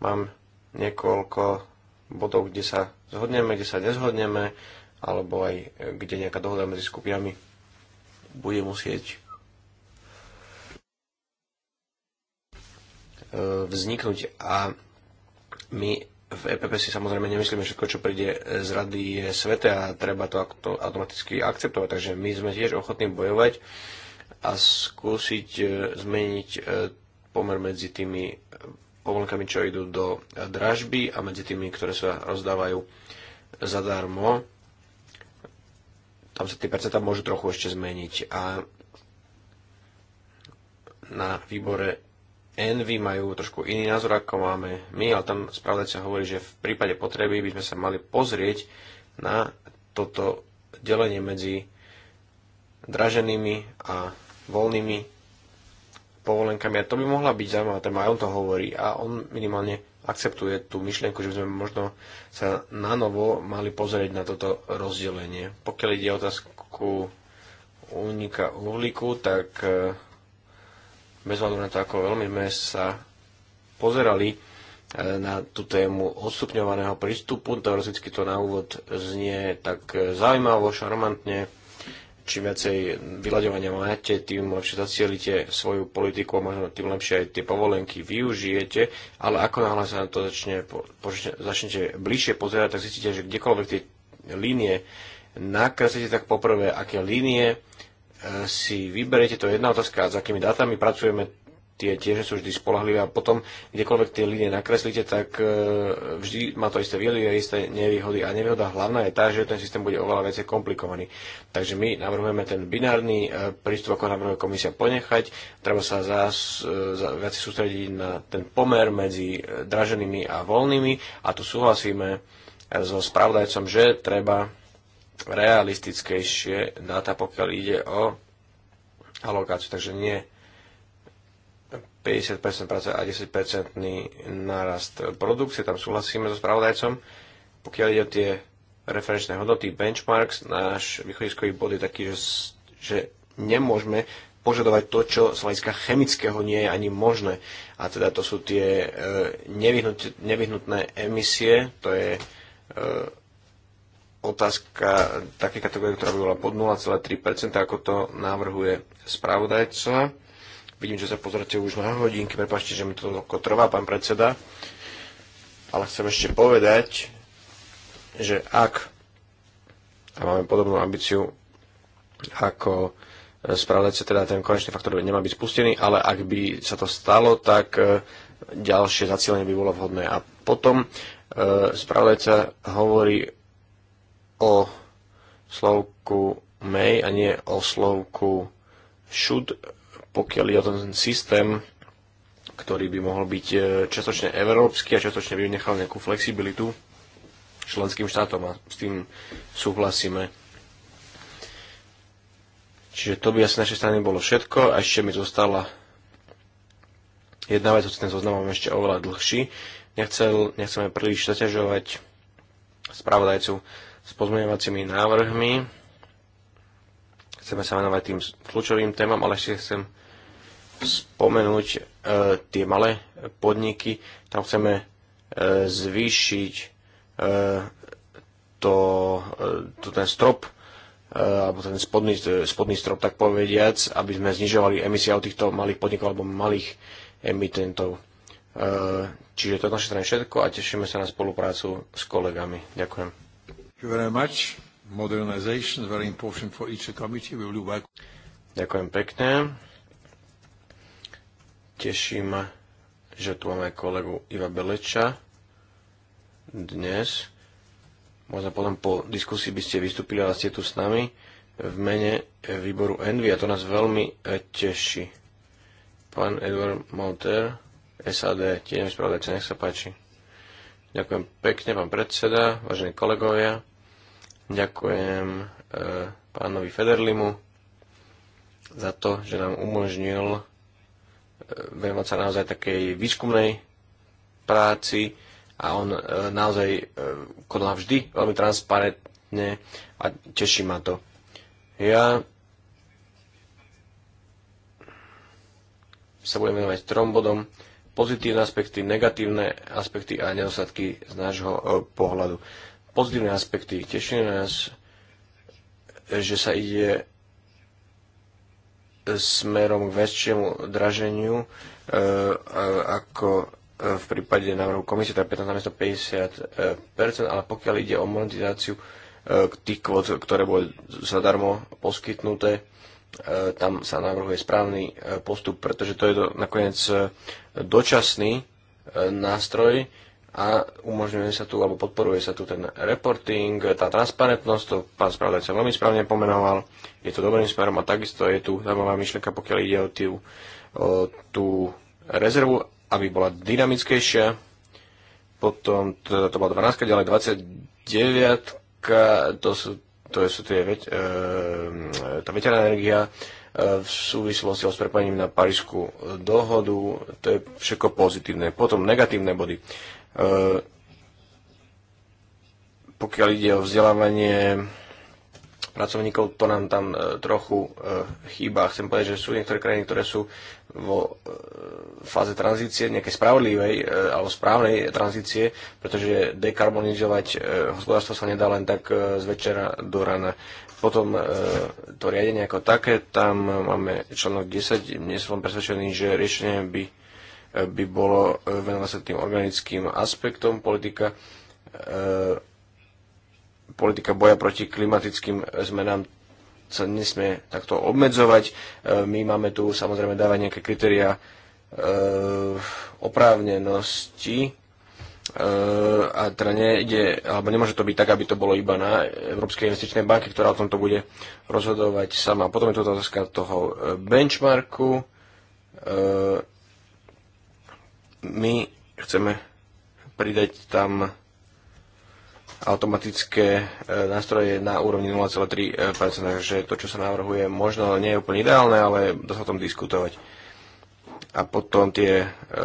Mám niekoľko bodov, kde sa zhodneme, kde sa nezhodneme, alebo aj e, kde nejaká dohoda medzi skupinami bude musieť e, vzniknúť. A my v EPP si samozrejme nemyslíme, že všetko, čo príde z rady, je sveté a treba to automaticky akceptovať. Takže my sme tiež ochotní bojovať a skúsiť e, zmeniť pomer medzi tými povolenkami, čo idú do dražby a medzi tými, ktoré sa rozdávajú zadarmo. Tam sa tie percentá môžu trochu ešte zmeniť a na výbore Envy majú trošku iný názor, ako máme my, ale tam spravodajca hovorí, že v prípade potreby by sme sa mali pozrieť na toto delenie medzi draženými a voľnými povolenkami. A to by mohla byť zaujímavá téma, aj on to hovorí a on minimálne akceptuje tú myšlienku, že by sme možno sa na novo mali pozrieť na toto rozdelenie. Pokiaľ ide o otázku únika uhlíku, tak e, bez hľadu na to, ako veľmi sme sa pozerali e, na tú tému odstupňovaného prístupu, teoreticky to na úvod znie tak e, zaujímavo, šarmantne, čím viacej vyľadovania máte, tým lepšie zacielite svoju politiku a možno tým lepšie aj tie povolenky využijete, ale ako náhle sa na to začne, po, začnete bližšie pozerať, tak zistíte, že kdekoľvek tie línie nakreslíte, tak poprvé, aké línie e, si vyberete, to je jedna otázka, s akými dátami pracujeme, tie tiež sú vždy spolahlivé a potom kdekoľvek tie linie nakreslíte, tak e, vždy má to isté výhody a isté nevýhody a nevýhoda hlavná je tá, že ten systém bude oveľa viacej komplikovaný. Takže my navrhujeme ten binárny e, prístup, ako navrhuje komisia ponechať, treba sa zás, e, viac sústrediť na ten pomer medzi draženými a voľnými a tu súhlasíme so spravodajcom, že treba realistickejšie dáta, pokiaľ ide o alokáciu. Takže nie 50% práce a 10 nárast produkcie, tam súhlasíme so spravodajcom. Pokiaľ ide o tie referenčné hodnoty, benchmarks, náš východiskový bod je taký, že, že nemôžeme požadovať to, čo z hľadiska chemického nie je ani možné. A teda to sú tie e, nevyhnut, nevyhnutné emisie, to je e, otázka také kategórie, ktorá by bola pod 0,3%, ako to navrhuje spravodajca. Vidím, že sa pozeráte už na hodinky. Prepašte, že mi to toľko trvá, pán predseda. Ale chcem ešte povedať, že ak, a máme podobnú ambíciu ako sa teda ten konečný faktor nemá byť spustený, ale ak by sa to stalo, tak e, ďalšie zacielenie by bolo vhodné. A potom e, sa hovorí o slovku may a nie o slovku should, pokiaľ je o ten systém, ktorý by mohol byť e, častočne európsky a častočne by nechal nejakú flexibilitu členským štátom a s tým súhlasíme. Čiže to by asi našej strany bolo všetko a ešte mi zostala jedna vec, hoci ten zoznam mám ešte oveľa dlhší. Nechcel, nechceme príliš zaťažovať spravodajcu s pozmeňovacími návrhmi. Chceme sa venovať tým kľúčovým témam, ale ešte chcem spomenúť e, tie malé podniky. Tam chceme e, zvýšiť e, to, e, to ten strop, e, alebo ten spodný, spodný strop, tak povediac, aby sme znižovali emisie od týchto malých podnikov alebo malých emitentov. E, čiže to je naše strane teda všetko a tešíme sa na spoluprácu s kolegami. Ďakujem. Ďakujem pekne. Teší ma, že tu máme kolegu Iva Beleča dnes. Možno potom po diskusii by ste vystúpili, ale ste tu s nami v mene výboru Envy a to nás veľmi eh, teší. Pán Edward Malter, SAD, tiež spravodajca, nech sa páči. Ďakujem pekne, pán predseda, vážení kolegovia. Ďakujem e, pánovi Federlimu za to, že nám umožnil venovať sa naozaj takej výskumnej práci a on e, naozaj e, konal vždy veľmi transparentne a teší ma to. Ja sa budem venovať trom bodom. Pozitívne aspekty, negatívne aspekty a nedostatky z nášho e, pohľadu. Pozitívne aspekty. Teší nás, že sa ide smerom k väčšiemu draženiu e, ako e, v prípade návrhu komisie, tak 15 namiesto 50%, ale pokiaľ ide o monetizáciu e, tých kvót, ktoré boli zadarmo poskytnuté, tam sa navrhuje správny postup, pretože to je to nakoniec dočasný nástroj, a umožňuje sa tu, alebo podporuje sa tu ten reporting, tá transparentnosť, to pán spravodajca veľmi správne pomenoval, je to dobrým smerom a takisto je tu zaujímavá myšlienka, pokiaľ ide o tú, o tú rezervu, aby bola dynamickejšia, potom to, to bola 12, ďalej 29, to sú to sú tie, veť, e, tá veterná energia eh, v súvislosti s prepojením na Parížskú eh, dohodu, to je všetko pozitívne. Potom negatívne body. E, pokiaľ ide o vzdelávanie pracovníkov, to nám tam e, trochu e, chýba. Chcem povedať, že sú niektoré krajiny, ktoré sú vo e, fáze tranzície, nejakej spravodlivej alebo správnej tranzície, pretože dekarbonizovať hospodárstvo sa nedá len tak z večera do rana. Potom to riadenie ako také, tam máme článok 10, nie som presvedčený, že riešenie by, by bolo venovať sa tým organickým aspektom politika politika boja proti klimatickým zmenám sa nesmie takto obmedzovať. E, my máme tu samozrejme dávať nejaké kritéria e, oprávnenosti e, a teda nejde, alebo nemôže to byť tak, aby to bolo iba na Európskej investičnej banke, ktorá o tomto bude rozhodovať sama. Potom je tu otázka toho benchmarku. My chceme pridať tam automatické e, nástroje na úrovni 0,3%, e, takže to, čo sa navrhuje, možno nie je úplne ideálne, ale dá sa o tom diskutovať. A potom tie, e,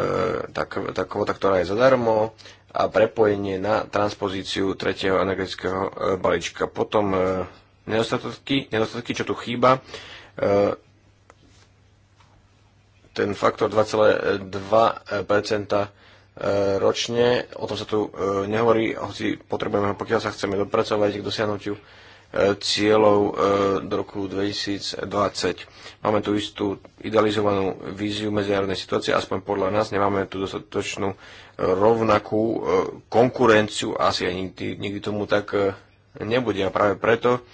tá, tá kvota, ktorá je zadarmo a prepojenie na transpozíciu tretieho energetického balíčka. Potom nedostatky, nedostatky čo tu chýba, ten faktor 2,2% E, ročne. O tom sa tu e, nehovorí, hoci potrebujeme ho, pokiaľ sa chceme dopracovať k dosiahnutiu e, cieľov do roku 2020. Máme tu istú idealizovanú víziu medzinárodnej situácie, aspoň podľa nás nemáme tu dostatočnú rovnakú konkurenciu, asi aj nikdy, nikdy tomu tak nebude. A práve preto,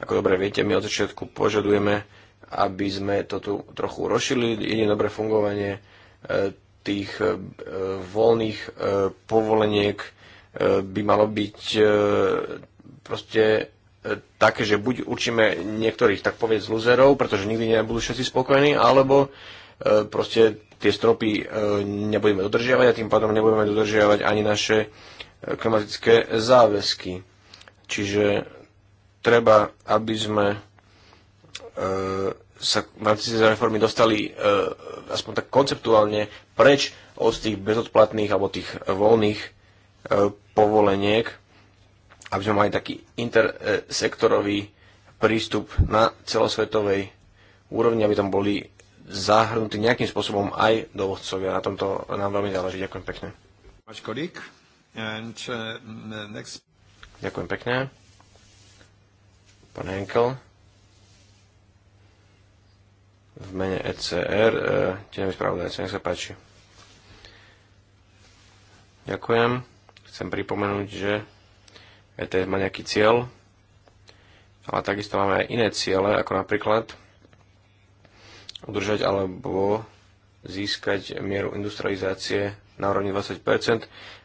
ako dobre viete, my od začiatku požadujeme, aby sme to tu trochu rozšili. Jedine dobré fungovanie tých e, voľných e, povoleniek e, by malo byť proste také, že buď určíme niektorých, tak povedz, luzerov, pretože nikdy nebudú všetci spokojní, alebo proste tie stropy nebudeme dodržiavať a tým pádom nebudeme dodržiavať ani naše klimatické záväzky. Čiže treba, aby sme sa v rámci reformy dostali e, aspoň tak konceptuálne preč od tých bezodplatných alebo tých voľných e, povoleniek, aby sme mali taký intersektorový prístup na celosvetovej úrovni, aby tam boli zahrnutí nejakým spôsobom aj dovozcovia. Na tomto nám veľmi záleží. Ďakujem pekne. Uh, Ďakujem pekne. Pán Henkel v mene ECR. E, Tiež mi spravodajca, nech sa páči. Ďakujem. Chcem pripomenúť, že ETS má nejaký cieľ, ale takisto máme aj iné ciele, ako napríklad udržať alebo získať mieru industrializácie na úrovni 20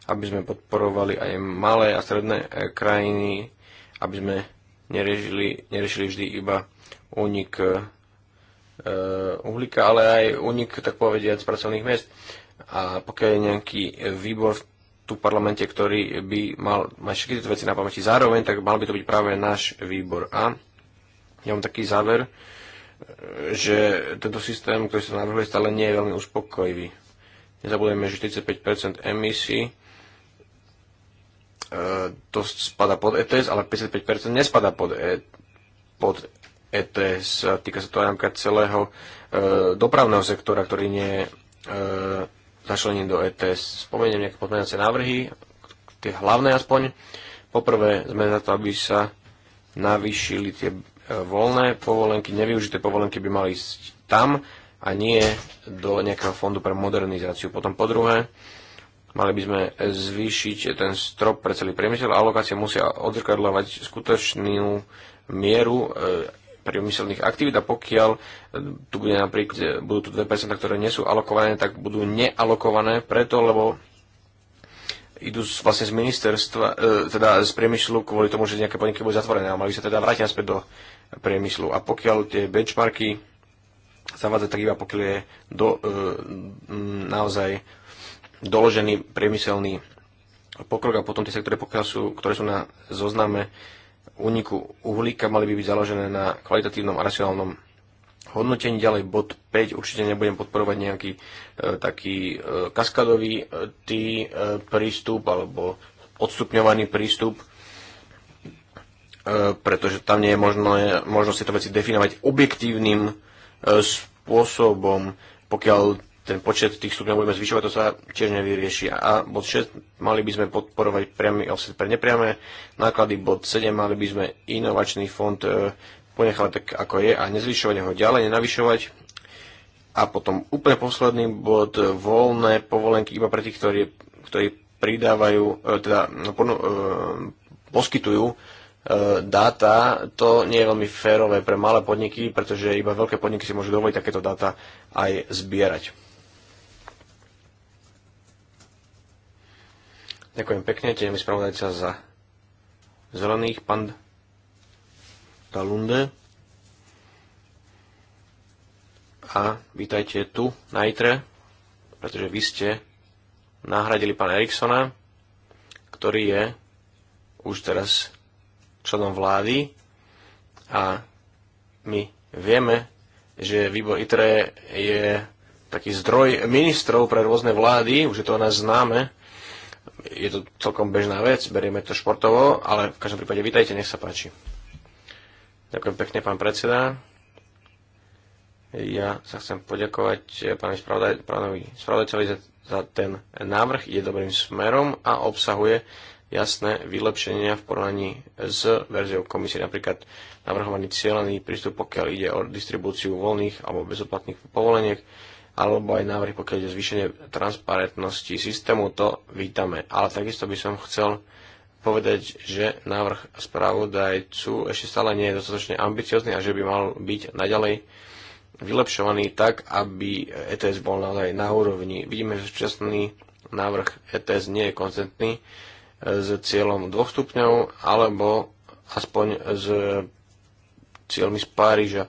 aby sme podporovali aj malé a stredné e, krajiny, aby sme neriešili, neriešili vždy iba únik e, Eh, uhlíka, ale aj unik, tak povediať, z pracovných miest. A pokiaľ je nejaký výbor v tu v parlamente, ktorý by mal mať všetky tieto veci na pamäti zároveň, tak mal by to byť práve náš výbor. A ja mám taký záver, eh, že tento systém, ktorý sa navrhuje, stále nie je veľmi uspokojivý. Nezabudujeme, že 45% emisí eh, to spada pod ETS, ale 55% nespada pod, e, pod ETS. A týka sa to aj napríklad celého e, dopravného sektora, ktorý nie je začlenený do ETS. Spomeniem nejaké podmeniace návrhy, tie hlavné aspoň. Poprvé sme za to, aby sa navýšili tie e, voľné povolenky, nevyužité povolenky by mali ísť tam a nie do nejakého fondu pre modernizáciu. Potom po druhé, mali by sme zvýšiť ten strop pre celý priemysel. Alokácie musia odzrkadľovať skutočnú mieru e, priemyselných aktivít a pokiaľ e, tu bude napríklad, e, budú tu 2%, ktoré nie sú alokované, tak budú nealokované preto, lebo idú vlastne z ministerstva, e, teda z priemyslu kvôli tomu, že nejaké podniky budú zatvorené a mali sa teda vrátiť späť do priemyslu. A pokiaľ tie benchmarky zavádzať tak iba pokiaľ je do, e, naozaj doložený priemyselný pokrok a potom tie sektory, pokiaľ sú, ktoré sú na zozname úniku uhlíka mali by byť založené na kvalitatívnom a racionálnom hodnotení. Ďalej bod 5, určite nebudem podporovať nejaký e, taký e, kaskadový e, tý, e, prístup alebo odstupňovaný prístup, e, pretože tam nie je možné, možno možnosť to veci definovať objektívnym e, spôsobom, pokiaľ ten počet tých stupňov budeme zvyšovať, to sa tiež nevyrieši. A bod 6, mali by sme podporovať priamy offset pre nepriame náklady, bod 7, mali by sme inovačný fond e, ponechať tak, ako je a nezvyšovať ho ďalej, nenavyšovať. A potom úplne posledný bod, voľné povolenky iba pre tých, ktorí, ktorí pridávajú, e, teda no, ponu, e, poskytujú dáta, to nie je veľmi férové pre malé podniky, pretože iba veľké podniky si môžu dovoliť takéto dáta aj zbierať. Ďakujem pekne, tiež mi spravodajca za zelených, pán Talunde. A vítajte tu na ITRE, pretože vy ste nahradili pána Eriksona, ktorý je už teraz členom vlády a my vieme, že výbor ITRE je taký zdroj ministrov pre rôzne vlády, už je to o nás známe je to celkom bežná vec, berieme to športovo, ale v každom prípade vítajte, nech sa páči. Ďakujem pekne, pán predseda. Ja sa chcem poďakovať eh, pánovi spravodajcovi za, za ten návrh. Je dobrým smerom a obsahuje jasné vylepšenia v porovnaní s verziou komisie. Napríklad navrhovaný cieľený prístup, pokiaľ ide o distribúciu voľných alebo bezoplatných povoleniek, alebo aj návrhy, pokiaľ ide zvýšenie transparentnosti systému, to vítame. Ale takisto by som chcel povedať, že návrh spravodajcu ešte stále nie je dostatočne ambiciozný a že by mal byť naďalej vylepšovaný tak, aby ETS bol naozaj na úrovni. Vidíme, že súčasný návrh ETS nie je koncentný e, s cieľom 2 stupňov alebo aspoň s cieľmi z Páriža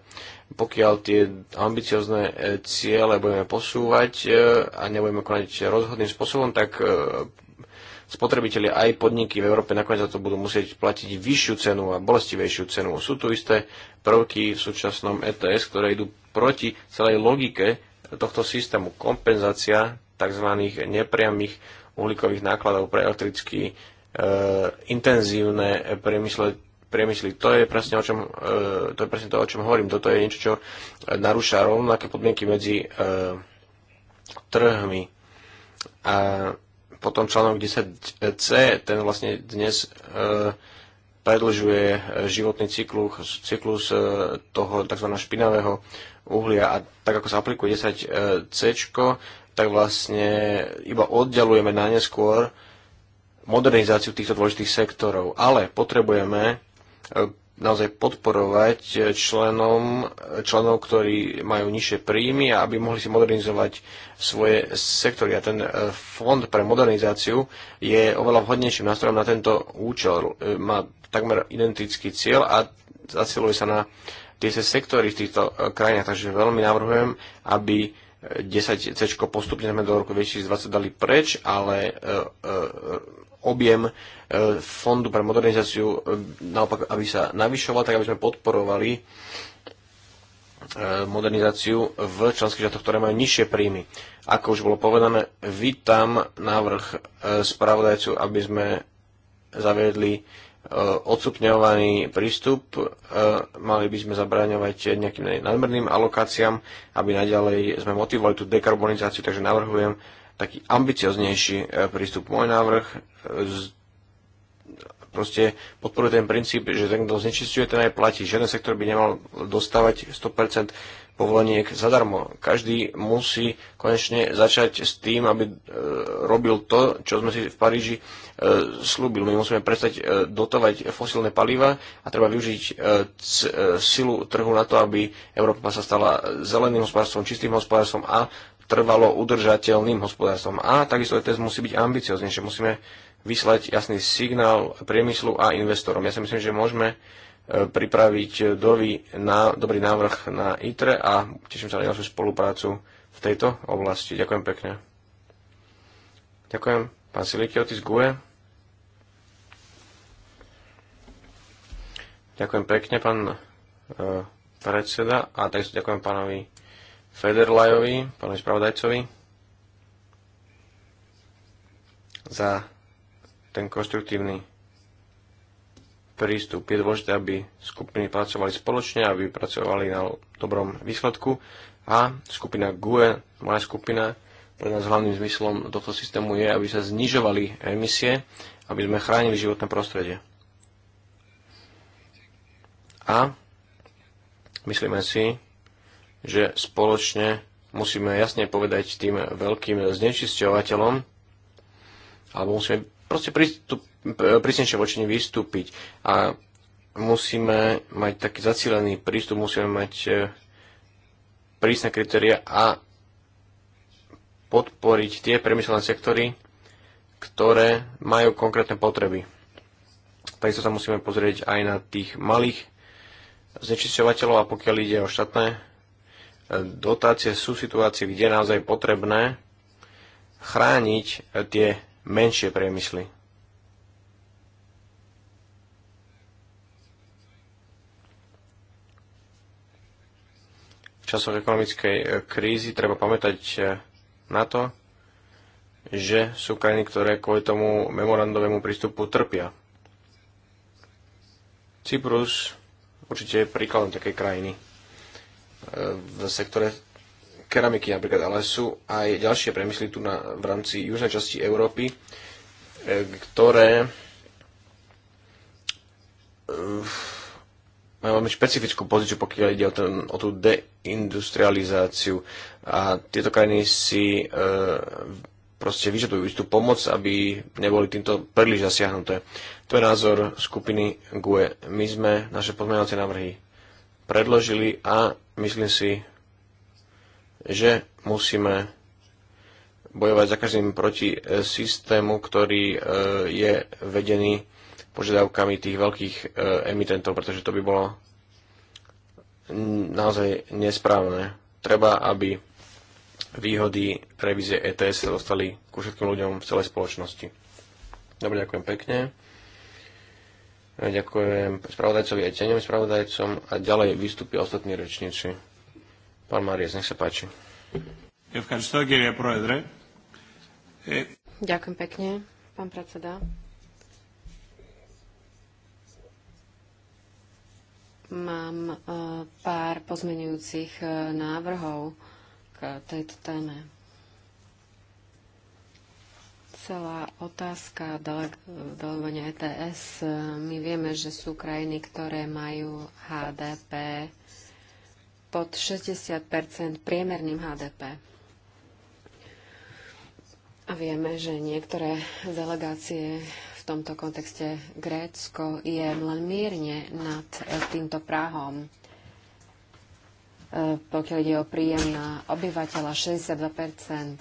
pokiaľ tie ambiciozne e, ciele budeme posúvať e, a nebudeme konať rozhodným spôsobom, tak e, spotrebitelia aj podniky v Európe nakoniec za to budú musieť platiť vyššiu cenu a bolestivejšiu cenu. Sú tu isté prvky v súčasnom ETS, ktoré idú proti celej logike tohto systému. Kompenzácia tzv. nepriamých uhlíkových nákladov pre elektricky e, intenzívne priemysle priemysly. To je presne, o čom, e, to, je presne to, o čom hovorím. Toto je niečo, čo narúša rovnaké podmienky medzi e, trhmi. A potom článok 10c, ten vlastne dnes e, predlžuje životný cyklus, cyklus toho tzv. špinavého uhlia. A tak ako sa aplikuje 10c, tak vlastne iba oddalujeme na neskôr modernizáciu týchto dôležitých sektorov. Ale potrebujeme naozaj podporovať členom, členov, ktorí majú nižšie príjmy a aby mohli si modernizovať svoje sektory. A ten e, fond pre modernizáciu je oveľa vhodnejším nástrojom na tento účel. E, má takmer identický cieľ a zacieluje sa na tie sektory v týchto e, krajinách. Takže veľmi navrhujem, aby 10 C postupne sme do roku 2020 dali preč, ale objem e, fondu pre modernizáciu e, naopak, aby sa navyšoval, tak aby sme podporovali e, modernizáciu v členských štátoch, ktoré majú nižšie príjmy. Ako už bolo povedané, vítam návrh spravodajcu, aby sme zaviedli odsupňovaný prístup. Mali by sme zabraňovať nejakým nadmerným alokáciám, aby naďalej sme motivovali tú dekarbonizáciu, takže navrhujem taký ambicioznejší e, prístup. Môj návrh e, proste podporuje ten princíp, že ten, kto znečistuje, ten aj platí. Žiaden sektor by nemal dostávať 100% povoleniek zadarmo. Každý musí konečne začať s tým, aby e, robil to, čo sme si v Paríži slúbili. My musíme prestať dotovať fosílne paliva a treba využiť silu trhu na to, aby Európa sa stala zeleným hospodárstvom, čistým hospodárstvom a trvalo udržateľným hospodárstvom. A takisto ETS musí byť ambicioznejšie. Musíme vyslať jasný signál priemyslu a investorom. Ja si myslím, že môžeme e, pripraviť dobrý, na, dobrý návrh na ITRE a teším sa na ďalšiu spoluprácu v tejto oblasti. Ďakujem pekne. Ďakujem. Pán Silikiotis Gue. Ďakujem pekne, pán e, predseda, a takisto ďakujem pánovi Federlajovi, pánu spravodajcovi, za ten konštruktívny prístup. Je dôležité, aby skupiny pracovali spoločne, aby pracovali na dobrom výsledku a skupina GUE, moja skupina, pre nás hlavným zmyslom tohto systému je, aby sa znižovali emisie, aby sme chránili životné prostredie. A myslíme si, že spoločne musíme jasne povedať tým veľkým znečisťovateľom, alebo musíme proste prístup, prísnejšie voči nim vystúpiť a musíme mať taký zacílený prístup, musíme mať e, prísne kritéria a podporiť tie premyslené sektory, ktoré majú konkrétne potreby. Takisto sa musíme pozrieť aj na tých malých znečisťovateľov a pokiaľ ide o štátne dotácie sú situácie, kde je naozaj potrebné chrániť tie menšie priemysly. V časoch ekonomickej e, krízy treba pamätať e, na to, že sú krajiny, ktoré kvôli tomu memorandovému prístupu trpia. Cyprus určite je príkladom takej krajiny v sektore keramiky napríklad, ale sú aj ďalšie premysly tu na, v rámci južnej časti Európy, e, ktoré e, majú veľmi špecifickú pozíciu, pokiaľ ide o, ten, o tú deindustrializáciu. A tieto krajiny si e, proste vyžadujú istú pomoc, aby neboli týmto príliš zasiahnuté. To je názor skupiny GUE. My sme naše pozmeňovacie návrhy predložili a myslím si, že musíme bojovať za každým proti e, systému, ktorý e, je vedený požiadavkami tých veľkých e, emitentov, pretože to by bolo naozaj nesprávne. Treba, aby výhody revízie ETS sa dostali ku všetkým ľuďom v celej spoločnosti. Dobre, ďakujem pekne. Ďakujem spravodajcovi aj teňovým spravodajcom a ďalej vystúpia ostatní rečníci. Pán Mariec, nech sa páči. E- Ďakujem pekne, pán predseda. Mám e, pár pozmenujúcich e, návrhov k tejto téme celá otázka dolovania ETS. My vieme, že sú krajiny, ktoré majú HDP pod 60 priemerným HDP. A vieme, že niektoré delegácie v tomto kontexte Grécko je len mierne nad e, týmto Prahom. E, pokiaľ ide o príjem na obyvateľa 62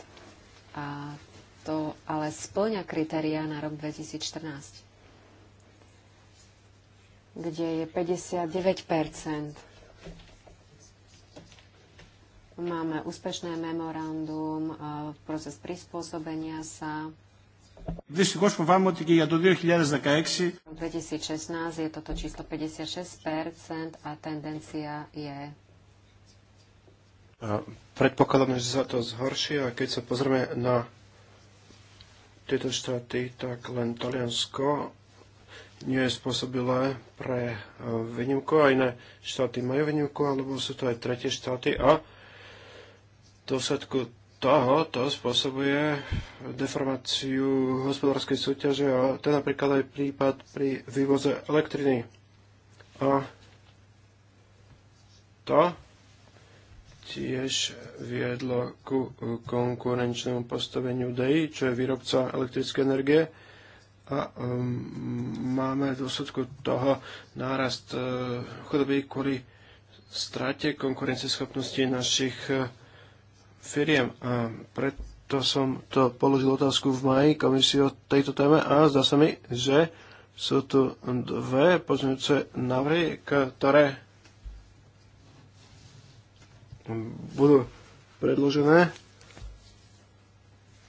a to ale splňa kritériá na rok 2014, kde je 59 Máme úspešné memorandum, e, proces prispôsobenia sa. 2016 je toto číslo 56% a tendencia je predpokladám, že sa to zhorší a keď sa pozrieme na tieto štáty, tak len Taliansko nie je spôsobilé pre e, výnimku a iné štáty majú výnimku, alebo sú to aj tretie štáty a v dôsledku toho to spôsobuje deformáciu hospodárskej súťaže a to je napríklad aj prípad pri vývoze elektriny. A to tiež viedlo ku konkurenčnému postaveniu DEI, čo je výrobca elektrické energie. A um, máme v dôsledku toho nárast uh, chudoby kvôli strate konkurenceschopnosti našich uh, firiem. A preto som to položil otázku v maji komisii o tejto téme a zdá sa mi, že sú tu dve pozmeňujúce návrhy, ktoré budú predložené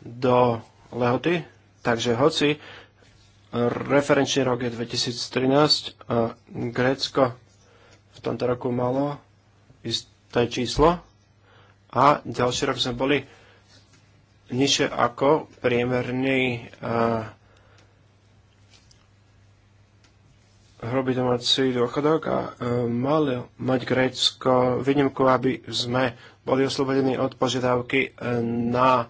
do lehoty, takže hoci referenčný rok je 2013 a Grécko v tomto roku malo isté číslo a ďalší rok sme boli nižšie ako priemerný uh, robiť domáci dôchodok a e, mal mať Grécko výnimku, aby sme boli oslobodení od požiadavky e, na e,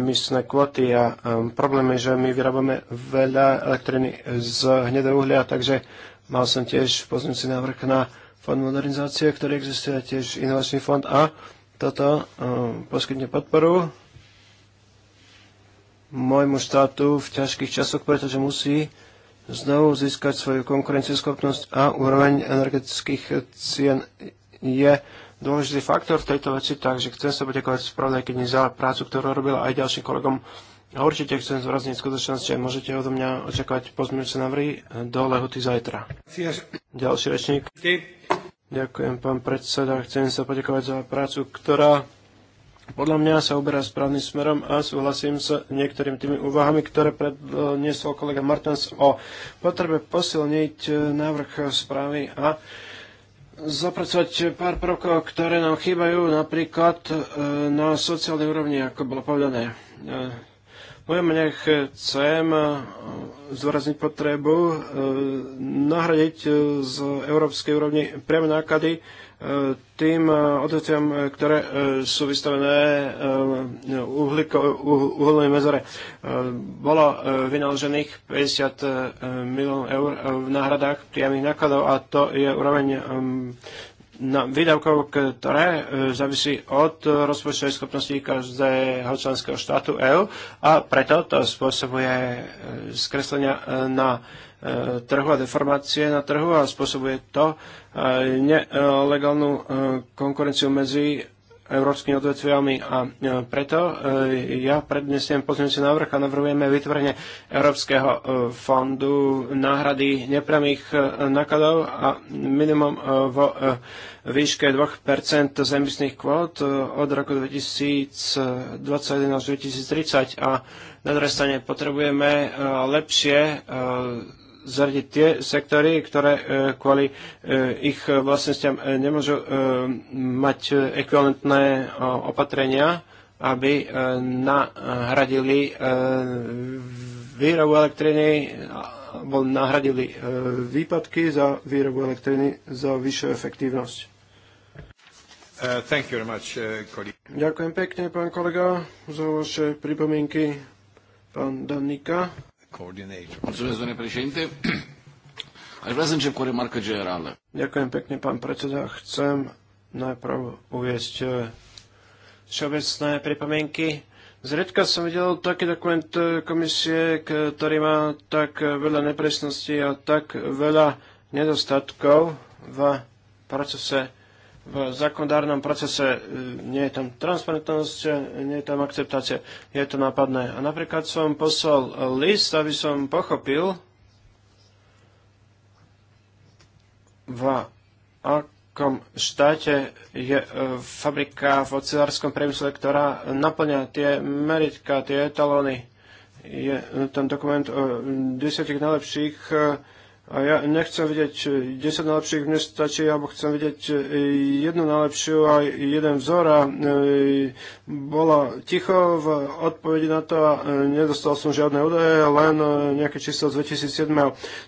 emisné kvoty a problém je, že my vyrábame veľa elektriny z hnedého uhlia, takže mal som tiež pozniúci návrh na fond modernizácie, ktorý existuje tiež inovačný fond a toto poskytne podporu môjmu štátu v ťažkých časoch, pretože musí znovu získať svoju konkurencieschopnosť a úroveň energetických cien je dôležitý faktor v tejto veci, takže chcem sa poďakovať spravodajkyni za prácu, ktorú robila aj ďalším kolegom. A určite chcem zvrazniť skutočnosť, že môžete odo mňa očakávať pozmeňujúce návrhy do lehoty zajtra. Ďalší rečník. Ďakujem, pán predseda. Chcem sa poďakovať za prácu, ktorá podľa mňa sa uberá správnym smerom a súhlasím s niektorými tými úvahami, ktoré predniesol kolega Martens o potrebe posilniť e, návrh správy a zapracovať pár prvkov, ktoré nám chýbajú napríklad e, na sociálnej úrovni, ako bolo povedané e, mojom mene chcem zvorazniť potrebu e, nahradiť e, z európskej úrovni priame náklady e, tým odvetviam, ktoré sú vystavené uholnej mezore. Bolo vynaložených 50 miliónov eur v náhradách priamých nákladov a to je úroveň výdavkov, ktoré e, závisí od rozpočtovej schopnosti každého členského štátu EÚ a preto to spôsobuje e, skreslenia e, na trhu a deformácie na trhu a spôsobuje to nelegálnu konkurenciu medzi európskymi odvetviami a e, preto e, ja prednesiem pozmeňujúci návrh a navrhujeme vytvorenie Európskeho e, fondu náhrady nepriamých nákladov a minimum vo výške 2% z emisných kvót od roku 2021 až 2030 a na druhej strane potrebujeme lepšie zaradiť tie sektory, ktoré e, kvôli e, ich vlastnostiam e, nemôžu mať ekvivalentné opatrenia, aby nahradili výrobu elektriny alebo nahradili výpadky za výrobu elektriny za vyššiu efektívnosť. thank you very much, Ďakujem pekne, pán kolega, za vaše pripomienky. Pán Danika coordinator. Mulțumesc, domnule președinte. Až vrea să încep cu o remarcă generală. Ďakujem pekne, pán predseda. Chcem najprv uviesť eh, všeobecné pripomienky. Zriedka som videl taký dokument eh, komisie, ktorý má tak eh, veľa nepresností a tak veľa nedostatkov v procese v zákonodárnom procese e, nie je tam transparentnosť, e, nie je tam akceptácia, je to nápadné. A napríklad som poslal list, aby som pochopil, v akom štáte je e, fabrika v ocelárskom priemysle, ktorá naplňa tie meritka, tie etalóny. Je tam dokument o desiatich najlepších a ja nechcem vidieť 10 e, najlepších, mne stačí, alebo chcem vidieť e, jednu najlepšiu a jeden vzor a e, bola ticho v odpovedi na to a nedostal som žiadne údaje, len nejaké číslo z 2007.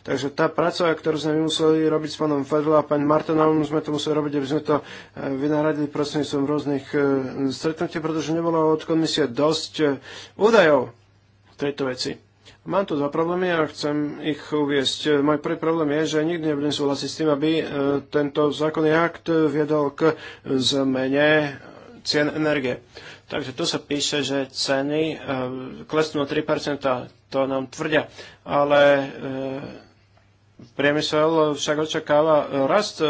Takže tá práca, ktorú sme museli robiť s pánom Fedla a pán Martinom, sme to museli robiť, aby sme to vynáradili prostredníctvom rôznych stretnutí, pretože nebolo od komisie dosť údajov tejto veci. Mám tu dva problémy a chcem ich uviesť. Môj prvý problém je, že nikdy nebudem súhlasiť s tým, aby e, tento zákonný akt viedol k zmene cien energie. Takže tu sa píše, že ceny e, klesnú o 3%, to nám tvrdia. Ale e, priemysel však očakáva rast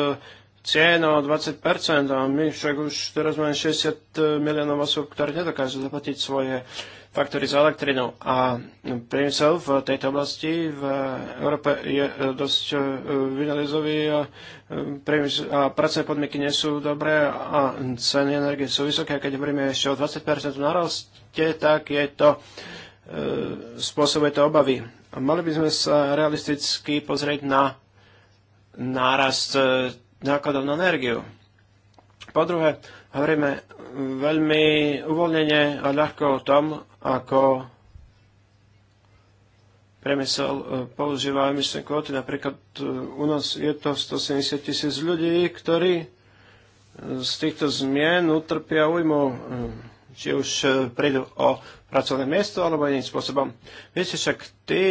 cien o 20%, a my však už teraz máme 60 miliónov osôb, ktoré nedokážu zaplatiť svoje faktory s elektrinou. A priemysel v tejto oblasti v Európe je e, dosť e, vynalizový a, e, a pracovné podmienky nie sú dobré a ceny energie sú vysoké. Keď hovoríme ešte o 20% naroste, tak je to, e, spôsobuje to obavy. A mali by sme sa realisticky pozrieť na nárast nákladov na energiu. Po druhé, hovoríme veľmi uvoľnenie a ľahko o tom, ako premysel e, používajú emisné kvóty. Napríklad e, u nás je to 170 tisíc ľudí, ktorí e, z týchto zmien utrpia újmu, či už prídu o pracovné miesto alebo iným spôsobom. Viete, však tí,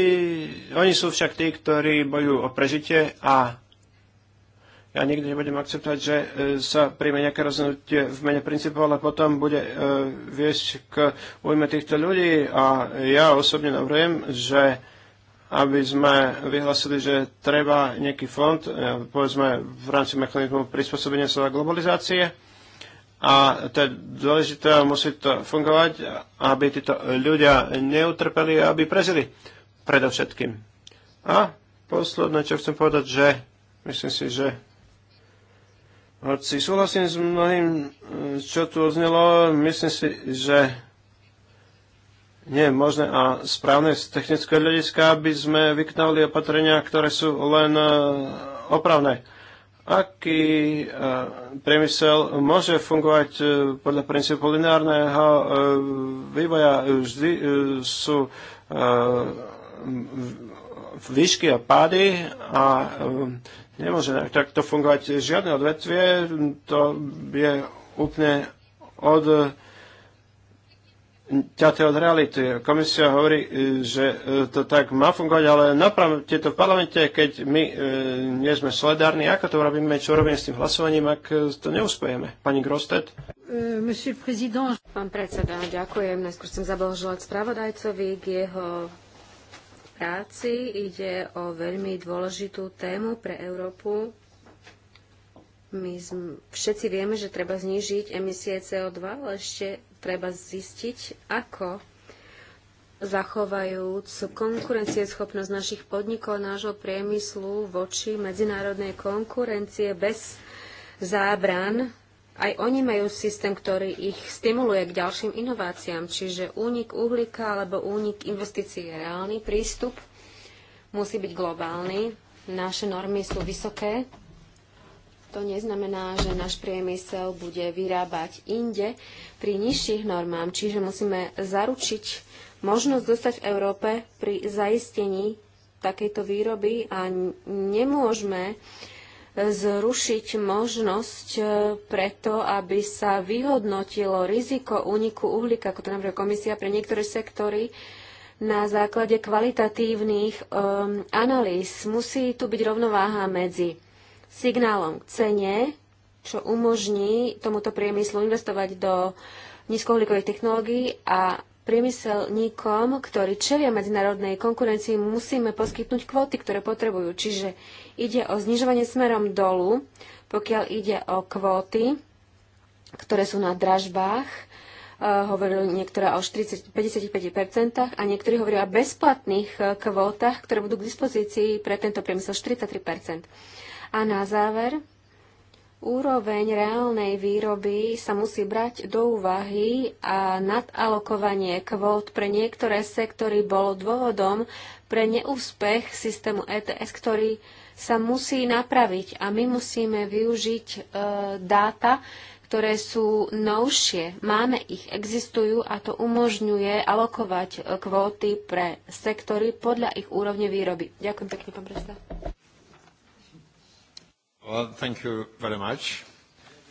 oni sú však tí, ktorí bojujú o prežitie a ja nikdy nebudem akceptovať, že e, sa príjme nejaké rozhodnutie v mene princípov, ale potom bude e, viesť k újme týchto ľudí a ja osobne navrhujem, že aby sme vyhlasili, že treba nejaký fond, e, povedzme v rámci mechanizmu prispôsobenia sa globalizácie a to je dôležité, musí to fungovať, aby títo ľudia neutrpeli a aby prežili predovšetkým. A posledné, čo chcem povedať, že myslím si, že hoci súhlasím s mnohým, eh, čo tu odznelo, myslím si, že nie je možné a správne z technického hľadiska, aby sme vykonali opatrenia, ktoré sú len eh, opravné. Aký eh, priemysel môže fungovať podľa princípu lineárneho vývoja? Vždy sú výšky a pády a Nemôže takto fungovať žiadne odvetvie, to je úplne od ťaté od reality. Komisia hovorí, e, že e, to tak má fungovať, ale napravte to v parlamente, keď my e, nie sme solidárni. Ako to robíme, čo robíme s tým hlasovaním, ak to neuspejeme? Pani Grostet? E, Pán predseda, ďakujem. Najskôr som zablahoželať spravodajcovi k jeho práci. Ide o veľmi dôležitú tému pre Európu. My všetci vieme, že treba znížiť emisie CO2, ale ešte treba zistiť, ako zachovajúc konkurencieschopnosť našich podnikov, nášho priemyslu voči medzinárodnej konkurencie bez zábran aj oni majú systém, ktorý ich stimuluje k ďalším inováciám. Čiže únik uhlíka alebo únik investícií je reálny prístup, musí byť globálny. Naše normy sú vysoké. To neznamená, že náš priemysel bude vyrábať inde pri nižších normám, čiže musíme zaručiť možnosť dostať v Európe pri zaistení takejto výroby a nemôžeme uh, zrušiť možnosť e, preto, aby sa vyhodnotilo riziko úniku uhlíka, ako to napríklad komisia pre niektoré sektory, na základe kvalitatívnych um, analýz. Musí tu byť rovnováha medzi signálom k cene, čo umožní tomuto priemyslu investovať do nízkouhlíkových technológií a priemyselníkom, ktorí čelia medzinárodnej konkurencii, musíme poskytnúť kvóty, ktoré potrebujú. Čiže ide o znižovanie smerom dolu, pokiaľ ide o kvóty, ktoré sú na dražbách, eh, hovorili niektoré o 55% a niektorí hovoria o bezplatných eh, kvótach, ktoré budú k dispozícii pre tento priemysel 43%. A na záver, Úroveň reálnej výroby sa musí brať do úvahy a nadalokovanie kvót pre niektoré sektory bolo dôvodom pre neúspech systému ETS, ktorý sa musí napraviť a my musíme využiť e, dáta, ktoré sú novšie. Máme ich, existujú a to umožňuje alokovať e, kvóty pre sektory podľa ich úrovne výroby. Ďakujem pekne, pán predseda. Well, thank you very much.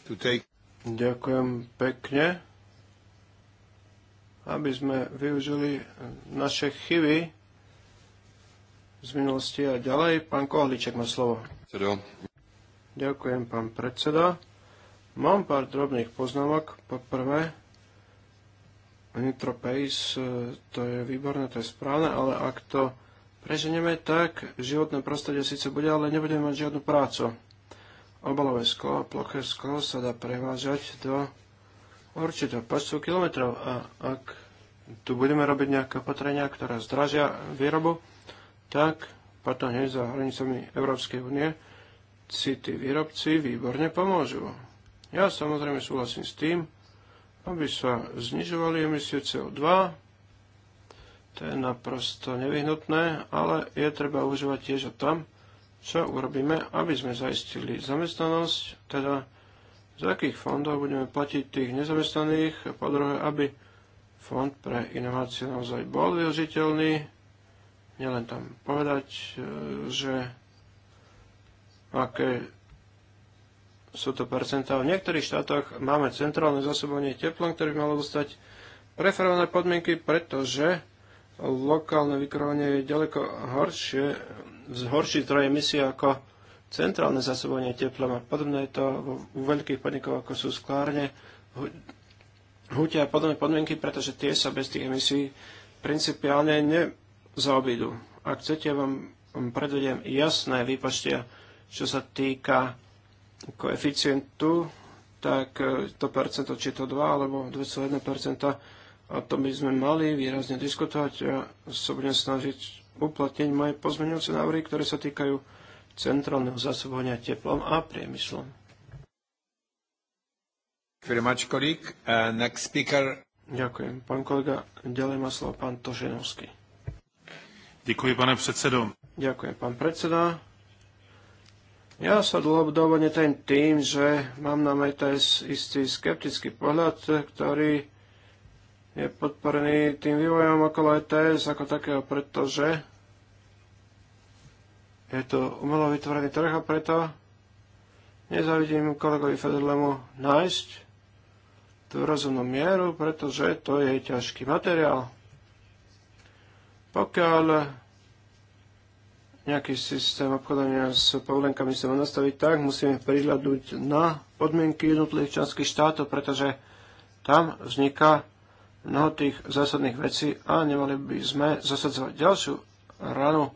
To take... Ďakujem pekne. Aby sme využili naše chyby z minulosti a ďalej, pán Kohliček má slovo. Ďakujem, pán predseda. Mám pár drobných poznámok. Po prvé, Nitropace, e, to je výborné, to je správne, ale ak to preženieme, tak životné prostredie síce bude, ale nebudeme mať žiadnu prácu obalové sklo a ploché sklo sa dá prevážať do určitého počtu kilometrov a ak tu budeme robiť nejaké opatrenia, ktoré zdražia výrobu, tak potom hneď za hranicami Európskej únie si tí výrobci výborne pomôžu. Ja samozrejme súhlasím s tým, aby sa znižovali emisie CO2, to je naprosto nevyhnutné, ale je treba užívať tiež a tam, čo urobíme, aby sme zaistili zamestnanosť, teda z akých fondov budeme platiť tých nezamestnaných, po druhé, aby fond pre inovácie naozaj bol využiteľný, nielen tam povedať, e, že aké sú to percentá. V niektorých štátoch máme centrálne zásobovanie teplom, ktoré by malo dostať preferované podmienky, pretože lokálne vykrovanie je ďaleko horšie zhorší troje emisie ako centrálne zásobovanie teplom a podobné je to u veľkých podnikov ako sú sklárne, hutia a podobné podmienky, pretože tie sa bez tých emisí principiálne nezaobídu. Ak chcete, vám predvediem jasné výpočtia, čo sa týka koeficientu, tak e, to percento, či to 2 alebo 2,1 o tom by sme mali výrazne diskutovať. Ja sa budem snažiť uplatniť moje pozmeňujúce návrhy, ktoré sa týkajú centrálneho zásobovania teplom a priemyslom. Uh, Ďakujem. Pán kolega, ďalej má slovo pán Toženovský. Ďakujem, pán predsedo. Ďakujem, pán predseda. Ja sa dlhodobo netém tým, že mám na METS istý skeptický pohľad, ktorý je podporený tým vývojom okolo ETS ako takého, pretože je to umelo vytvorený trh a preto nezavidím kolegovi Federlemu nájsť tú rozumnú mieru, pretože to je ťažký materiál. Pokiaľ nejaký systém obchodovania s povolenkami sa nastaviť tak, musíme prihľadnúť na podmienky jednotlivých členských štátov, pretože tam vzniká mnoho tých zásadných vecí a nemali by sme zasadzovať ďalšiu ranu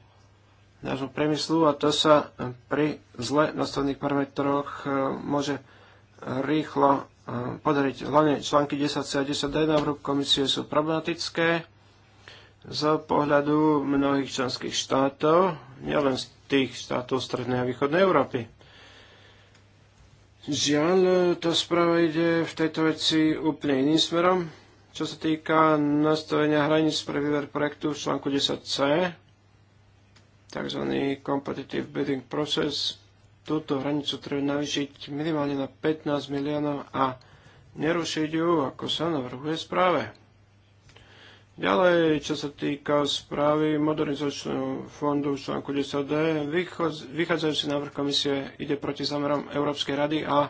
nášmu priemyslu a to sa pri zle nastavených parametroch e, môže rýchlo e, podariť. Hlavne články 10 a 10d návrhu komisie sú problematické z pohľadu mnohých členských štátov, nielen z tých štátov strednej a východnej Európy. Žiaľ, tá správa ide v tejto veci úplne iným smerom čo sa týka nastavenia hraníc pre výber projektu v článku 10c, tzv. competitive bidding process, túto hranicu treba navýšiť minimálne na 15 miliónov a nerušiť ju, ako sa navrhuje správe. Ďalej, čo sa týka správy modernizačného fondu v článku 10d, vychádzajúci návrh komisie ide proti zámerom Európskej rady a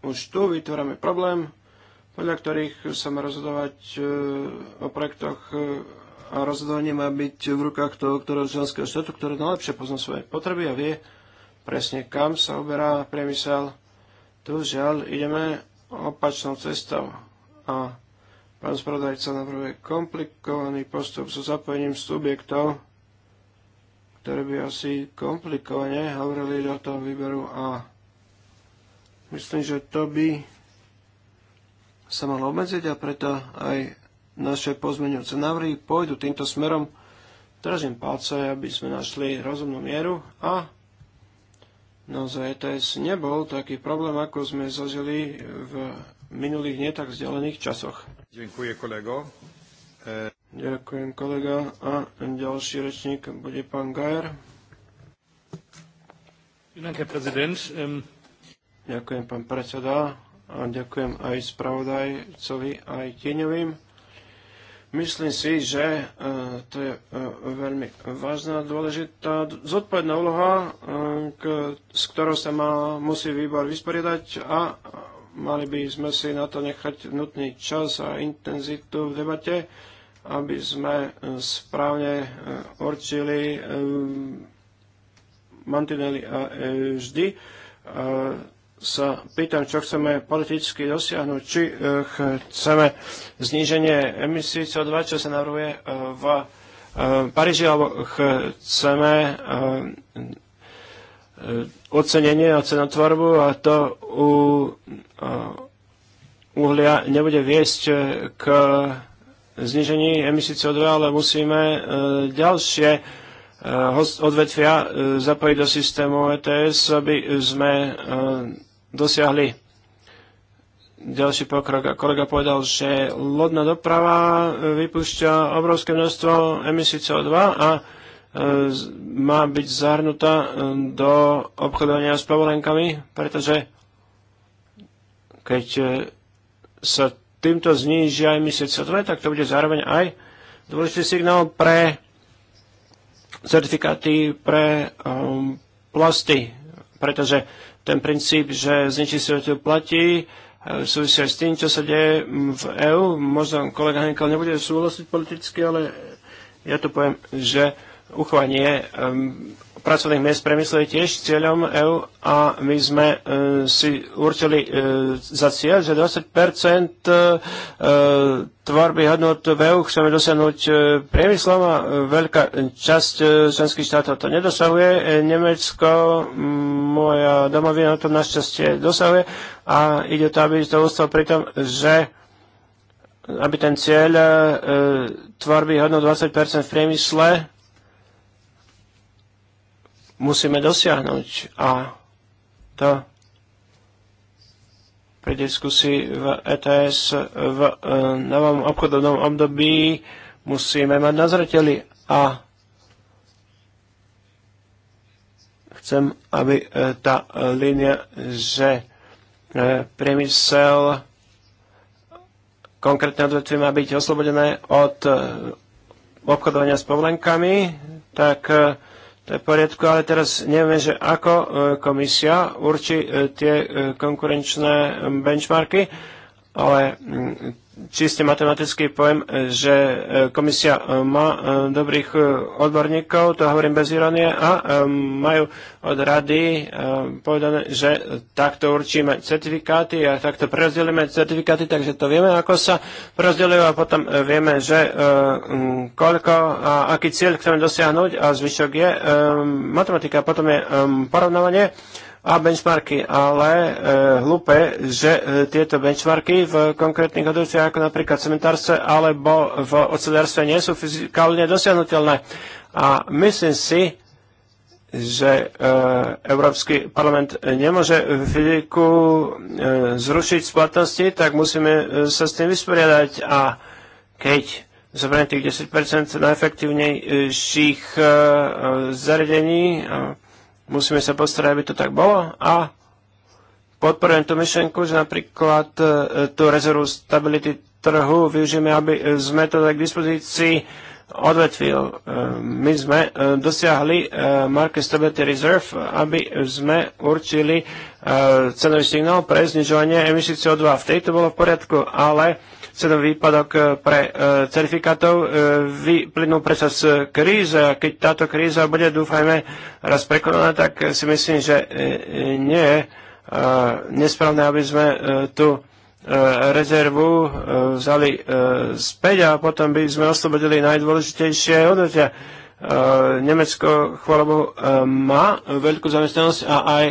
už tu vytvárame problém, podľa ktorých sa má rozhodovať e, o projektoch e, a rozhodovanie má byť v rukách toho, ktorého členského štátu, ktorý najlepšie pozná svoje potreby a vie presne kam sa uberá priemysel. Tu žiaľ ideme opačnou cestou a pán spravodajca navrhuje komplikovaný postup so zapojením subjektov, ktoré by asi komplikovane hovorili do toho výberu a myslím, že to by sa mal obmedziť a preto aj naše pozmeňujúce návrhy pôjdu týmto smerom. Držím palce, aby sme našli rozumnú mieru a naozaj ETS nebol taký problém, ako sme zažili v minulých netak vzdelených vzdialených časoch. Ďakujem, kolego. E... Ďakujem, kolega. A ďalší rečník bude pán Gajer. Ähm, Ďakujem, pán predseda a ďakujem aj spravodajcovi, aj tieňovým. Myslím si, že e, to je e, veľmi vážna, dôležitá, zodpovedná úloha, e, s ktorou sa má, musí výbor vysporiadať a mali by sme si na to nechať nutný čas a intenzitu v debate, aby sme správne určili mantinely a vždy sa pýtam, čo chceme politicky dosiahnuť. Či eh, chceme zníženie emisí CO2, čo sa navrhuje eh, v eh, Paríži, alebo chceme ocenenie a cenotvorbu a to u uhlia nebude viesť k znižení emisí CO2, ale musíme ďalšie odvetvia zapojiť do systému ETS, aby sme dosiahli ďalší pokrok. A kolega povedal, že lodná doprava e, vypúšťa obrovské množstvo emisí CO2 a e, má byť zahrnutá e, do obchodovania s povolenkami, pretože keď sa týmto znížia emisie CO2, tak to bude zároveň aj dôležitý signál pre certifikáty pre um, plasty, pretože ten princíp, že znečisťovateľ platí, e, súvisia s tým, čo sa deje v EÚ. Možno kolega Henkel nebude súhlasiť politicky, ale ja to poviem, že uchovanie pracovných miest v priemysle je tiež cieľom EÚ a my sme e, si určili e, za cieľ, že 20 e, tvorby hodnot v EU chceme dosiahnuť e, priemyslom a veľká časť e, členských štátov to nedosahuje. E, Nemecko, moja domovina to našťastie dosahuje a ide to, aby to ostalo pri tom, že aby ten cieľ e, tvorby hodnot 20% v priemysle musíme dosiahnuť. A to pri diskusii v ETS v e, novom obchodovnom období musíme mať na zreteli a chcem, aby e, tá línia, že e, priemysel konkrétne odvetvie má byť oslobodené od obchodovania s povolenkami, tak to je v poriadku, ale teraz nevieme, že ako e, komisia určí e, tie e, konkurenčné benchmarky, ale čiste matematický pojem, že e, komisia e, má e, dobrých odborníkov, to hovorím bez ironie, a majú od rady povedané, že takto určíme certifikáty a takto prerozdelíme certifikáty, takže to vieme, ako sa prerozdelujú a potom vieme, že koľko a aký cieľ chceme dosiahnuť a zvyšok je matematika. Potom je porovnávanie a benchmarky, ale e, hlúpe, že e, tieto benchmarky v konkrétnych odvetviach ako napríklad cementárstve alebo v ocelárstve nie sú fyzikálne dosiahnutelné. A myslím si, že e, Európsky parlament nemôže fyziku e, zrušiť z platnosti, tak musíme e, sa s tým vysporiadať a keď zoberiem tých 10% najefektívnejších e, e zariadení, e, Musíme sa postarať, aby to tak bolo a podporujem tú myšlenku, že napríklad e, tú rezervu stability trhu využijeme, aby sme to tak k dispozícii odvetvil, e, My sme e, dosiahli e, Market Stability Reserve, aby sme určili cenový signál pre znižovanie emisí CO2. V tejto bolo v poriadku, ale cenový výpadok pre certifikátov vyplynul z kríze a keď táto kríza bude, dúfajme, raz prekonaná, tak si myslím, že nie je nesprávne, aby sme tu E, rezervu e, vzali e, späť a potom by sme oslobodili najdôležitejšie odvetia. Nemecko, chvála Bohu, má veľkú zamestnanosť a aj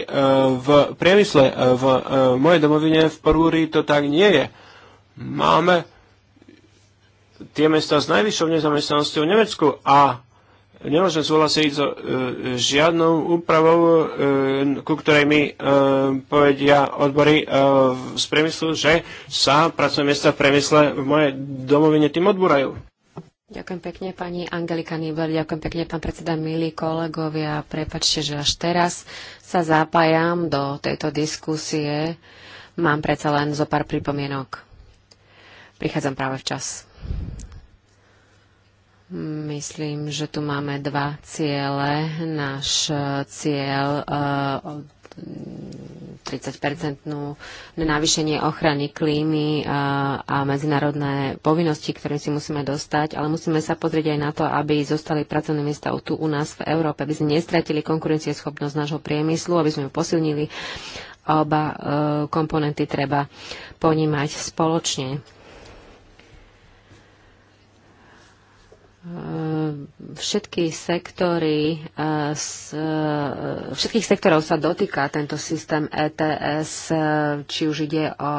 v priemysle, v mojej domovine v Porúri to tak nie je. Máme tie mesta s najvyššou nezamestnanosťou v Nemecku a nemôžem súhlasiť so e, žiadnou úpravou, e, ku ktorej mi e, povedia odbory e, z priemyslu, že sa pracovné miesta v priemysle v mojej domovine tým odborajú. Ďakujem pekne, pani Angelika Nibler, ďakujem pekne, pán predseda, milí kolegovia. Prepačte, že až teraz sa zapájam do tejto diskusie. Mám predsa len zo pár pripomienok. Prichádzam práve včas. Myslím, že tu máme dva ciele. Náš eh, cieľ uh, eh, 30-percentnú mm, navýšenie ochrany klímy eh, a, medzinárodné povinnosti, ktorým si musíme dostať, ale musíme sa pozrieť aj na to, aby zostali pracovné miesta tu u nás v Európe, aby sme nestratili konkurencieschopnosť nášho priemyslu, aby sme ju posilnili. Oba komponenty treba ponímať spoločne. Ehm, všetky sektory, eh, eh, všetkých sektorov sa dotýka tento systém ETS, eh, či už ide o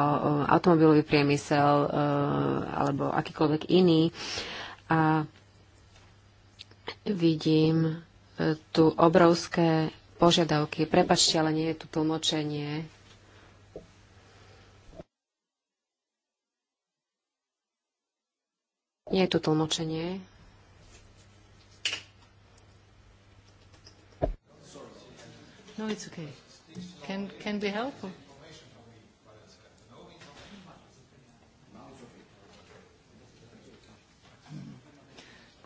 automobilový priemysel alebo akýkoľvek iný. A vidím tu obrovské požiadavky. Prepačte, ale nie je tu tlmočenie. Nie je tu tlmočenie. No, it's okay. Can, can be helpful.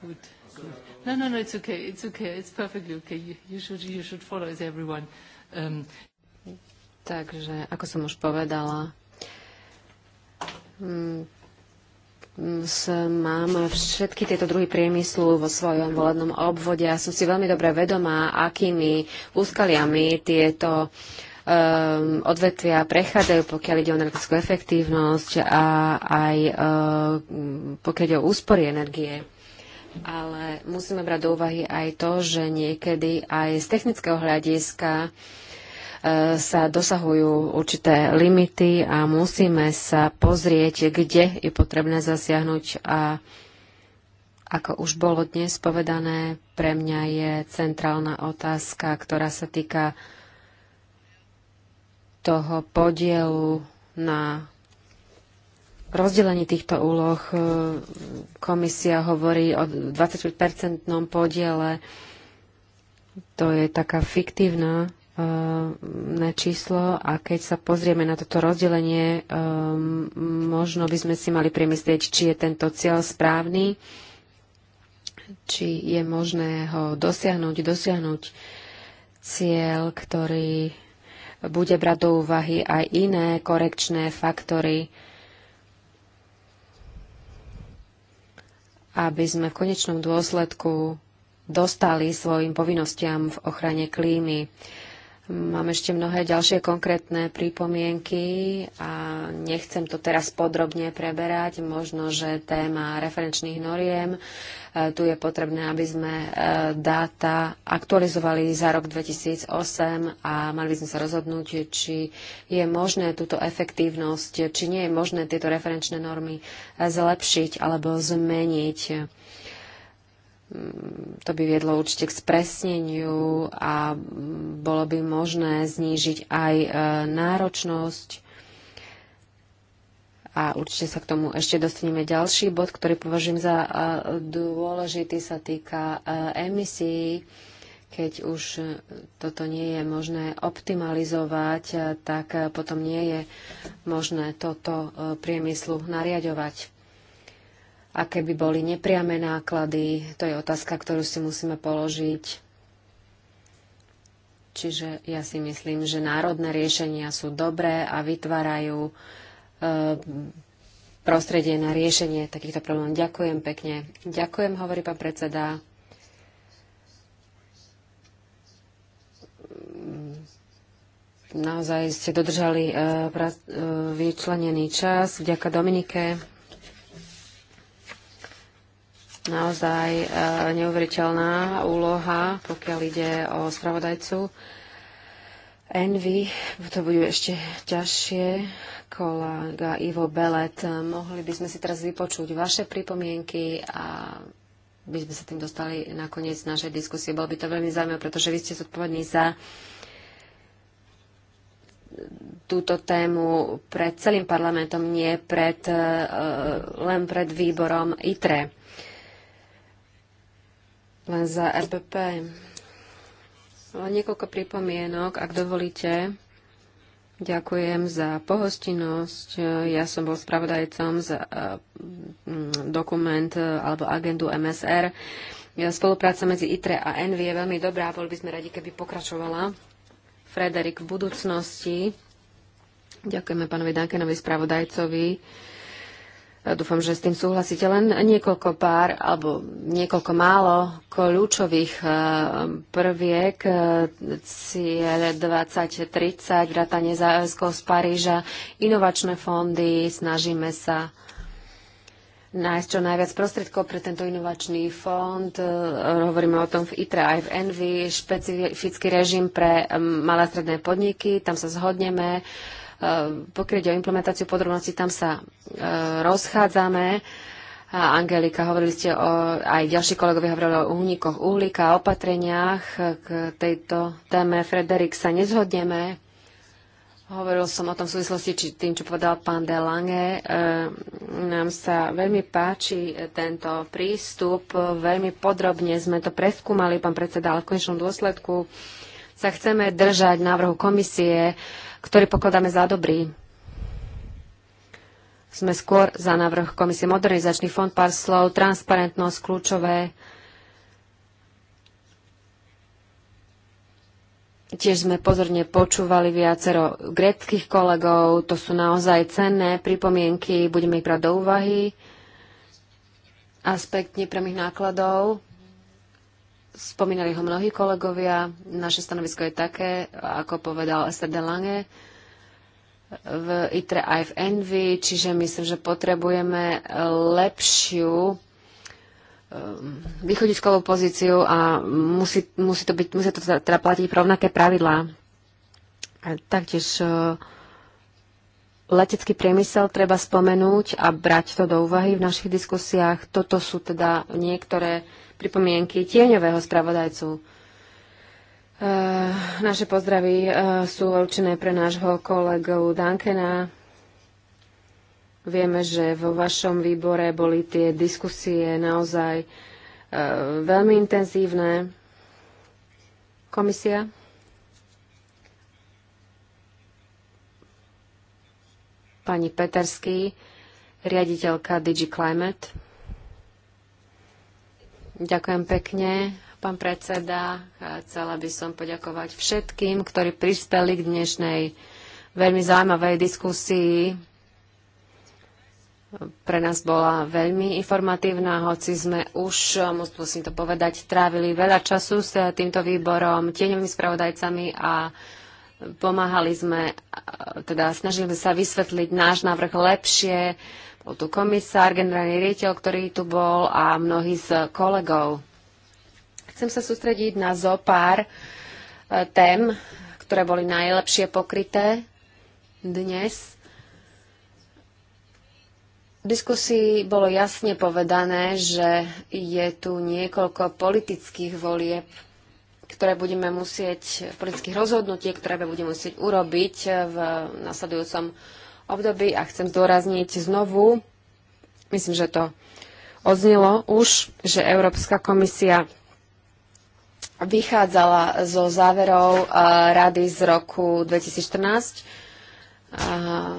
Good, good. No, no, no, it's okay. It's okay. It's perfectly okay. You, you should, you should follow as everyone. Um, Takže, ako som už povedala, mm, mám všetky tieto druhy priemyslu vo svojom volebnom obvode a som si veľmi dobre vedomá, akými úskaliami tieto um, odvetvia prechádzajú, pokiaľ ide o energetickú efektívnosť a aj uh, pokiaľ ide o úspory energie. Ale musíme brať do úvahy aj to, že niekedy aj z technického hľadiska uh, sa dosahujú určité limity a musíme sa pozrieť, kde je potrebné zasiahnuť a ako už bolo dnes povedané, pre mňa je centrálna otázka, ktorá sa týka toho podielu na rozdelení týchto úloh. Komisia hovorí o 25-percentnom podiele. To je taká fiktívna na číslo a keď sa pozrieme na toto rozdelenie, um, možno by sme si mali premyslieť, či je tento cieľ správny, či je možné ho dosiahnuť, dosiahnuť cieľ, ktorý bude brať do úvahy aj iné korekčné faktory, aby sme v konečnom dôsledku dostali svojim povinnostiam v ochrane klímy. Mám ešte mnohé ďalšie konkrétne pripomienky a nechcem to teraz podrobne preberať. Možno, že téma referenčných noriem, e, tu je potrebné, aby sme e, dáta aktualizovali za rok 2008 a mali by sme sa rozhodnúť, či je možné túto efektívnosť, či nie je možné tieto referenčné normy e, zlepšiť alebo zmeniť Mm, to by viedlo určite k spresneniu a bolo by možné znížiť aj e, náročnosť. A určite sa k tomu ešte dostaneme. Ďalší bod, ktorý považujem za e, dôležitý, sa týka e, emisí. Keď už toto nie je možné optimalizovať, tak potom nie je možné toto priemyslu nariadovať aké by boli nepriame náklady. To je otázka, ktorú si musíme položiť. Čiže ja si myslím, že národné riešenia sú dobré a vytvárajú e, prostredie na riešenie takýchto problémov. Ďakujem pekne. Ďakujem, hovorí pán predseda. Naozaj ste dodržali e, pra, e, vyčlenený čas. Vďaka Dominike naozaj e, neuveriteľná úloha, pokiaľ ide o spravodajcu. Envy, to bude ešte ťažšie, kolega Ivo Belet. E, mohli by sme si teraz vypočuť vaše pripomienky a by sme sa tým dostali na koniec našej diskusie. Bolo by to veľmi zaujímavé, pretože vy ste zodpovední za túto tému pred celým parlamentom, nie pred, e, len pred výborom ITRE len za RPP. Len niekoľko pripomienok, ak dovolíte. Ďakujem za pohostinnosť. Ja som bol spravodajcom za eh, mm, dokument eh, alebo agendu MSR. Spolupráca medzi ITRE a ENVY je veľmi dobrá. Boli by sme radi, keby pokračovala. Frederik v budúcnosti. Ďakujeme pánovi Dankenovi spravodajcovi Dúfam, že s tým súhlasíte. Len niekoľko pár, alebo niekoľko málo kľúčových eh, prviek, eh, cieľ 2030, vrátanie ESCO z Paríža, inovačné fondy, snažíme sa nájsť čo najviac prostriedkov pre tento inovačný fond. Eh, hovoríme o tom v ITRA aj v ENVY, špecifický režim pre malé a stredné podniky, tam sa zhodneme. Eh, pokiaľ ide o implementáciu podrobností, tam sa eh, rozchádzame. Angelika, hovorili ste o, aj ďalší kolegovia hovorili o únikoch uhlíka, opatreniach k tejto téme. Frederik, sa nezhodneme. Hovoril som o tom v súvislosti či tým, čo povedal pán De Lange. E, nám sa veľmi páči tento prístup. Veľmi podrobne sme to preskúmali, pán predseda, ale v konečnom dôsledku sa chceme držať návrhu komisie ktorý pokladáme za dobrý. Sme skôr za návrh Komisie Modernizačný fond pár slov, transparentnosť, kľúčové. Tiež sme pozorne počúvali viacero greckých kolegov, to sú naozaj cenné pripomienky, budeme ich brať do úvahy. Aspekt nepremých nákladov, Spomínali ho mnohí kolegovia. Naše stanovisko je také, ako povedal Esther de Lange, v ITRE aj v Envy, čiže myslím, že potrebujeme lepšiu ehm, východiskovú pozíciu a musí, musí to byť, musí to teda platiť rovnaké pravidlá. taktiež e, letecký priemysel treba spomenúť a brať to do úvahy v našich diskusiách. Toto sú teda niektoré pripomienky tieňového spravodajcu. E, naše pozdravy e, sú určené pre nášho kolegu Dankena. Vieme, že vo vašom výbore boli tie diskusie naozaj e, veľmi intenzívne. Komisia? Pani Petersky, riaditeľka DigiClimate. Ďakujem pekne, pán predseda. Chcela by som poďakovať všetkým, ktorí prispeli k dnešnej veľmi zaujímavej diskusii. Pre nás bola veľmi informatívna, hoci sme už, musím to povedať, trávili veľa času s týmto výborom, tieňovými spravodajcami a pomáhali sme, teda snažili sa vysvetliť náš návrh lepšie bol tu komisár, generálny riaditeľ, ktorý tu bol a mnohí z kolegov. Chcem sa sústrediť na zo pár e, tém, ktoré boli najlepšie pokryté dnes. V diskusii bolo jasne povedané, že je tu niekoľko politických volieb, ktoré budeme musieť, politických rozhodnutí, ktoré budeme musieť urobiť v nasledujúcom období a chcem zdôrazniť znovu, myslím, že to odznelo už, že Európska komisia vychádzala zo záverov eh, rady z roku 2014, eh,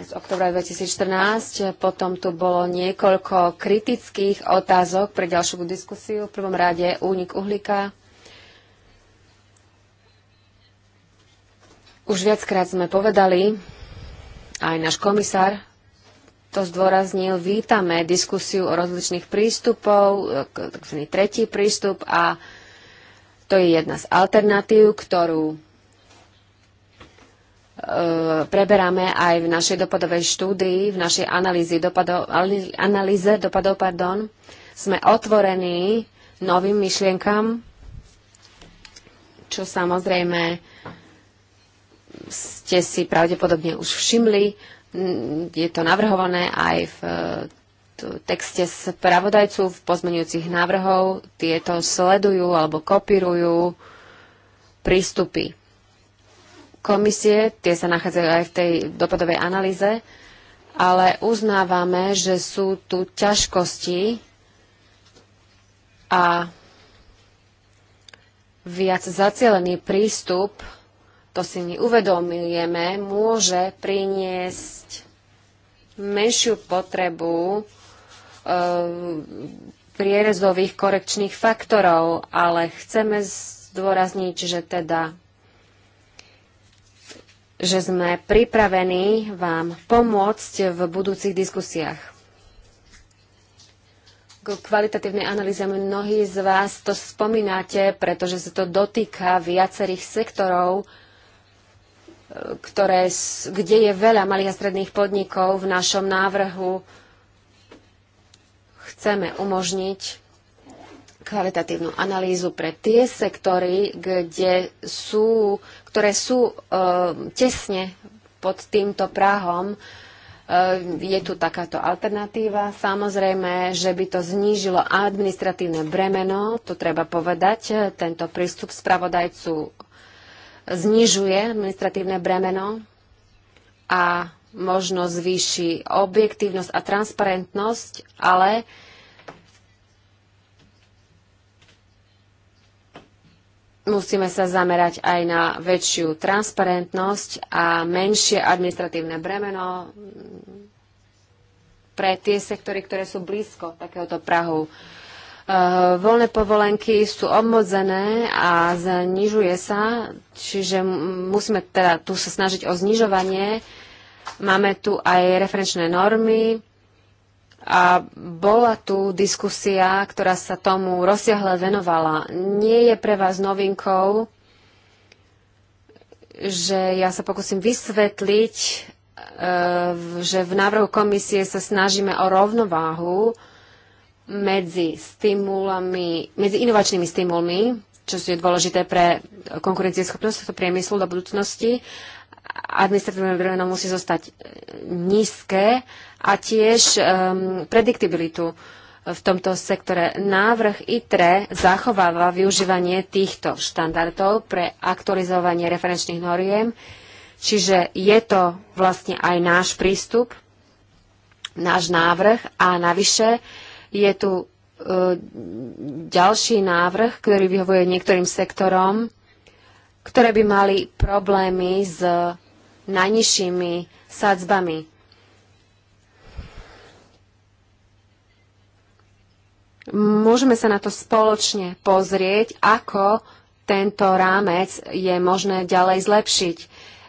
z oktobra 2014. Potom tu bolo niekoľko kritických otázok pre ďalšiu diskusiu. V prvom rade únik uhlíka. Už viackrát sme povedali, aj náš komisár to zdôraznil, vítame diskusiu o rozličných prístupov, tzv. tretí prístup a to je jedna z alternatív, ktorú e, preberáme aj v našej dopadovej štúdii, v našej analýze dopadov, analýze dopadov pardon. Sme otvorení novým myšlienkam, čo samozrejme ste si pravdepodobne už všimli. Je to navrhované aj v e, texte spravodajcu v pozmenujúcich návrhov. Tieto sledujú alebo kopírujú prístupy komisie, tie sa nachádzajú aj v tej dopadovej analýze, ale uznávame, že sú tu ťažkosti a viac zacielený prístup to si my uvedomujeme, môže priniesť menšiu potrebu e, prierezových korekčných faktorov, ale chceme zdôrazniť, že teda že sme pripravení vám pomôcť v budúcich diskusiách. K kvalitatívnej analýze mnohí z vás to spomínate, pretože sa to dotýka viacerých sektorov, ktoré, kde je veľa malých a stredných podnikov v našom návrhu, chceme umožniť kvalitatívnu analýzu pre tie sektory, kde sú, ktoré sú e, tesne pod týmto prahom. E, je tu takáto alternatíva. Samozrejme, že by to znížilo administratívne bremeno, to treba povedať. E, tento prístup spravodajcu znižuje administratívne bremeno a možno zvýši objektívnosť a transparentnosť, ale musíme sa zamerať aj na väčšiu transparentnosť a menšie administratívne bremeno pre tie sektory, ktoré sú blízko takéhoto Prahu. Eh, voľné povolenky sú obmodzené a znižuje sa, čiže musíme teda tu sa snažiť o znižovanie. Máme tu aj referenčné normy a bola tu diskusia, ktorá sa tomu rozsiahle venovala. Nie je pre vás novinkou, že ja sa pokúsim vysvetliť, eh, že v návrhu komisie sa snažíme o rovnováhu, medzi stimulami, medzi inovačnými stimulmi, čo je dôležité pre konkurencieschopnosť tohto priemyslu do budúcnosti, administratívne bremeno musí zostať e, nízke a tiež um, prediktibilitu v tomto sektore. Návrh ITRE zachováva využívanie týchto štandardov pre aktualizovanie referenčných noriem, čiže je to vlastne aj náš prístup, náš návrh a navyše je tu e, ďalší návrh, ktorý vyhovuje niektorým sektorom, ktoré by mali problémy s najnižšími sadzbami. Môžeme sa na to spoločne pozrieť, ako tento rámec je možné ďalej zlepšiť.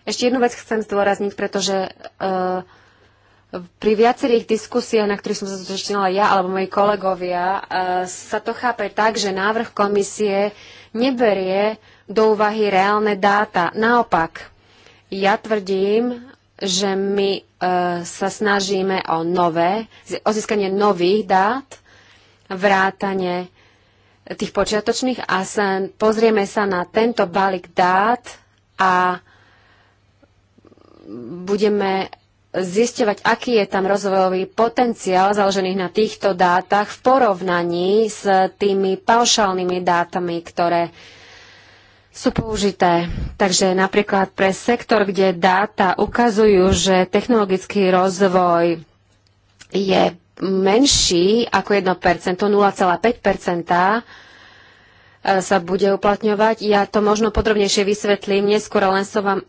Ešte jednu vec chcem zdôrazniť, pretože uh, pri viacerých diskusiách, na ktorých som sa zúčastnila ja alebo moji kolegovia, e, sa to chápe tak, že návrh komisie neberie do úvahy reálne dáta. Naopak, ja tvrdím, že my e, sa snažíme o nové, o získanie nových dát, vrátanie tých počiatočných a sa, pozrieme sa na tento balík dát a budeme zisťovať, aký je tam rozvojový potenciál založených na týchto dátach v porovnaní s tými paušálnymi dátami, ktoré sú použité. Takže napríklad pre sektor, kde dáta ukazujú, že technologický rozvoj je menší ako 1%, 0,5%, e, sa bude uplatňovať. Ja to možno podrobnejšie vysvetlím neskôr, len som vám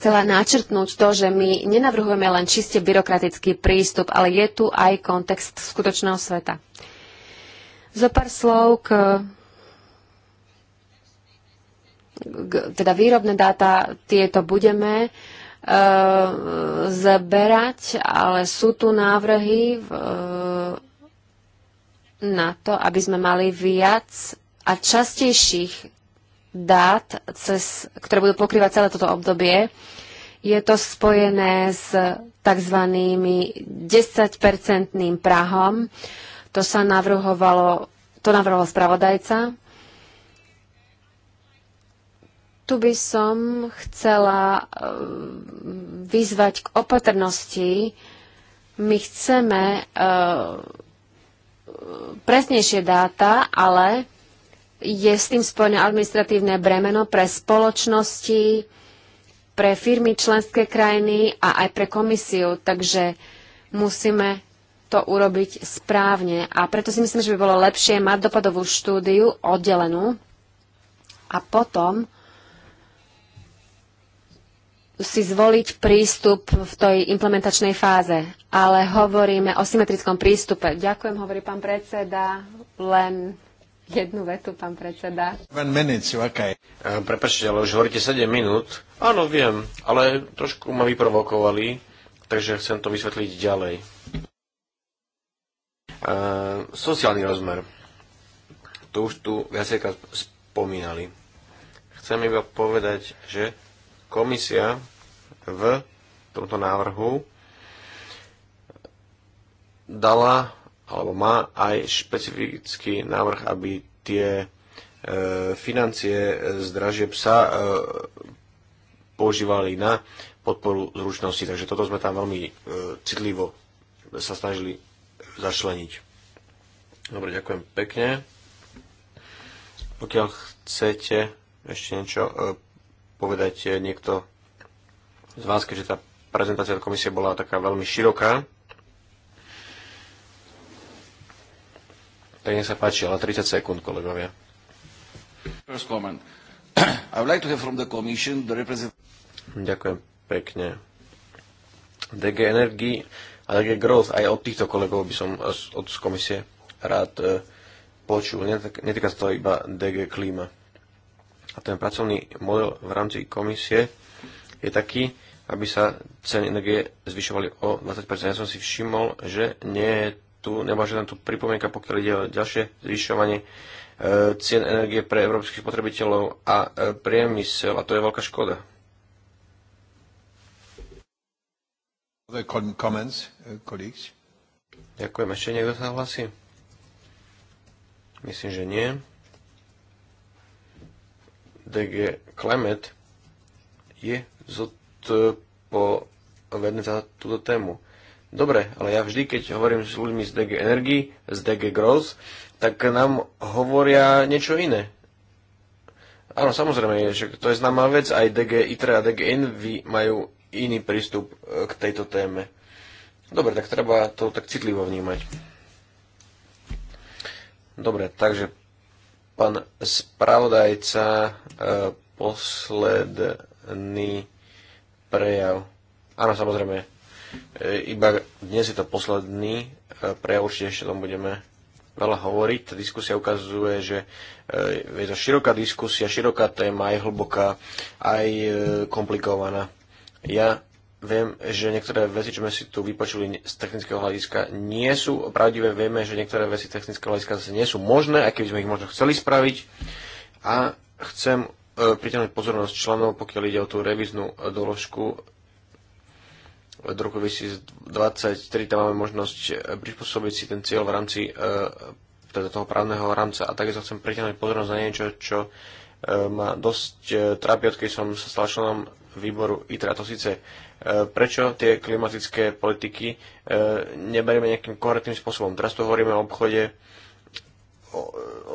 chcela načrtnúť to, že my nenavrhujeme len čiste byrokratický prístup, ale je tu aj kontext skutočného sveta. Zo pár slov k teda výrobné dáta, tieto budeme e, zberať, ale sú tu návrhy v, e, na to, aby sme mali viac a častejších dát, cez, ktoré budú pokrývať celé toto obdobie. Je to spojené s tzv. 10-percentným prahom. To sa navrhovalo, to navrhoval spravodajca. Tu by som chcela eh, vyzvať k opatrnosti. My chceme eh, presnejšie dáta, ale je s tým spojené administratívne bremeno pre spoločnosti, pre firmy členské krajiny a aj pre komisiu, takže musíme to urobiť správne. A preto si myslím, že by bolo lepšie mať dopadovú štúdiu oddelenú a potom si zvoliť prístup v tej implementačnej fáze. Ale hovoríme o symetrickom prístupe. Ďakujem, hovorí pán predseda, len jednu vetu, pán predseda. okay. Eh, Prepačte, ale už hovoríte 7 minút. Áno, viem, ale trošku ma vyprovokovali, takže chcem to vysvetliť ďalej. Uh, sociálny rozmer. To už tu viacejkrát spomínali. Chcem iba povedať, že komisia v tomto návrhu dala alebo má aj špecifický návrh, aby tie e, financie z dražieb sa e, používali na podporu zručnosti. Takže toto sme tam veľmi e, citlivo sa snažili začleniť. Dobre, ďakujem pekne. Pokiaľ chcete ešte niečo e, povedať niekto z vás, keďže tá prezentácia komisie bola taká veľmi široká, Tak nech sa páči, ale 30 sekúnd, kolegovia. First comment. I would like to have from the commission the represent... Ďakujem pekne. DG Energy a DG Growth, aj od týchto kolegov by som od komisie rád e, počul. Netýka sa to iba DG Klíma. A ten pracovný model v rámci komisie je taký, aby sa ceny energie zvyšovali o 20%. Ja som si všimol, že nie je tu nemá žiadna tu pripomienka, pokiaľ ide o ďalšie zvyšovanie e, cien energie pre európskych spotrebiteľov a e, priemysel, a to je veľká škoda. Comments, uh, Ďakujem. Ešte niekto sa hlasí? Myslím, že nie. DG Klemet je zodpovedný za túto tému. Dobre, ale ja vždy, keď hovorím s ľuďmi z DG Energy, z DG Growth, tak nám hovoria niečo iné. Áno, samozrejme, že to je známa vec, aj DG ITRE a DG Envy majú iný prístup e, k tejto téme. Dobre, tak treba to tak citlivo vnímať. Dobre, takže pán spravodajca, e, posledný prejav. Áno, samozrejme, E, iba dnes je to posledný e, prejav, určite ešte tam budeme veľa hovoriť. Tá diskusia ukazuje, že e, je to široká diskusia, široká téma, aj hlboká, aj komplikovaná. Ja viem, že niektoré veci, čo sme si tu vypočuli z technického hľadiska, nie sú pravdivé. Vieme, že niektoré veci z technického hľadiska zase nie sú možné, aj keby sme ich možno chceli spraviť. A chcem pritiahnuť pozornosť členov, pokiaľ ide o tú reviznú doložku od roku 2023 tam máme možnosť eh, prispôsobiť si ten cieľ v rámci eh, teda toho právneho rámca. A takisto chcem pritiahnuť pozornosť na niečo, čo eh, ma dosť trápi, keď som sa stal členom výboru ITRA. To síce prečo tie klimatické politiky neberieme nejakým korektným spôsobom. Teraz tu hovoríme o obchode, o, o,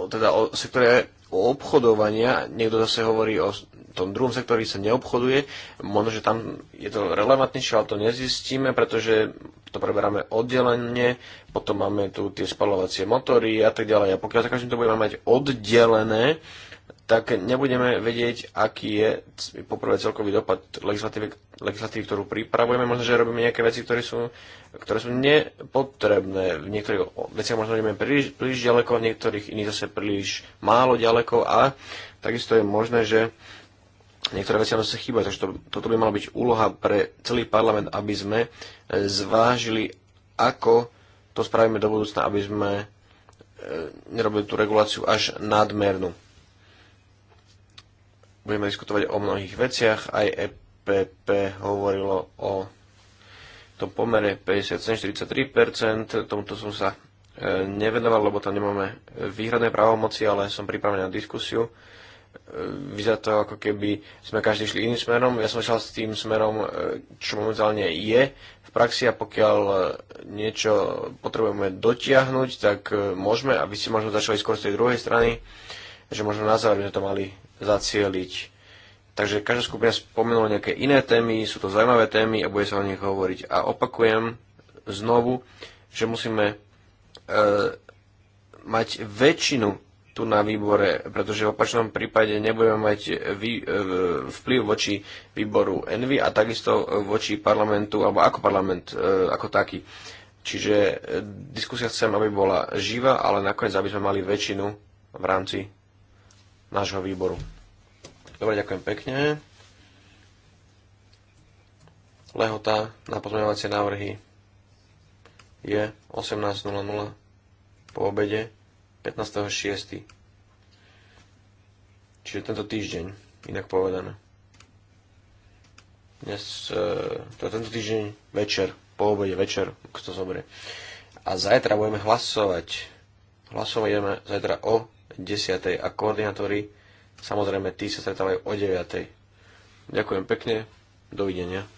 teda o sektore obchodovania, niekto zase hovorí o tom druhom sektore, sa neobchoduje. Možno, že tam je to relevantnejšie, ale to nezistíme, pretože to preberáme oddelenie, potom máme tu tie spalovacie motory a tak ďalej. A pokiaľ za každým to budeme mať oddelené, tak nebudeme vedieť, aký je poprvé celkový dopad legislatívy, legislatívy, ktorú pripravujeme. Možno, že robíme nejaké veci, ktoré sú, ktoré sú nepotrebné. V niektorých veciach možno ideme príliš, príliš ďaleko, v niektorých iných zase príliš málo ďaleko a takisto je možné, že niektoré veci sa chýbajú, takže to, toto by mala byť úloha pre celý parlament, aby sme e, zvážili, ako to spravíme do budúcna, aby sme e, nerobili tú reguláciu až nadmernú. Budeme diskutovať o mnohých veciach, aj EPP hovorilo o tom pomere 57-43%, tomuto som sa e, nevenoval, lebo tam nemáme výhradné právomoci, ale som pripravený na diskusiu vyzerá to ako keby sme každý šli iným smerom. Ja som šiel s tým smerom, e, čo momentálne je v praxi a pokiaľ e, niečo potrebujeme dotiahnuť, tak e, môžeme, aby ste možno začali skôr z tej druhej strany, že možno na záver by sme to mali zacieliť. Takže každá skupina spomenula nejaké iné témy, sú to zaujímavé témy a bude sa o nich hovoriť. A opakujem znovu, že musíme e, mať väčšinu tu na výbore, pretože v opačnom prípade nebudeme mať vý, e, vplyv voči výboru Envy a takisto voči parlamentu, alebo ako parlament e, ako taký. Čiže e, diskusia chcem, aby bola živá, ale nakoniec, aby sme mali väčšinu v rámci nášho výboru. Dobre, ďakujem pekne. Lehota na pozmeňovacie návrhy je 18.00 po obede. 15.6. Čiže tento týždeň, inak povedané. Dnes, e, to je tento týždeň večer, po obede večer, to zoberie. A zajtra budeme hlasovať. Hlasovať ideme zajtra o 10. A koordinátori, samozrejme, tí sa stretávajú o 9. Ďakujem pekne, dovidenia.